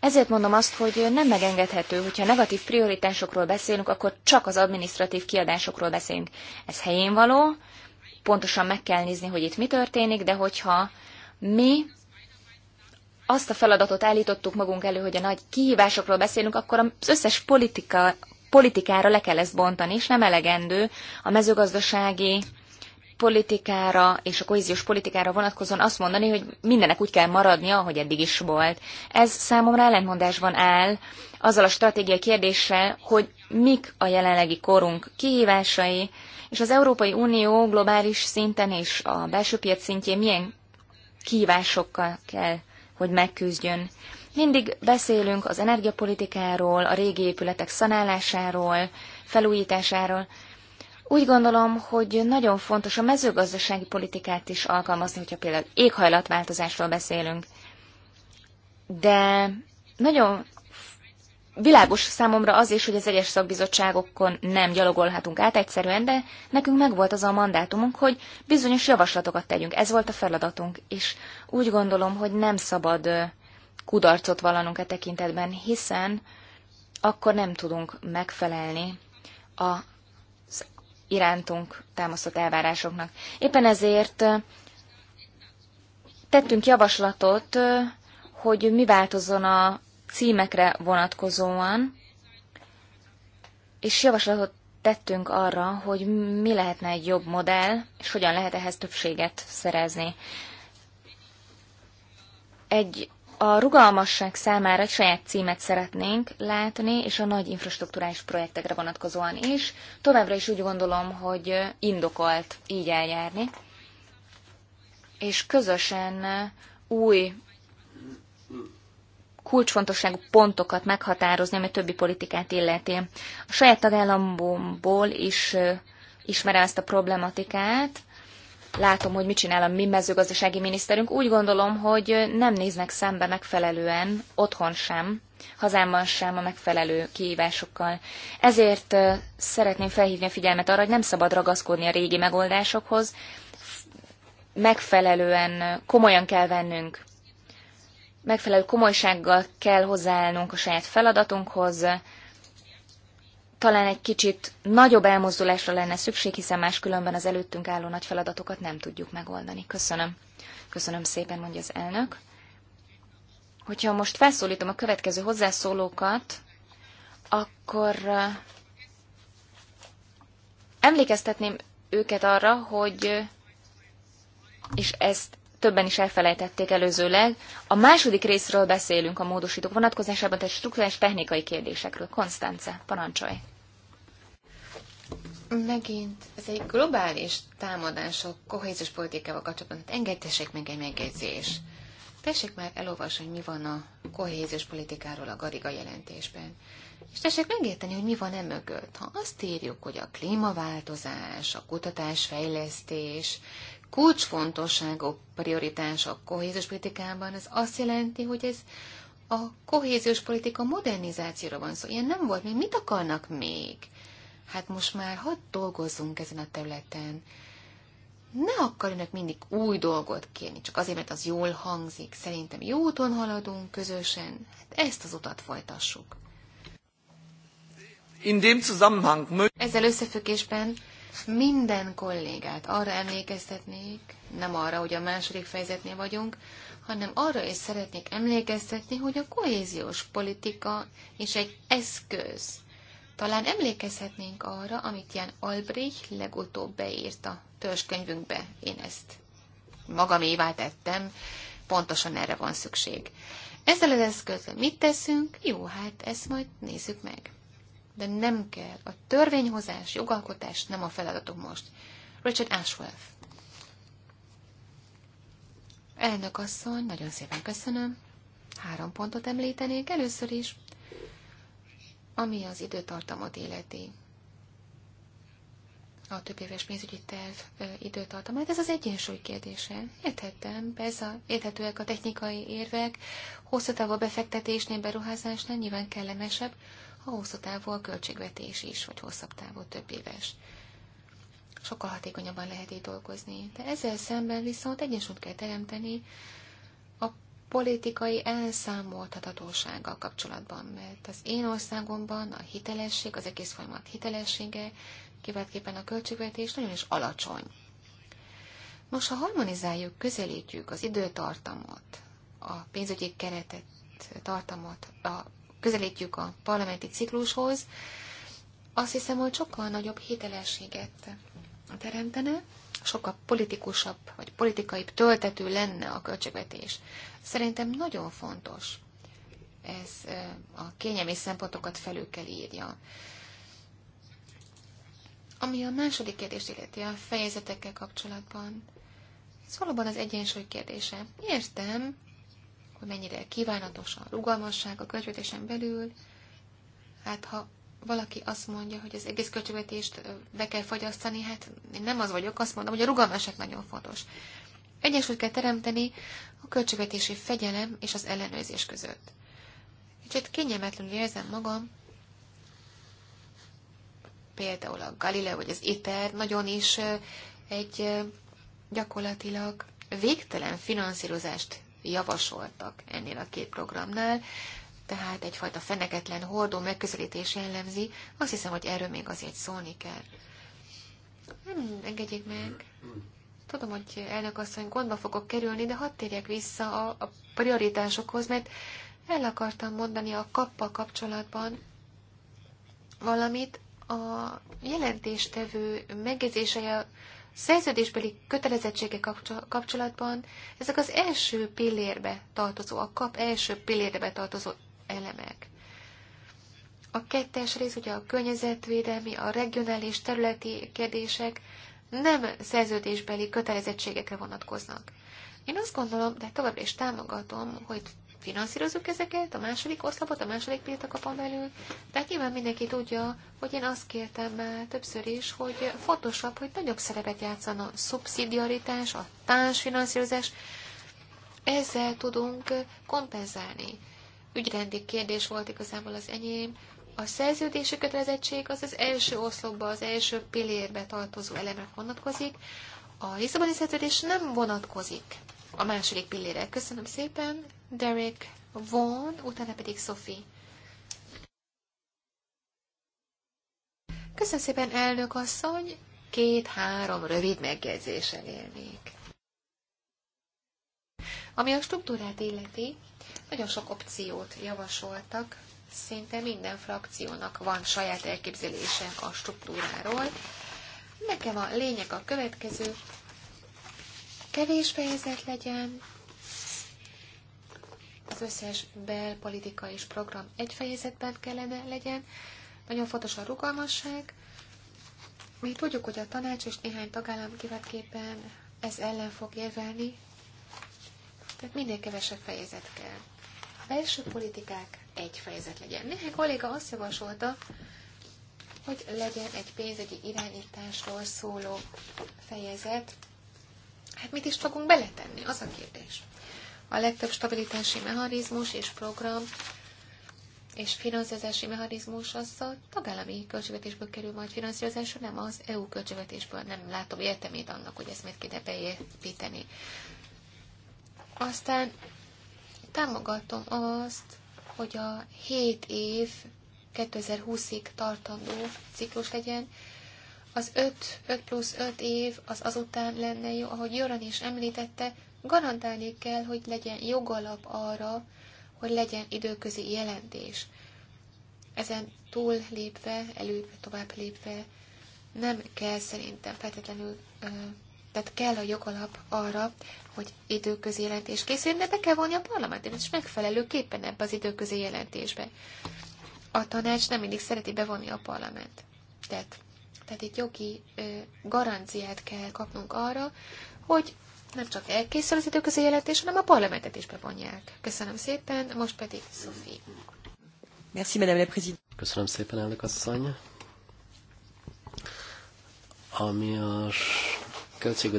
Ezért mondom azt, hogy nem megengedhető, hogyha negatív prioritásokról beszélünk, akkor csak az administratív kiadásokról beszélünk. Ez helyén való, pontosan meg kell nézni, hogy itt mi történik, de hogyha mi azt a feladatot állítottuk magunk elő, hogy a nagy kihívásokról beszélünk, akkor az összes politika, politikára le kell ezt bontani, és nem elegendő a mezőgazdasági politikára és a kohéziós politikára vonatkozóan azt mondani, hogy mindenek úgy kell maradnia, ahogy eddig is volt. Ez számomra ellentmondásban áll azzal a stratégiai kérdéssel, hogy mik a jelenlegi korunk kihívásai, és az Európai Unió globális szinten és a belső piac szintjén milyen kihívásokkal kell, hogy megküzdjön. Mindig beszélünk az energiapolitikáról, a régi épületek szanálásáról, felújításáról. Úgy gondolom, hogy nagyon fontos a mezőgazdasági politikát is alkalmazni, hogyha például éghajlatváltozásról beszélünk. De nagyon világos számomra az is, hogy az egyes szakbizottságokon nem gyalogolhatunk át egyszerűen, de nekünk megvolt az a mandátumunk, hogy bizonyos javaslatokat tegyünk. Ez volt a feladatunk, és úgy gondolom, hogy nem szabad kudarcot vallanunk e tekintetben, hiszen akkor nem tudunk megfelelni a irántunk támasztott elvárásoknak. Éppen ezért tettünk javaslatot, hogy mi változzon a címekre vonatkozóan, és javaslatot tettünk arra, hogy mi lehetne egy jobb modell, és hogyan lehet ehhez többséget szerezni. Egy a rugalmasság számára egy saját címet szeretnénk látni, és a nagy infrastruktúrális projektekre vonatkozóan is. Továbbra is úgy gondolom, hogy indokolt így eljárni, és közösen új kulcsfontosságú pontokat meghatározni, ami többi politikát illeti. A saját tagállamból is ismerem ezt a problematikát, látom, hogy mit csinál a mi mezőgazdasági miniszterünk, úgy gondolom, hogy nem néznek szembe megfelelően, otthon sem, hazámban sem a megfelelő kihívásokkal. Ezért szeretném felhívni a figyelmet arra, hogy nem szabad ragaszkodni a régi megoldásokhoz, megfelelően komolyan kell vennünk, megfelelő komolysággal kell hozzáállnunk a saját feladatunkhoz, talán egy kicsit nagyobb elmozdulásra lenne szükség, hiszen máskülönben az előttünk álló nagy feladatokat nem tudjuk megoldani. Köszönöm. Köszönöm szépen, mondja az elnök. Hogyha most felszólítom a következő hozzászólókat, akkor emlékeztetném őket arra, hogy, és ezt többen is elfelejtették előzőleg, a második részről beszélünk a módosítók vonatkozásában, tehát struktúrális technikai kérdésekről. Konstance, parancsolj! Megint, ez egy globális támadások kohézis politikával kapcsolatban. Hát engedtessék meg egy megjegyzés. Tessék már elolvasni, hogy mi van a kohézis politikáról a Gariga jelentésben. És tessék megérteni, hogy mi van emögött. Ha azt írjuk, hogy a klímaváltozás, a kutatásfejlesztés, kulcsfontosságú prioritás a kohéziós politikában, az azt jelenti, hogy ez a kohéziós politika modernizációra van szó. Ilyen nem volt még. Mit akarnak még? Hát most már hadd dolgozzunk ezen a területen. Ne akarjanak mindig új dolgot kérni, csak azért, mert az jól hangzik. Szerintem jó úton haladunk közösen. Hát ezt az utat folytassuk. In dem Zusammenhang... Ezzel összefüggésben minden kollégát arra emlékeztetnék, nem arra, hogy a második fejezetnél vagyunk, hanem arra is szeretnék emlékeztetni, hogy a kohéziós politika is egy eszköz, talán emlékezhetnénk arra, amit Jan Albrecht legutóbb beírta törzskönyvünkbe. Én ezt évá tettem, pontosan erre van szükség. Ezzel az eszközzel mit teszünk? Jó, hát ezt majd nézzük meg. De nem kell. A törvényhozás, jogalkotás nem a feladatok most. Richard Ashworth. Elnök asszony, nagyon szépen köszönöm. Három pontot említenék. Először is ami az időtartamot életi, a több éves pénzügyi terv időtartamát, ez az egyensúly kérdése. Érthettem, persze érthetőek a technikai érvek, hosszú távú befektetésnél, beruházásnál nyilván kellemesebb, ha hosszú távú a költségvetés is, vagy hosszabb távú több éves sokkal hatékonyabban lehet így dolgozni. De ezzel szemben viszont egyensúlyt kell teremteni politikai elszámoltathatósággal kapcsolatban, mert az én országomban a hitelesség, az egész folyamat hitelessége, kiváltképpen a költségvetés nagyon is alacsony. Most, ha harmonizáljuk, közelítjük az időtartamot, a pénzügyi keretet, tartamot, a, közelítjük a parlamenti ciklushoz, azt hiszem, hogy sokkal nagyobb hitelességet teremtene, sokkal politikusabb, vagy politikai töltetű lenne a költségvetés. Szerintem nagyon fontos. Ez a kényelmi szempontokat felül kell írja. Ami a második kérdést illeti a fejezetekkel kapcsolatban, ez valóban az egyensúly kérdése. Értem, hogy mennyire kívánatos a rugalmasság a költségvetésen belül, hát ha valaki azt mondja, hogy az egész költségvetést be kell fogyasztani, hát én nem az vagyok, azt mondom, hogy a rugalmasság nagyon fontos. Egyensúlyt kell teremteni a költségvetési fegyelem és az ellenőrzés között. Kicsit kényelmetlenül érzem magam, például a Galileo vagy az ITER nagyon is egy gyakorlatilag végtelen finanszírozást javasoltak ennél a két programnál, tehát egyfajta fenegetlen hordó megközelítés jellemzi, azt hiszem, hogy erről még azért szólni kell. Nem engedjék meg. Tudom, hogy elnök asszony, gondba fogok kerülni, de hadd térjek vissza a, a prioritásokhoz, mert el akartam mondani a Kappa kapcsolatban valamit. A jelentéstevő megjegyzései a szerződésbeli kötelezettsége kapcsolatban ezek az első pillérbe tartozó, a kap első pillérbe tartozó elemek. A kettes rész, ugye a környezetvédelmi, a regionális területi kérdések nem szerződésbeli kötelezettségekre vonatkoznak. Én azt gondolom, de továbbra is támogatom, hogy finanszírozunk ezeket, a második oszlopot, a második birtokapon belül, de hát nyilván mindenki tudja, hogy én azt kértem már többször is, hogy fontosabb, hogy nagyobb szerepet játszan a szubszidiaritás, a társfinanszírozás, ezzel tudunk kompenzálni ügyrendi kérdés volt igazából az enyém. A szerződési kötelezettség az az első oszlopba, az első pillérbe tartozó elemek vonatkozik. A Lisszaboni szerződés nem vonatkozik a második pillére. Köszönöm szépen, Derek Vaughan, utána pedig Sophie. Köszönöm szépen, elnök asszony, két-három rövid megjegyzéssel élnék. Ami a struktúrát illeti, nagyon sok opciót javasoltak, szinte minden frakciónak van saját elképzelése a struktúráról. Nekem a lényeg a következő, kevés fejezet legyen, az összes belpolitika és program egy fejezetben kellene legyen. Nagyon fontos a rugalmasság. Mi tudjuk, hogy a tanács és néhány tagállam kivetképpen ez ellen fog érvelni, tehát minél kevesebb fejezet kell a belső politikák egy fejezet legyen. Néhány kolléga azt javasolta, hogy legyen egy pénzügyi irányításról szóló fejezet. Hát mit is fogunk beletenni? Az a kérdés. A legtöbb stabilitási mechanizmus és program és finanszírozási mechanizmus az a tagállami költségvetésből kerül majd finanszírozásra, nem az EU költségvetésből. Nem látom értemét annak, hogy ezt miért kéne beépíteni. Aztán Támogatom azt, hogy a 7 év 2020-ig tartandó ciklus legyen. Az 5, 5 plusz 5 év az azután lenne jó, ahogy Joran is említette, garantálni kell, hogy legyen jogalap arra, hogy legyen időközi jelentés. Ezen túl lépve, előbb, tovább lépve nem kell szerintem feltétlenül tehát kell a jogalap arra, hogy időközi jelentés készüljön, de be kell vonni a parlamentet, és megfelelőképpen ebbe az időközi jelentésbe. A tanács nem mindig szereti bevonni a parlament. Tehát, tehát itt jogi ö, garanciát kell kapnunk arra, hogy nem csak elkészül az időközi jelentés, hanem a parlamentet is bevonják. Köszönöm szépen, most pedig Sophie. Merci, Madame la Présidente. Köszönöm szépen, elnök asszony. Ami a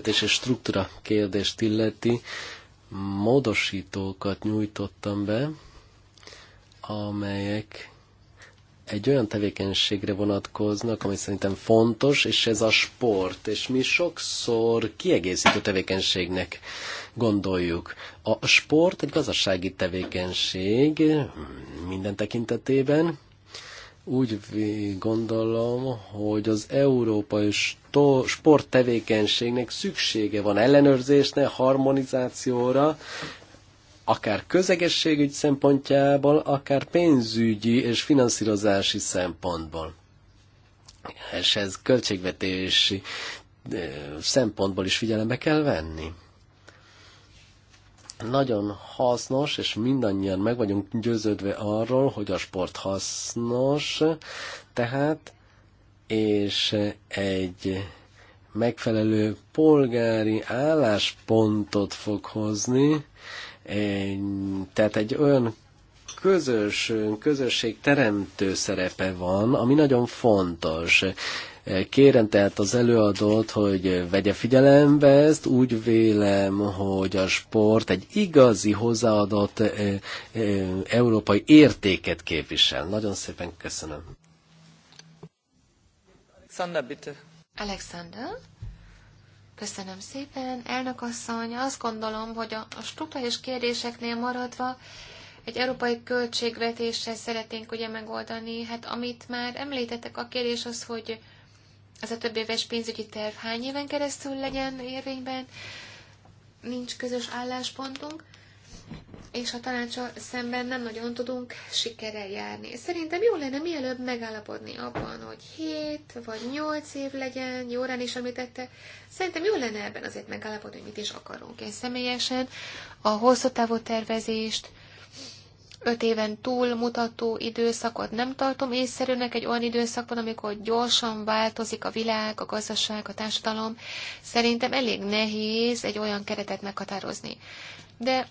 és struktúra kérdést illeti, módosítókat nyújtottam be, amelyek egy olyan tevékenységre vonatkoznak, ami szerintem fontos, és ez a sport. És mi sokszor kiegészítő tevékenységnek gondoljuk. A sport egy gazdasági tevékenység mm, minden tekintetében, úgy gondolom, hogy az európai sporttevékenységnek szüksége van ellenőrzésnek, harmonizációra, akár közegességügy szempontjából, akár pénzügyi és finanszírozási szempontból. És ez költségvetési eh, szempontból is figyelembe kell venni. Nagyon hasznos, és mindannyian meg vagyunk győződve arról, hogy a sport hasznos, tehát, és egy megfelelő polgári álláspontot fog hozni, tehát egy olyan közös, közösség teremtő szerepe van, ami nagyon fontos. Kérem tehát az előadót, hogy vegye figyelembe ezt. Úgy vélem, hogy a sport egy igazi hozzáadott eh, eh, európai értéket képvisel. Nagyon szépen köszönöm. Alexander, bitte. Alexander? Köszönöm szépen, elnök asszony. Azt gondolom, hogy a, a struktúrális kérdéseknél maradva egy európai költségvetéssel szeretnénk ugye megoldani. Hát amit már említettek, a kérdés az, hogy ez a több éves pénzügyi terv hány éven keresztül legyen érvényben, nincs közös álláspontunk, és a tanácsa szemben nem nagyon tudunk sikerrel járni. Szerintem jó lenne mielőbb megállapodni abban, hogy 7 vagy 8 év legyen, Jórán is említette. Szerintem jó lenne ebben azért megállapodni, hogy mit is akarunk. Én személyesen a hosszú távú tervezést, öt éven túl mutató időszakot nem tartom észszerűnek egy olyan időszakban, amikor gyorsan változik a világ, a gazdaság, a társadalom. Szerintem elég nehéz egy olyan keretet meghatározni. De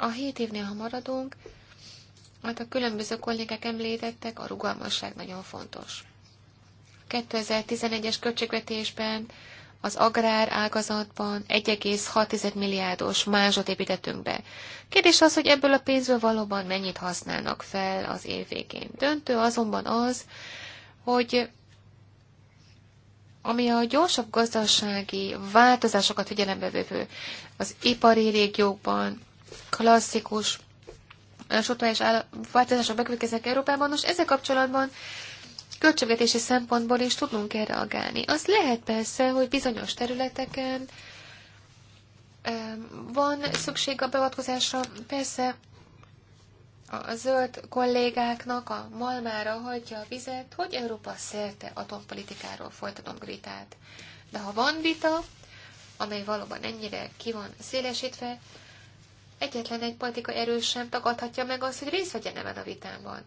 a hét évnél, ha maradunk, hát a különböző kollégák említettek, a rugalmasság nagyon fontos. 2011-es költségvetésben az agrár ágazatban 1,6 milliárdos mázsot építettünk be. Kérdés az, hogy ebből a pénzből valóban mennyit használnak fel az év végén. Döntő azonban az, hogy ami a gyorsabb gazdasági változásokat figyelembe vevő az ipari régiókban, klasszikus struktúrális változások bekövetkeznek Európában, most ezzel kapcsolatban költségvetési szempontból is tudnunk erre reagálni. Az lehet persze, hogy bizonyos területeken van szükség a beavatkozásra, persze a zöld kollégáknak a malmára hagyja a vizet, hogy Európa szerte atompolitikáról folytatunk vitát. De ha van vita, amely valóban ennyire ki van szélesítve, egyetlen egy politika erő sem tagadhatja meg azt, hogy részt vegyen ebben a vitában.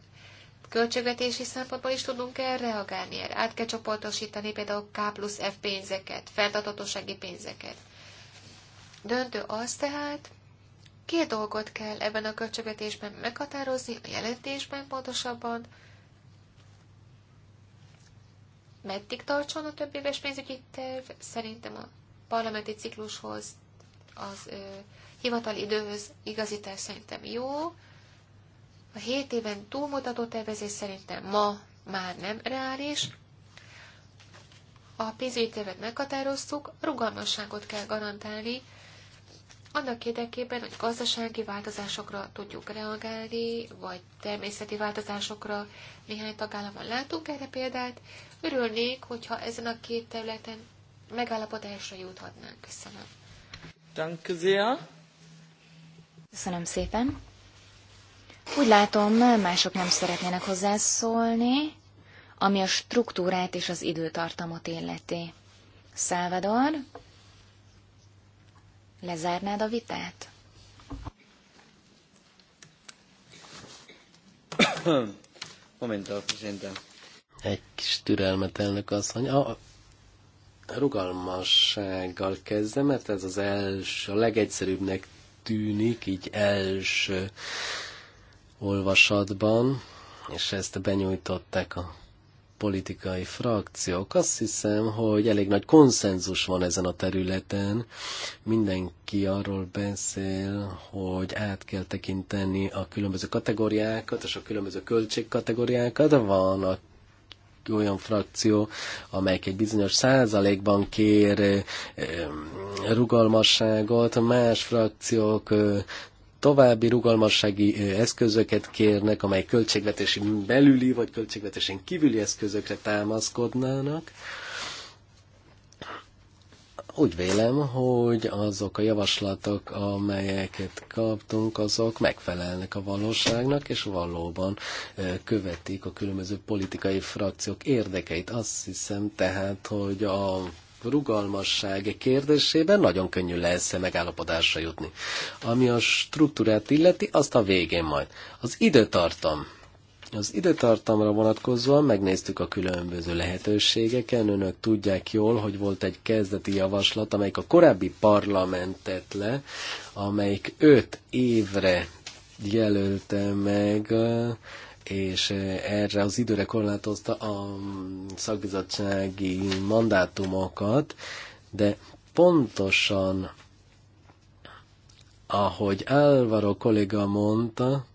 Költségvetési szempontból is tudunk kell reagálni erre. Át kell csoportosítani például K plusz F pénzeket, feltartatósági pénzeket. Döntő az tehát, két dolgot kell ebben a költségvetésben meghatározni, a jelentésben pontosabban, meddig tartson a több éves pénzügyi terv, szerintem a parlamenti ciklushoz, az ö, hivatali időhöz igazítás szerintem jó, a 7 éven túlmutató tervezés szerintem ma már nem reális. A pénzügyi tervet meghatároztuk, rugalmasságot kell garantálni, annak érdekében, hogy gazdasági változásokra tudjuk reagálni, vagy természeti változásokra néhány tagállamon látunk erre példát, örülnék, hogyha ezen a két területen megállapodásra juthatnánk. Köszönöm. Köszönöm szépen. Úgy látom, mások nem szeretnének hozzászólni, ami a struktúrát és az időtartamot illeti. Salvador, lezárnád a vitát? Momentum, presidente. Egy kis türelmet, elnök asszony. A rugalmassággal kezdem, mert ez az első, a legegyszerűbbnek tűnik, így első olvasatban, és ezt benyújtották a politikai frakciók. Azt hiszem, hogy elég nagy konszenzus van ezen a területen. Mindenki arról beszél, hogy át kell tekinteni a különböző kategóriákat és a különböző költségkategóriákat. Van a olyan frakció, amelyik egy bizonyos százalékban kér rugalmasságot, más frakciók további rugalmassági eszközöket kérnek, amely költségvetési belüli vagy költségvetésén kívüli eszközökre támaszkodnának. Úgy vélem, hogy azok a javaslatok, amelyeket kaptunk, azok megfelelnek a valóságnak, és valóban követik a különböző politikai frakciók érdekeit. Azt hiszem tehát, hogy a rugalmasság kérdésében nagyon könnyű lesz -e megállapodásra jutni. Ami a struktúrát illeti, azt a végén majd. Az időtartam. Az időtartamra vonatkozóan megnéztük a különböző lehetőségeken. Önök tudják jól, hogy volt egy kezdeti javaslat, amelyik a korábbi parlamentet le, amelyik öt évre jelölte meg és erre az időre korlátozta a szakbizottsági mandátumokat, de pontosan, ahogy Álvaro kolléga mondta,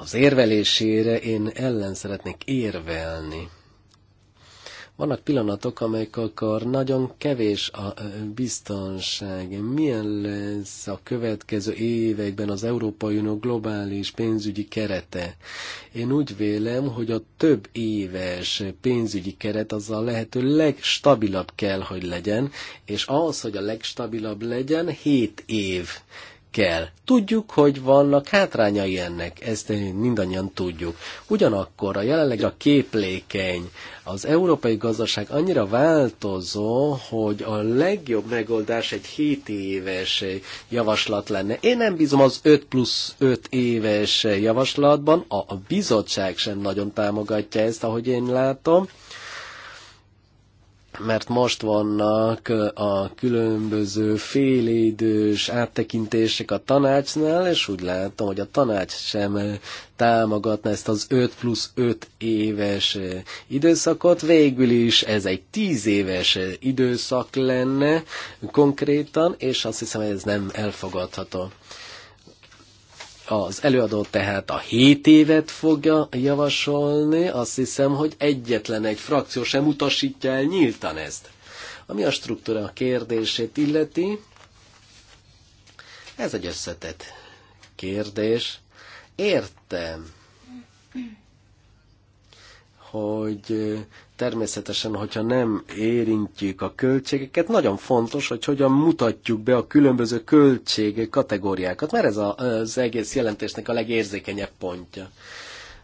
az érvelésére én ellen szeretnék érvelni. Vannak pillanatok, amelyek akkor nagyon kevés a biztonság. Milyen lesz a következő években az Európai Unió globális pénzügyi kerete? Én úgy vélem, hogy a több éves pénzügyi keret az a lehető legstabilabb kell, hogy legyen, és ahhoz, hogy a legstabilabb legyen, 7 év kell. Tudjuk, hogy vannak hátrányai ennek, ezt mindannyian tudjuk. Ugyanakkor a jelenleg a képlékeny, az európai gazdaság annyira változó, hogy a legjobb megoldás egy 7 éves javaslat lenne. Én nem bízom az 5 plusz 5 éves javaslatban, a bizottság sem nagyon támogatja ezt, ahogy én látom mert most vannak a különböző félidős áttekintések a tanácsnál, és úgy látom, hogy a tanács sem támogatna ezt az 5 plusz 5 éves időszakot. Végül is ez egy 10 éves időszak lenne konkrétan, és azt hiszem, hogy ez nem elfogadható az előadó tehát a 7 évet fogja javasolni, azt hiszem, hogy egyetlen egy frakció sem utasítja el nyíltan ezt. Ami a struktúra kérdését illeti, ez egy összetett kérdés. Értem, hogy természetesen, hogyha nem érintjük a költségeket, nagyon fontos, hogy hogyan mutatjuk be a különböző költség kategóriákat, mert ez az egész jelentésnek a legérzékenyebb pontja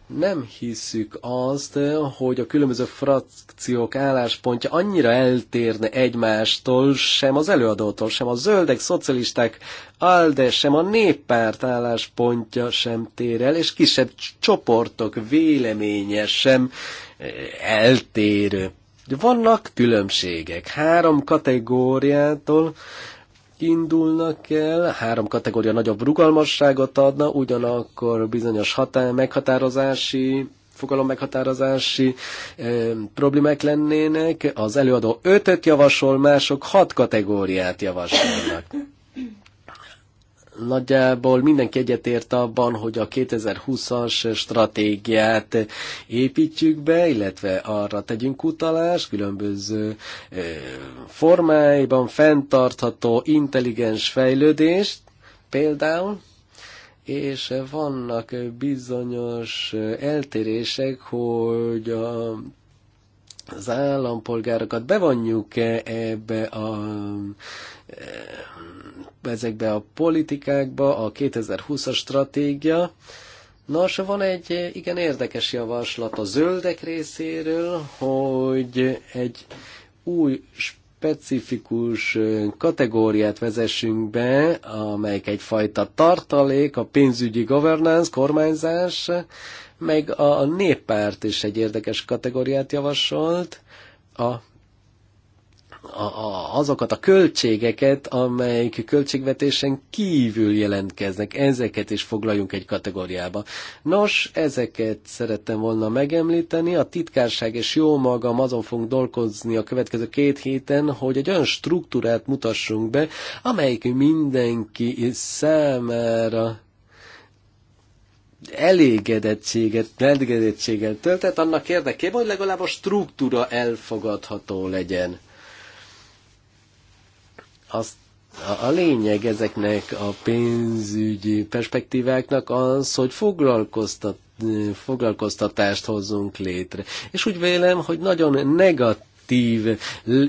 nem hiszük azt, hogy a különböző frakciók álláspontja annyira eltérne egymástól, sem az előadótól, sem a zöldek, szocialisták, ALDE, sem a néppárt álláspontja sem tér el, és kisebb csoportok véleménye sem eh, eltérő. Vannak különbségek. Három kategóriától indulnak el, három kategória nagyobb rugalmasságot adna, ugyanakkor bizonyos hatá- meghatározási fogalom meghatározási e, problémák lennének. Az előadó ötöt javasol, mások hat kategóriát javasolnak. Nagyjából mindenki egyetért abban, hogy a 2020-as stratégiát építjük be, illetve arra tegyünk utalást különböző formáiban fenntartható intelligens fejlődést például, és vannak bizonyos eltérések, hogy a az állampolgárokat bevonjuk ebbe a ezekbe a politikákba, a 2020-as stratégia. Nos, van egy igen érdekes javaslat a zöldek részéről, hogy egy új specifikus kategóriát vezessünk be, amelyik egyfajta tartalék, a pénzügyi governance, kormányzás, meg a néppárt is egy érdekes kategóriát javasolt, a a, a, azokat a költségeket, amelyek költségvetésen kívül jelentkeznek. Ezeket is foglaljunk egy kategóriába. Nos, ezeket szerettem volna megemlíteni. A titkárság és jó magam azon fogunk dolgozni a következő két héten, hogy egy olyan struktúrát mutassunk be, amelyik mindenki számára elégedettséget, elégedettséget töltet annak érdekében, hogy legalább a struktúra elfogadható legyen. Azt a lényeg ezeknek a pénzügyi perspektíváknak az, hogy foglalkoztat, foglalkoztatást hozzunk létre. És úgy vélem, hogy nagyon negatív pozitív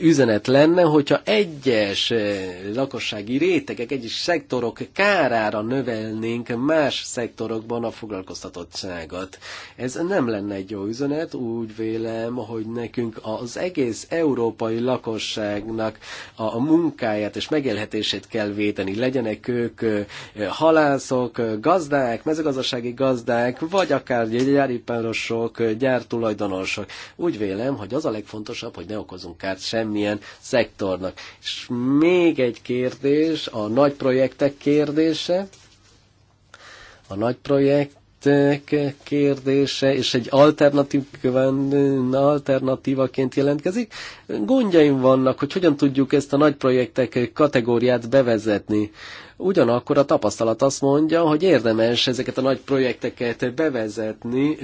üzenet lenne, hogyha egyes eh, lakossági rétegek, egyes szektorok kárára növelnénk más szektorokban a foglalkoztatottságot. Ez nem lenne egy jó üzenet, úgy vélem, hogy nekünk az egész európai lakosságnak a munkáját és megélhetését kell védeni. Legyenek ők eh, halászok, gazdák, mezőgazdasági gazdák, vagy akár gyáripárosok, gyártulajdonosok. Úgy vélem, hogy az a legfontosabb, hogy ne okozunk kárt semmilyen szektornak. És még egy kérdés, a nagy projektek kérdése. A nagy projekt projektek kérdése, és egy alternatív, alternatívaként jelentkezik. Gondjaim vannak, hogy hogyan tudjuk ezt a nagy projektek kategóriát bevezetni. Ugyanakkor a tapasztalat azt mondja, hogy érdemes ezeket a nagy projekteket bevezetni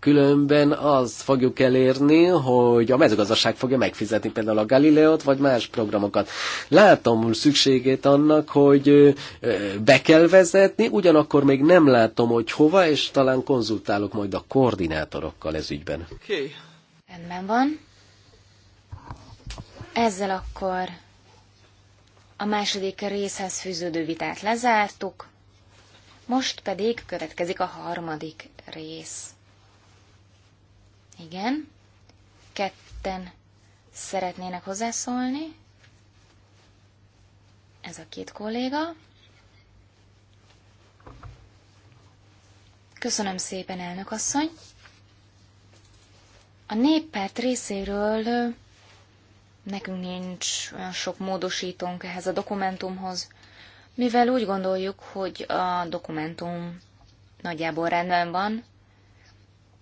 Különben azt fogjuk elérni, hogy a mezőgazdaság fogja megfizetni például a Galileot, vagy más programokat. Látom szükségét annak, hogy be kell vezetni, ugyanakkor még nem látom, hogy hova, és talán konzultálok majd a koordinátorokkal ez ügyben. Okay. Rendben van. Ezzel akkor a második részhez fűződő vitát lezártuk, most pedig következik a harmadik rész. Igen. Ketten szeretnének hozzászólni. Ez a két kolléga. Köszönöm szépen, elnök asszony. A néppárt részéről nekünk nincs olyan sok módosítónk ehhez a dokumentumhoz, mivel úgy gondoljuk, hogy a dokumentum nagyjából rendben van,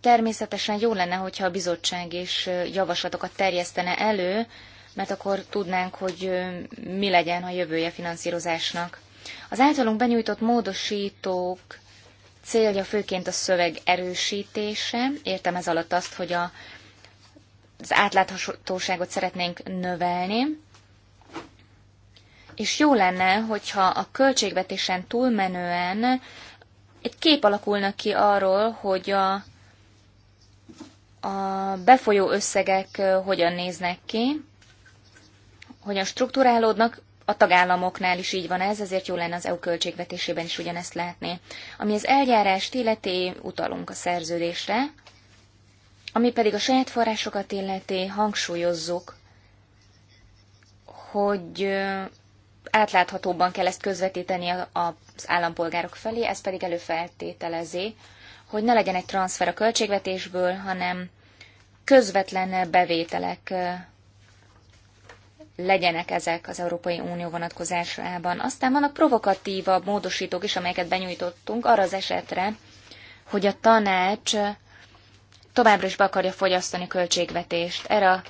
Természetesen jó lenne, hogyha a bizottság is javaslatokat terjesztene elő, mert akkor tudnánk, hogy mi legyen a jövője finanszírozásnak. Az általunk benyújtott módosítók célja főként a szöveg erősítése. Értem ez alatt azt, hogy a, az átláthatóságot szeretnénk növelni. És jó lenne, hogyha a költségvetésen túlmenően egy kép alakulna ki arról, hogy a a befolyó összegek hogyan néznek ki, hogyan struktúrálódnak a tagállamoknál is így van ez, ezért jó lenne az EU költségvetésében is ugyanezt látni. Ami az eljárást illeti, utalunk a szerződésre, ami pedig a saját forrásokat illeti, hangsúlyozzuk, hogy átláthatóban kell ezt közvetíteni az állampolgárok felé, ez pedig előfeltételezi, hogy ne legyen egy transfer a költségvetésből, hanem közvetlen bevételek legyenek ezek az Európai Unió vonatkozásában. Aztán vannak provokatívabb módosítók is, amelyeket benyújtottunk arra az esetre, hogy a tanács továbbra is be akarja fogyasztani költségvetést. Erre,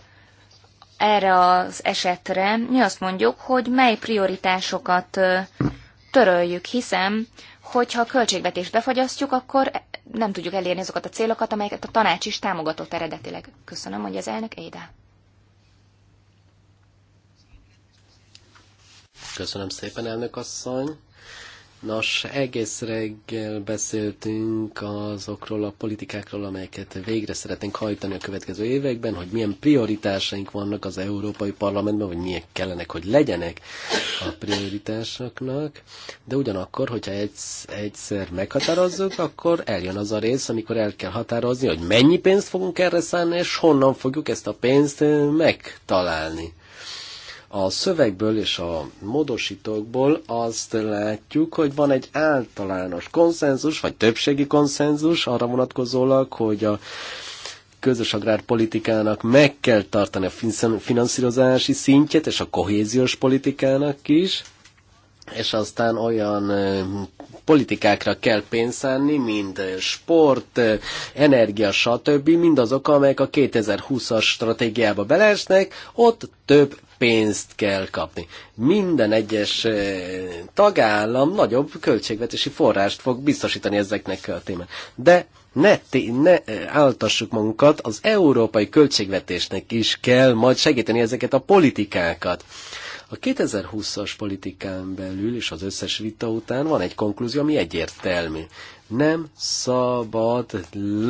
erre az esetre mi azt mondjuk, hogy mely prioritásokat töröljük, hiszen hogyha a költségvetést befagyasztjuk, akkor nem tudjuk elérni azokat a célokat, amelyeket a tanács is támogatott eredetileg. Köszönöm, hogy az elnök Édá. Köszönöm szépen, elnök asszony. Nos, egész reggel beszéltünk azokról a politikákról, amelyeket végre szeretnénk hajtani a következő években, hogy milyen prioritásaink vannak az Európai Parlamentben, vagy milyen kellenek, hogy legyenek a prioritásoknak. De ugyanakkor, hogyha egyszer meghatározzuk, akkor eljön az a rész, amikor el kell határozni, hogy mennyi pénzt fogunk erre szállni, és honnan fogjuk ezt a pénzt eh, megtalálni. A szövegből és a módosítókból azt látjuk, hogy van egy általános konszenzus, vagy többségi konszenzus arra vonatkozólag, hogy a közös agrárpolitikának meg kell tartani a finanszírozási szintjét, és a kohéziós politikának is, és aztán olyan politikákra kell pénzánni, mint sport, energia, stb., mindazok, amelyek a 2020-as stratégiába beleesnek, ott több pénzt kell kapni. Minden egyes eh, tagállam nagyobb költségvetési forrást fog biztosítani ezeknek a témán. De ne, ne eh, áltassuk magunkat, az európai költségvetésnek is kell majd segíteni ezeket a politikákat. A 2020-as politikán belül és az összes vita után van egy konklúzió, ami egyértelmű. Nem szabad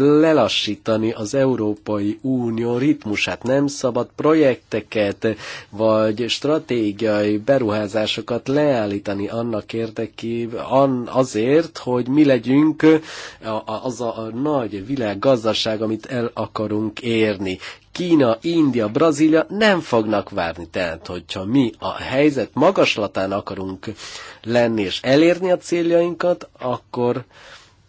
lelassítani az Európai Unió ritmusát, nem szabad projekteket vagy stratégiai beruházásokat leállítani annak érdekében, azért, hogy mi legyünk az a nagy világgazdaság, amit el akarunk érni. Kína, India, Brazília nem fognak várni. Tehát, hogyha mi a helyzet magaslatán akarunk lenni és elérni a céljainkat, akkor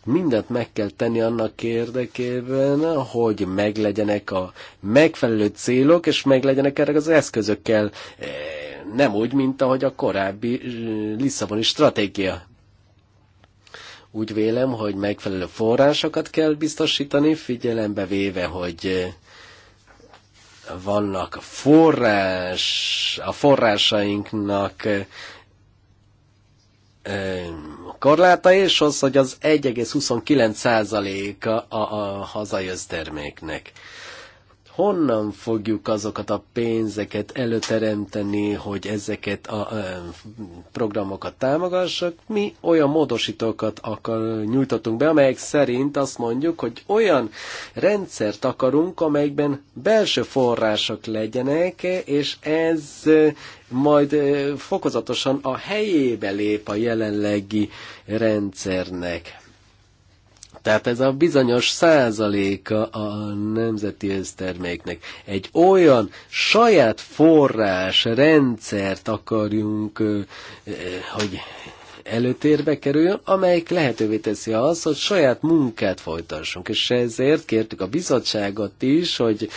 mindent meg kell tenni annak érdekében, hogy meglegyenek a megfelelő célok, és meglegyenek erre az eszközökkel, e, nem úgy, mint ahogy a korábbi e, Lisszaboni stratégia úgy vélem, hogy megfelelő forrásokat kell biztosítani, figyelembe véve, hogy vannak forrás, a forrásainknak korlátai, és az, hogy az 1,29%-a a, a hazai terméknek honnan fogjuk azokat a pénzeket előteremteni, hogy ezeket a programokat támogassak. Mi olyan módosítókat akar, nyújtatunk be, amelyek szerint azt mondjuk, hogy olyan rendszert akarunk, amelyekben belső források legyenek, és ez majd fokozatosan a helyébe lép a jelenlegi rendszernek tehát ez a bizonyos százaléka a nemzeti összterméknek. Egy olyan saját forrás rendszert akarjunk, hogy előtérbe kerüljön, amelyik lehetővé teszi azt, hogy saját munkát folytassunk. És ezért kértük a bizottságot is, hogy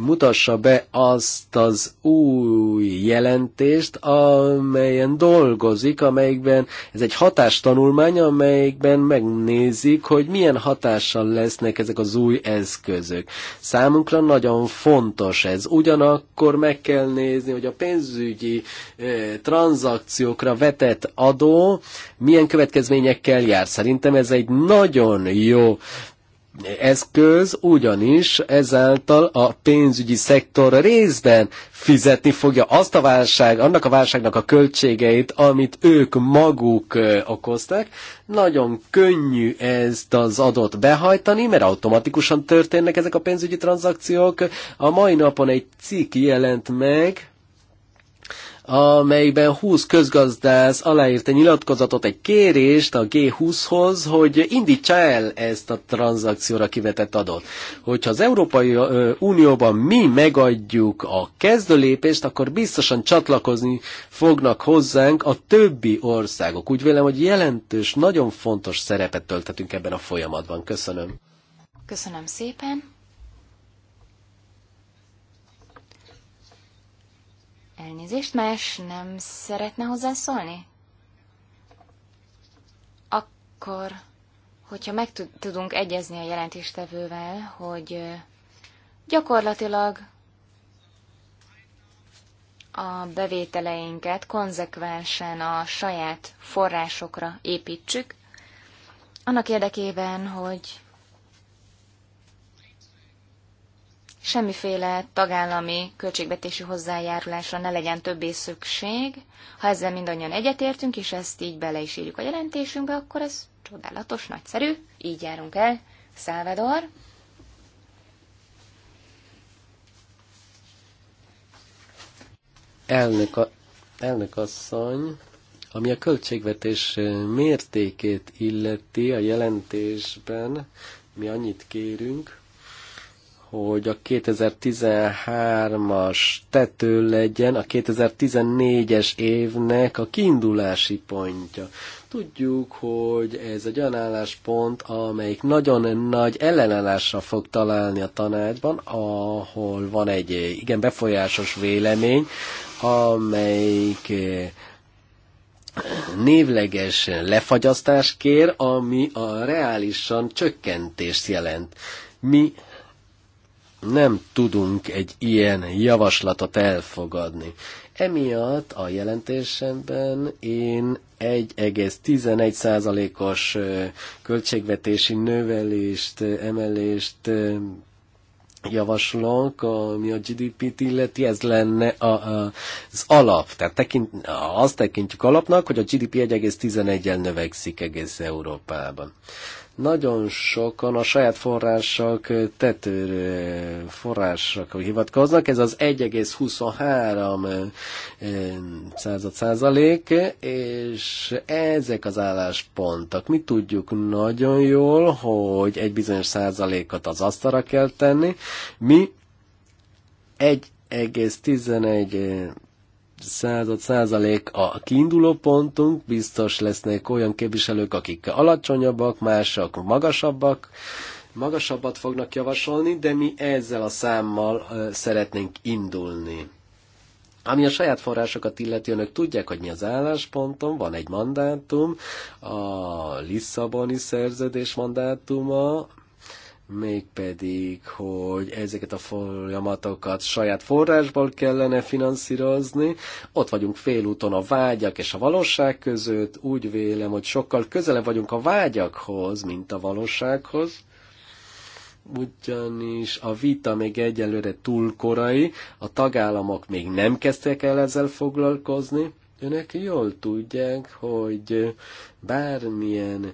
mutassa be azt az új jelentést, amelyen dolgozik, amelyikben ez egy hatástanulmány, amelyikben megnézik, hogy milyen hatással lesznek ezek az új eszközök. Számunkra nagyon fontos ez. Ugyanakkor meg kell nézni, hogy a pénzügyi eh, tranzakciókra vetett adó milyen következményekkel jár. Szerintem ez egy nagyon jó eszköz, ugyanis ezáltal a pénzügyi szektor részben fizetni fogja azt a válság, annak a válságnak a költségeit, amit ők maguk okoztak. Nagyon könnyű ezt az adót behajtani, mert automatikusan történnek ezek a pénzügyi tranzakciók. A mai napon egy cikk jelent meg, amelyben 20 közgazdász aláírt egy nyilatkozatot, egy kérést a G20-hoz, hogy indítsa el ezt a tranzakcióra kivetett adót. Hogyha az Európai Unióban mi megadjuk a kezdőlépést, akkor biztosan csatlakozni fognak hozzánk a többi országok. Úgy vélem, hogy jelentős, nagyon fontos szerepet töltetünk ebben a folyamatban. Köszönöm. Köszönöm szépen. Elnézést, más nem szeretne hozzászólni? Akkor, hogyha meg tudunk egyezni a jelentéstevővel, hogy gyakorlatilag a bevételeinket konzekvensen a saját forrásokra építsük, annak érdekében, hogy semmiféle tagállami költségvetési hozzájárulásra ne legyen többé szükség. Ha ezzel mindannyian egyetértünk, és ezt így bele is írjuk a jelentésünkbe, akkor ez csodálatos, nagyszerű. Így járunk el. Salvador. Elnök, a, elnök asszony, ami a költségvetés mértékét illeti a jelentésben, mi annyit kérünk, hogy a 2013-as tető legyen a 2014-es évnek a kiindulási pontja. Tudjuk, hogy ez egy olyan álláspont, amelyik nagyon nagy ellenállásra fog találni a tanácsban, ahol van egy igen befolyásos vélemény, amelyik eh, névleges lefagyasztás kér, ami a reálisan csökkentést jelent. Mi nem tudunk egy ilyen javaslatot elfogadni. Emiatt a jelentésemben én 1,11%-os költségvetési növelést, emelést javaslunk, ami a GDP-t illeti, ez lenne a, a, az alap. Tehát tekint, azt tekintjük alapnak, hogy a GDP 1,11-el növekszik egész Európában. Nagyon sokan a saját források tető forrásokra hivatkoznak, ez az 1,23 század százalék, és ezek az álláspontok. Mi tudjuk nagyon jól, hogy egy bizonyos százalékot az asztalra kell tenni. Mi 1,11 század százalék a kiinduló pontunk, biztos lesznek olyan képviselők, akik alacsonyabbak, mások magasabbak, magasabbat fognak javasolni, de mi ezzel a számmal szeretnénk indulni. Ami a saját forrásokat illeti, önök tudják, hogy mi az álláspontom, van egy mandátum, a Lisszaboni szerződés mandátuma, mégpedig, hogy ezeket a folyamatokat saját forrásból kellene finanszírozni. Ott vagyunk félúton a vágyak és a valóság között. Úgy vélem, hogy sokkal közelebb vagyunk a vágyakhoz, mint a valósághoz ugyanis a vita még egyelőre túl korai, a tagállamok még nem kezdtek el ezzel foglalkozni. Önök jól tudják, hogy bármilyen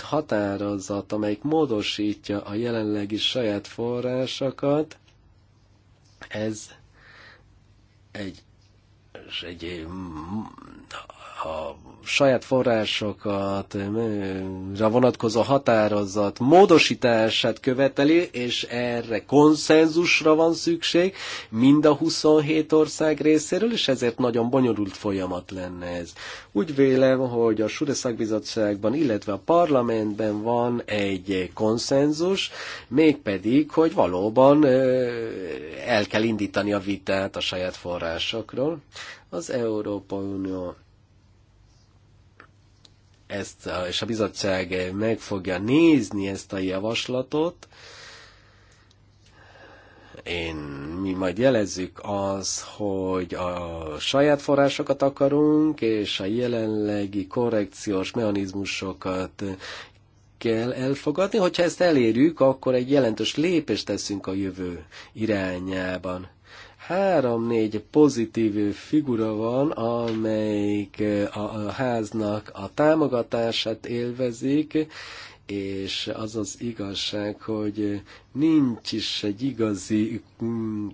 határozat, amelyik módosítja a jelenlegi saját forrásokat, ez egy, egy a saját forrásokat, eh, vonatkozó határozat módosítását követeli, és erre konszenzusra van szükség mind a 27 ország részéről, és ezért nagyon bonyolult folyamat lenne ez. Úgy vélem, hogy a Sure Szakbizottságban, illetve a parlamentben van egy konszenzus, mégpedig, hogy valóban eh, el kell indítani a vitát a saját forrásokról. Az Európa Unió ezt, és a bizottság meg fogja nézni ezt a javaslatot, én, mi majd jelezzük az, hogy a saját forrásokat akarunk, és a jelenlegi korrekciós mechanizmusokat kell elfogadni. Hogyha ezt elérjük, akkor egy jelentős lépést teszünk a jövő irányában három-négy pozitív figura van, amelyik eh, a, háznak a támogatását élvezik, és az az igazság, hogy eh, nincs is egy igazi mm,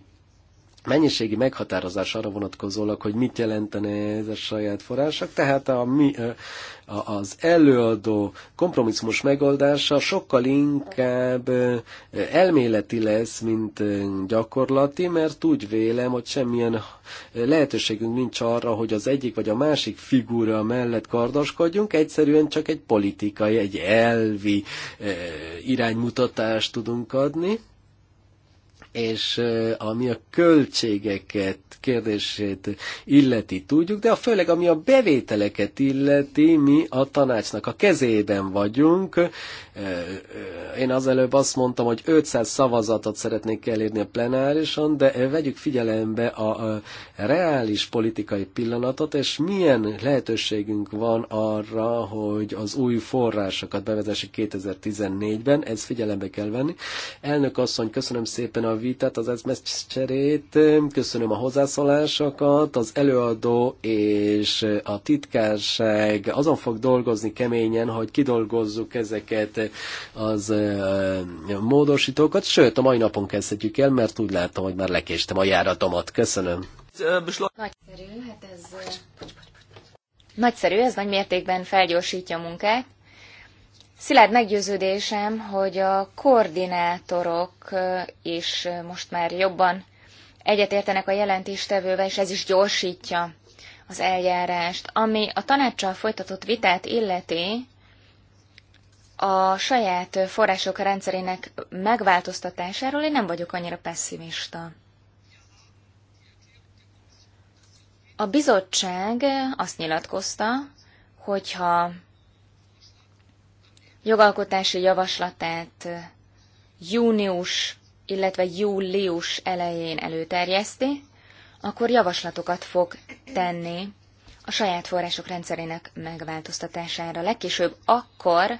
mennyiségi meghatározás arra vonatkozólag, hogy mit jelentene ez a saját források, tehát a, mi, a, az előadó kompromisszumos megoldása sokkal inkább elméleti lesz, mint gyakorlati, mert úgy vélem, hogy semmilyen lehetőségünk nincs arra, hogy az egyik vagy a másik figura mellett kardoskodjunk, egyszerűen csak egy politikai, egy elvi iránymutatást tudunk adni, és ami a költségeket kérdését illeti, tudjuk, de a főleg ami a bevételeket illeti, mi a tanácsnak a kezében vagyunk, én az előbb azt mondtam, hogy 500 szavazatot szeretnék elérni a plenárison, de vegyük figyelembe a, a reális politikai pillanatot, és milyen lehetőségünk van arra, hogy az új forrásokat bevezessük 2014-ben, ez figyelembe kell venni. Elnök asszony, köszönöm szépen a vitát, az ezt cserét, köszönöm a hozzászólásokat, az előadó és a titkárság azon fog dolgozni keményen, hogy kidolgozzuk ezeket az módosítókat, sőt a mai napon kezdhetjük el, mert úgy látom, hogy már lekéstem a járatomat. Köszönöm. Nagyszerű, hát ez... Nagyszerű, ez nagy mértékben felgyorsítja a munkát. Szilárd meggyőződésem, hogy a koordinátorok is most már jobban egyetértenek a jelentéstevővel, és ez is gyorsítja az eljárást. Ami a tanácssal folytatott vitát illeti, a saját források rendszerének megváltoztatásáról én nem vagyok annyira pessimista. A bizottság azt nyilatkozta, hogyha jogalkotási javaslatát június, illetve július elején előterjeszti, akkor javaslatokat fog tenni a saját források rendszerének megváltoztatására. Legkésőbb akkor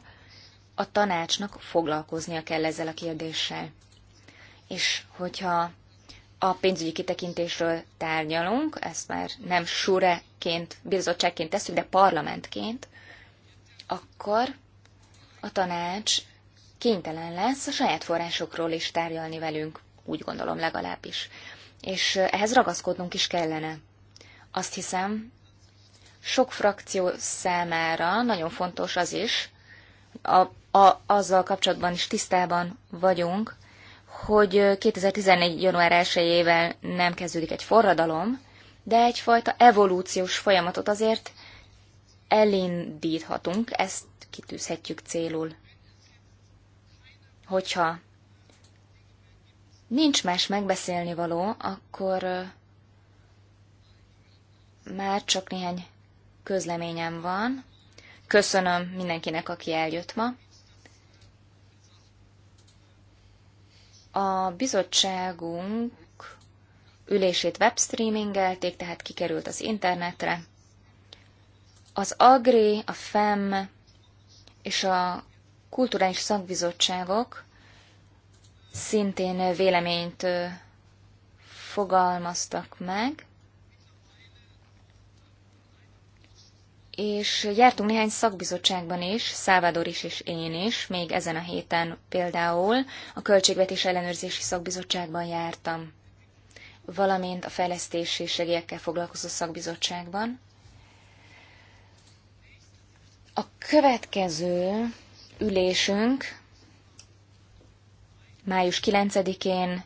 a tanácsnak foglalkoznia kell ezzel a kérdéssel. És hogyha a pénzügyi kitekintésről tárgyalunk, ezt már nem sureként, bizottságként teszünk, de parlamentként, akkor a tanács kénytelen lesz a saját forrásokról is tárgyalni velünk, úgy gondolom legalábbis. És ehhez ragaszkodnunk is kellene. Azt hiszem, sok frakció számára nagyon fontos az is, a a, azzal kapcsolatban is tisztában vagyunk, hogy 2014. január 1 nem kezdődik egy forradalom, de egyfajta evolúciós folyamatot azért elindíthatunk, ezt kitűzhetjük célul. Hogyha nincs más megbeszélni való, akkor már csak néhány közleményem van. Köszönöm mindenkinek, aki eljött ma. A bizottságunk ülését webstreamingelték, tehát kikerült az internetre. Az Agri, a FEM és a kulturális szakbizottságok szintén véleményt fogalmaztak meg, és jártunk néhány szakbizottságban is, Szávádor is és én is, még ezen a héten például a Költségvetés Ellenőrzési Szakbizottságban jártam, valamint a fejlesztési segélyekkel foglalkozó szakbizottságban. A következő ülésünk május 9-én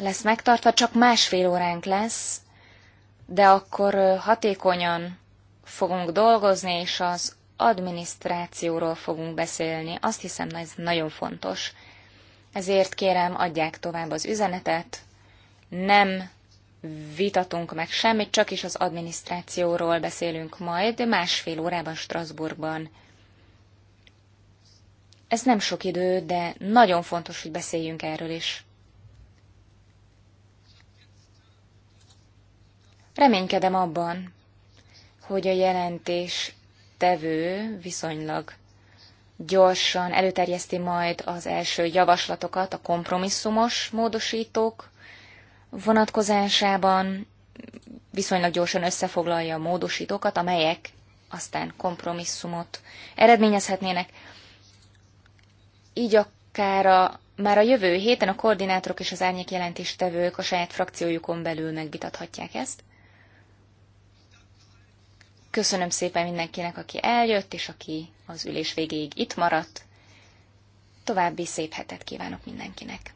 lesz megtartva, csak másfél óránk lesz, de akkor hatékonyan fogunk dolgozni, és az adminisztrációról fogunk beszélni. Azt hiszem, ez nagyon fontos. Ezért kérem, adják tovább az üzenetet. Nem vitatunk meg semmit, csak is az adminisztrációról beszélünk majd másfél órában Strasbourgban. Ez nem sok idő, de nagyon fontos, hogy beszéljünk erről is. Reménykedem abban, hogy a jelentés tevő viszonylag gyorsan előterjeszti majd az első javaslatokat a kompromisszumos módosítók vonatkozásában, viszonylag gyorsan összefoglalja a módosítókat, amelyek aztán kompromisszumot eredményezhetnének. Így akár a, már a jövő héten a koordinátorok és az árnyék jelentéstevők a saját frakciójukon belül megvitathatják ezt. Köszönöm szépen mindenkinek, aki eljött, és aki az ülés végéig itt maradt. További szép hetet kívánok mindenkinek!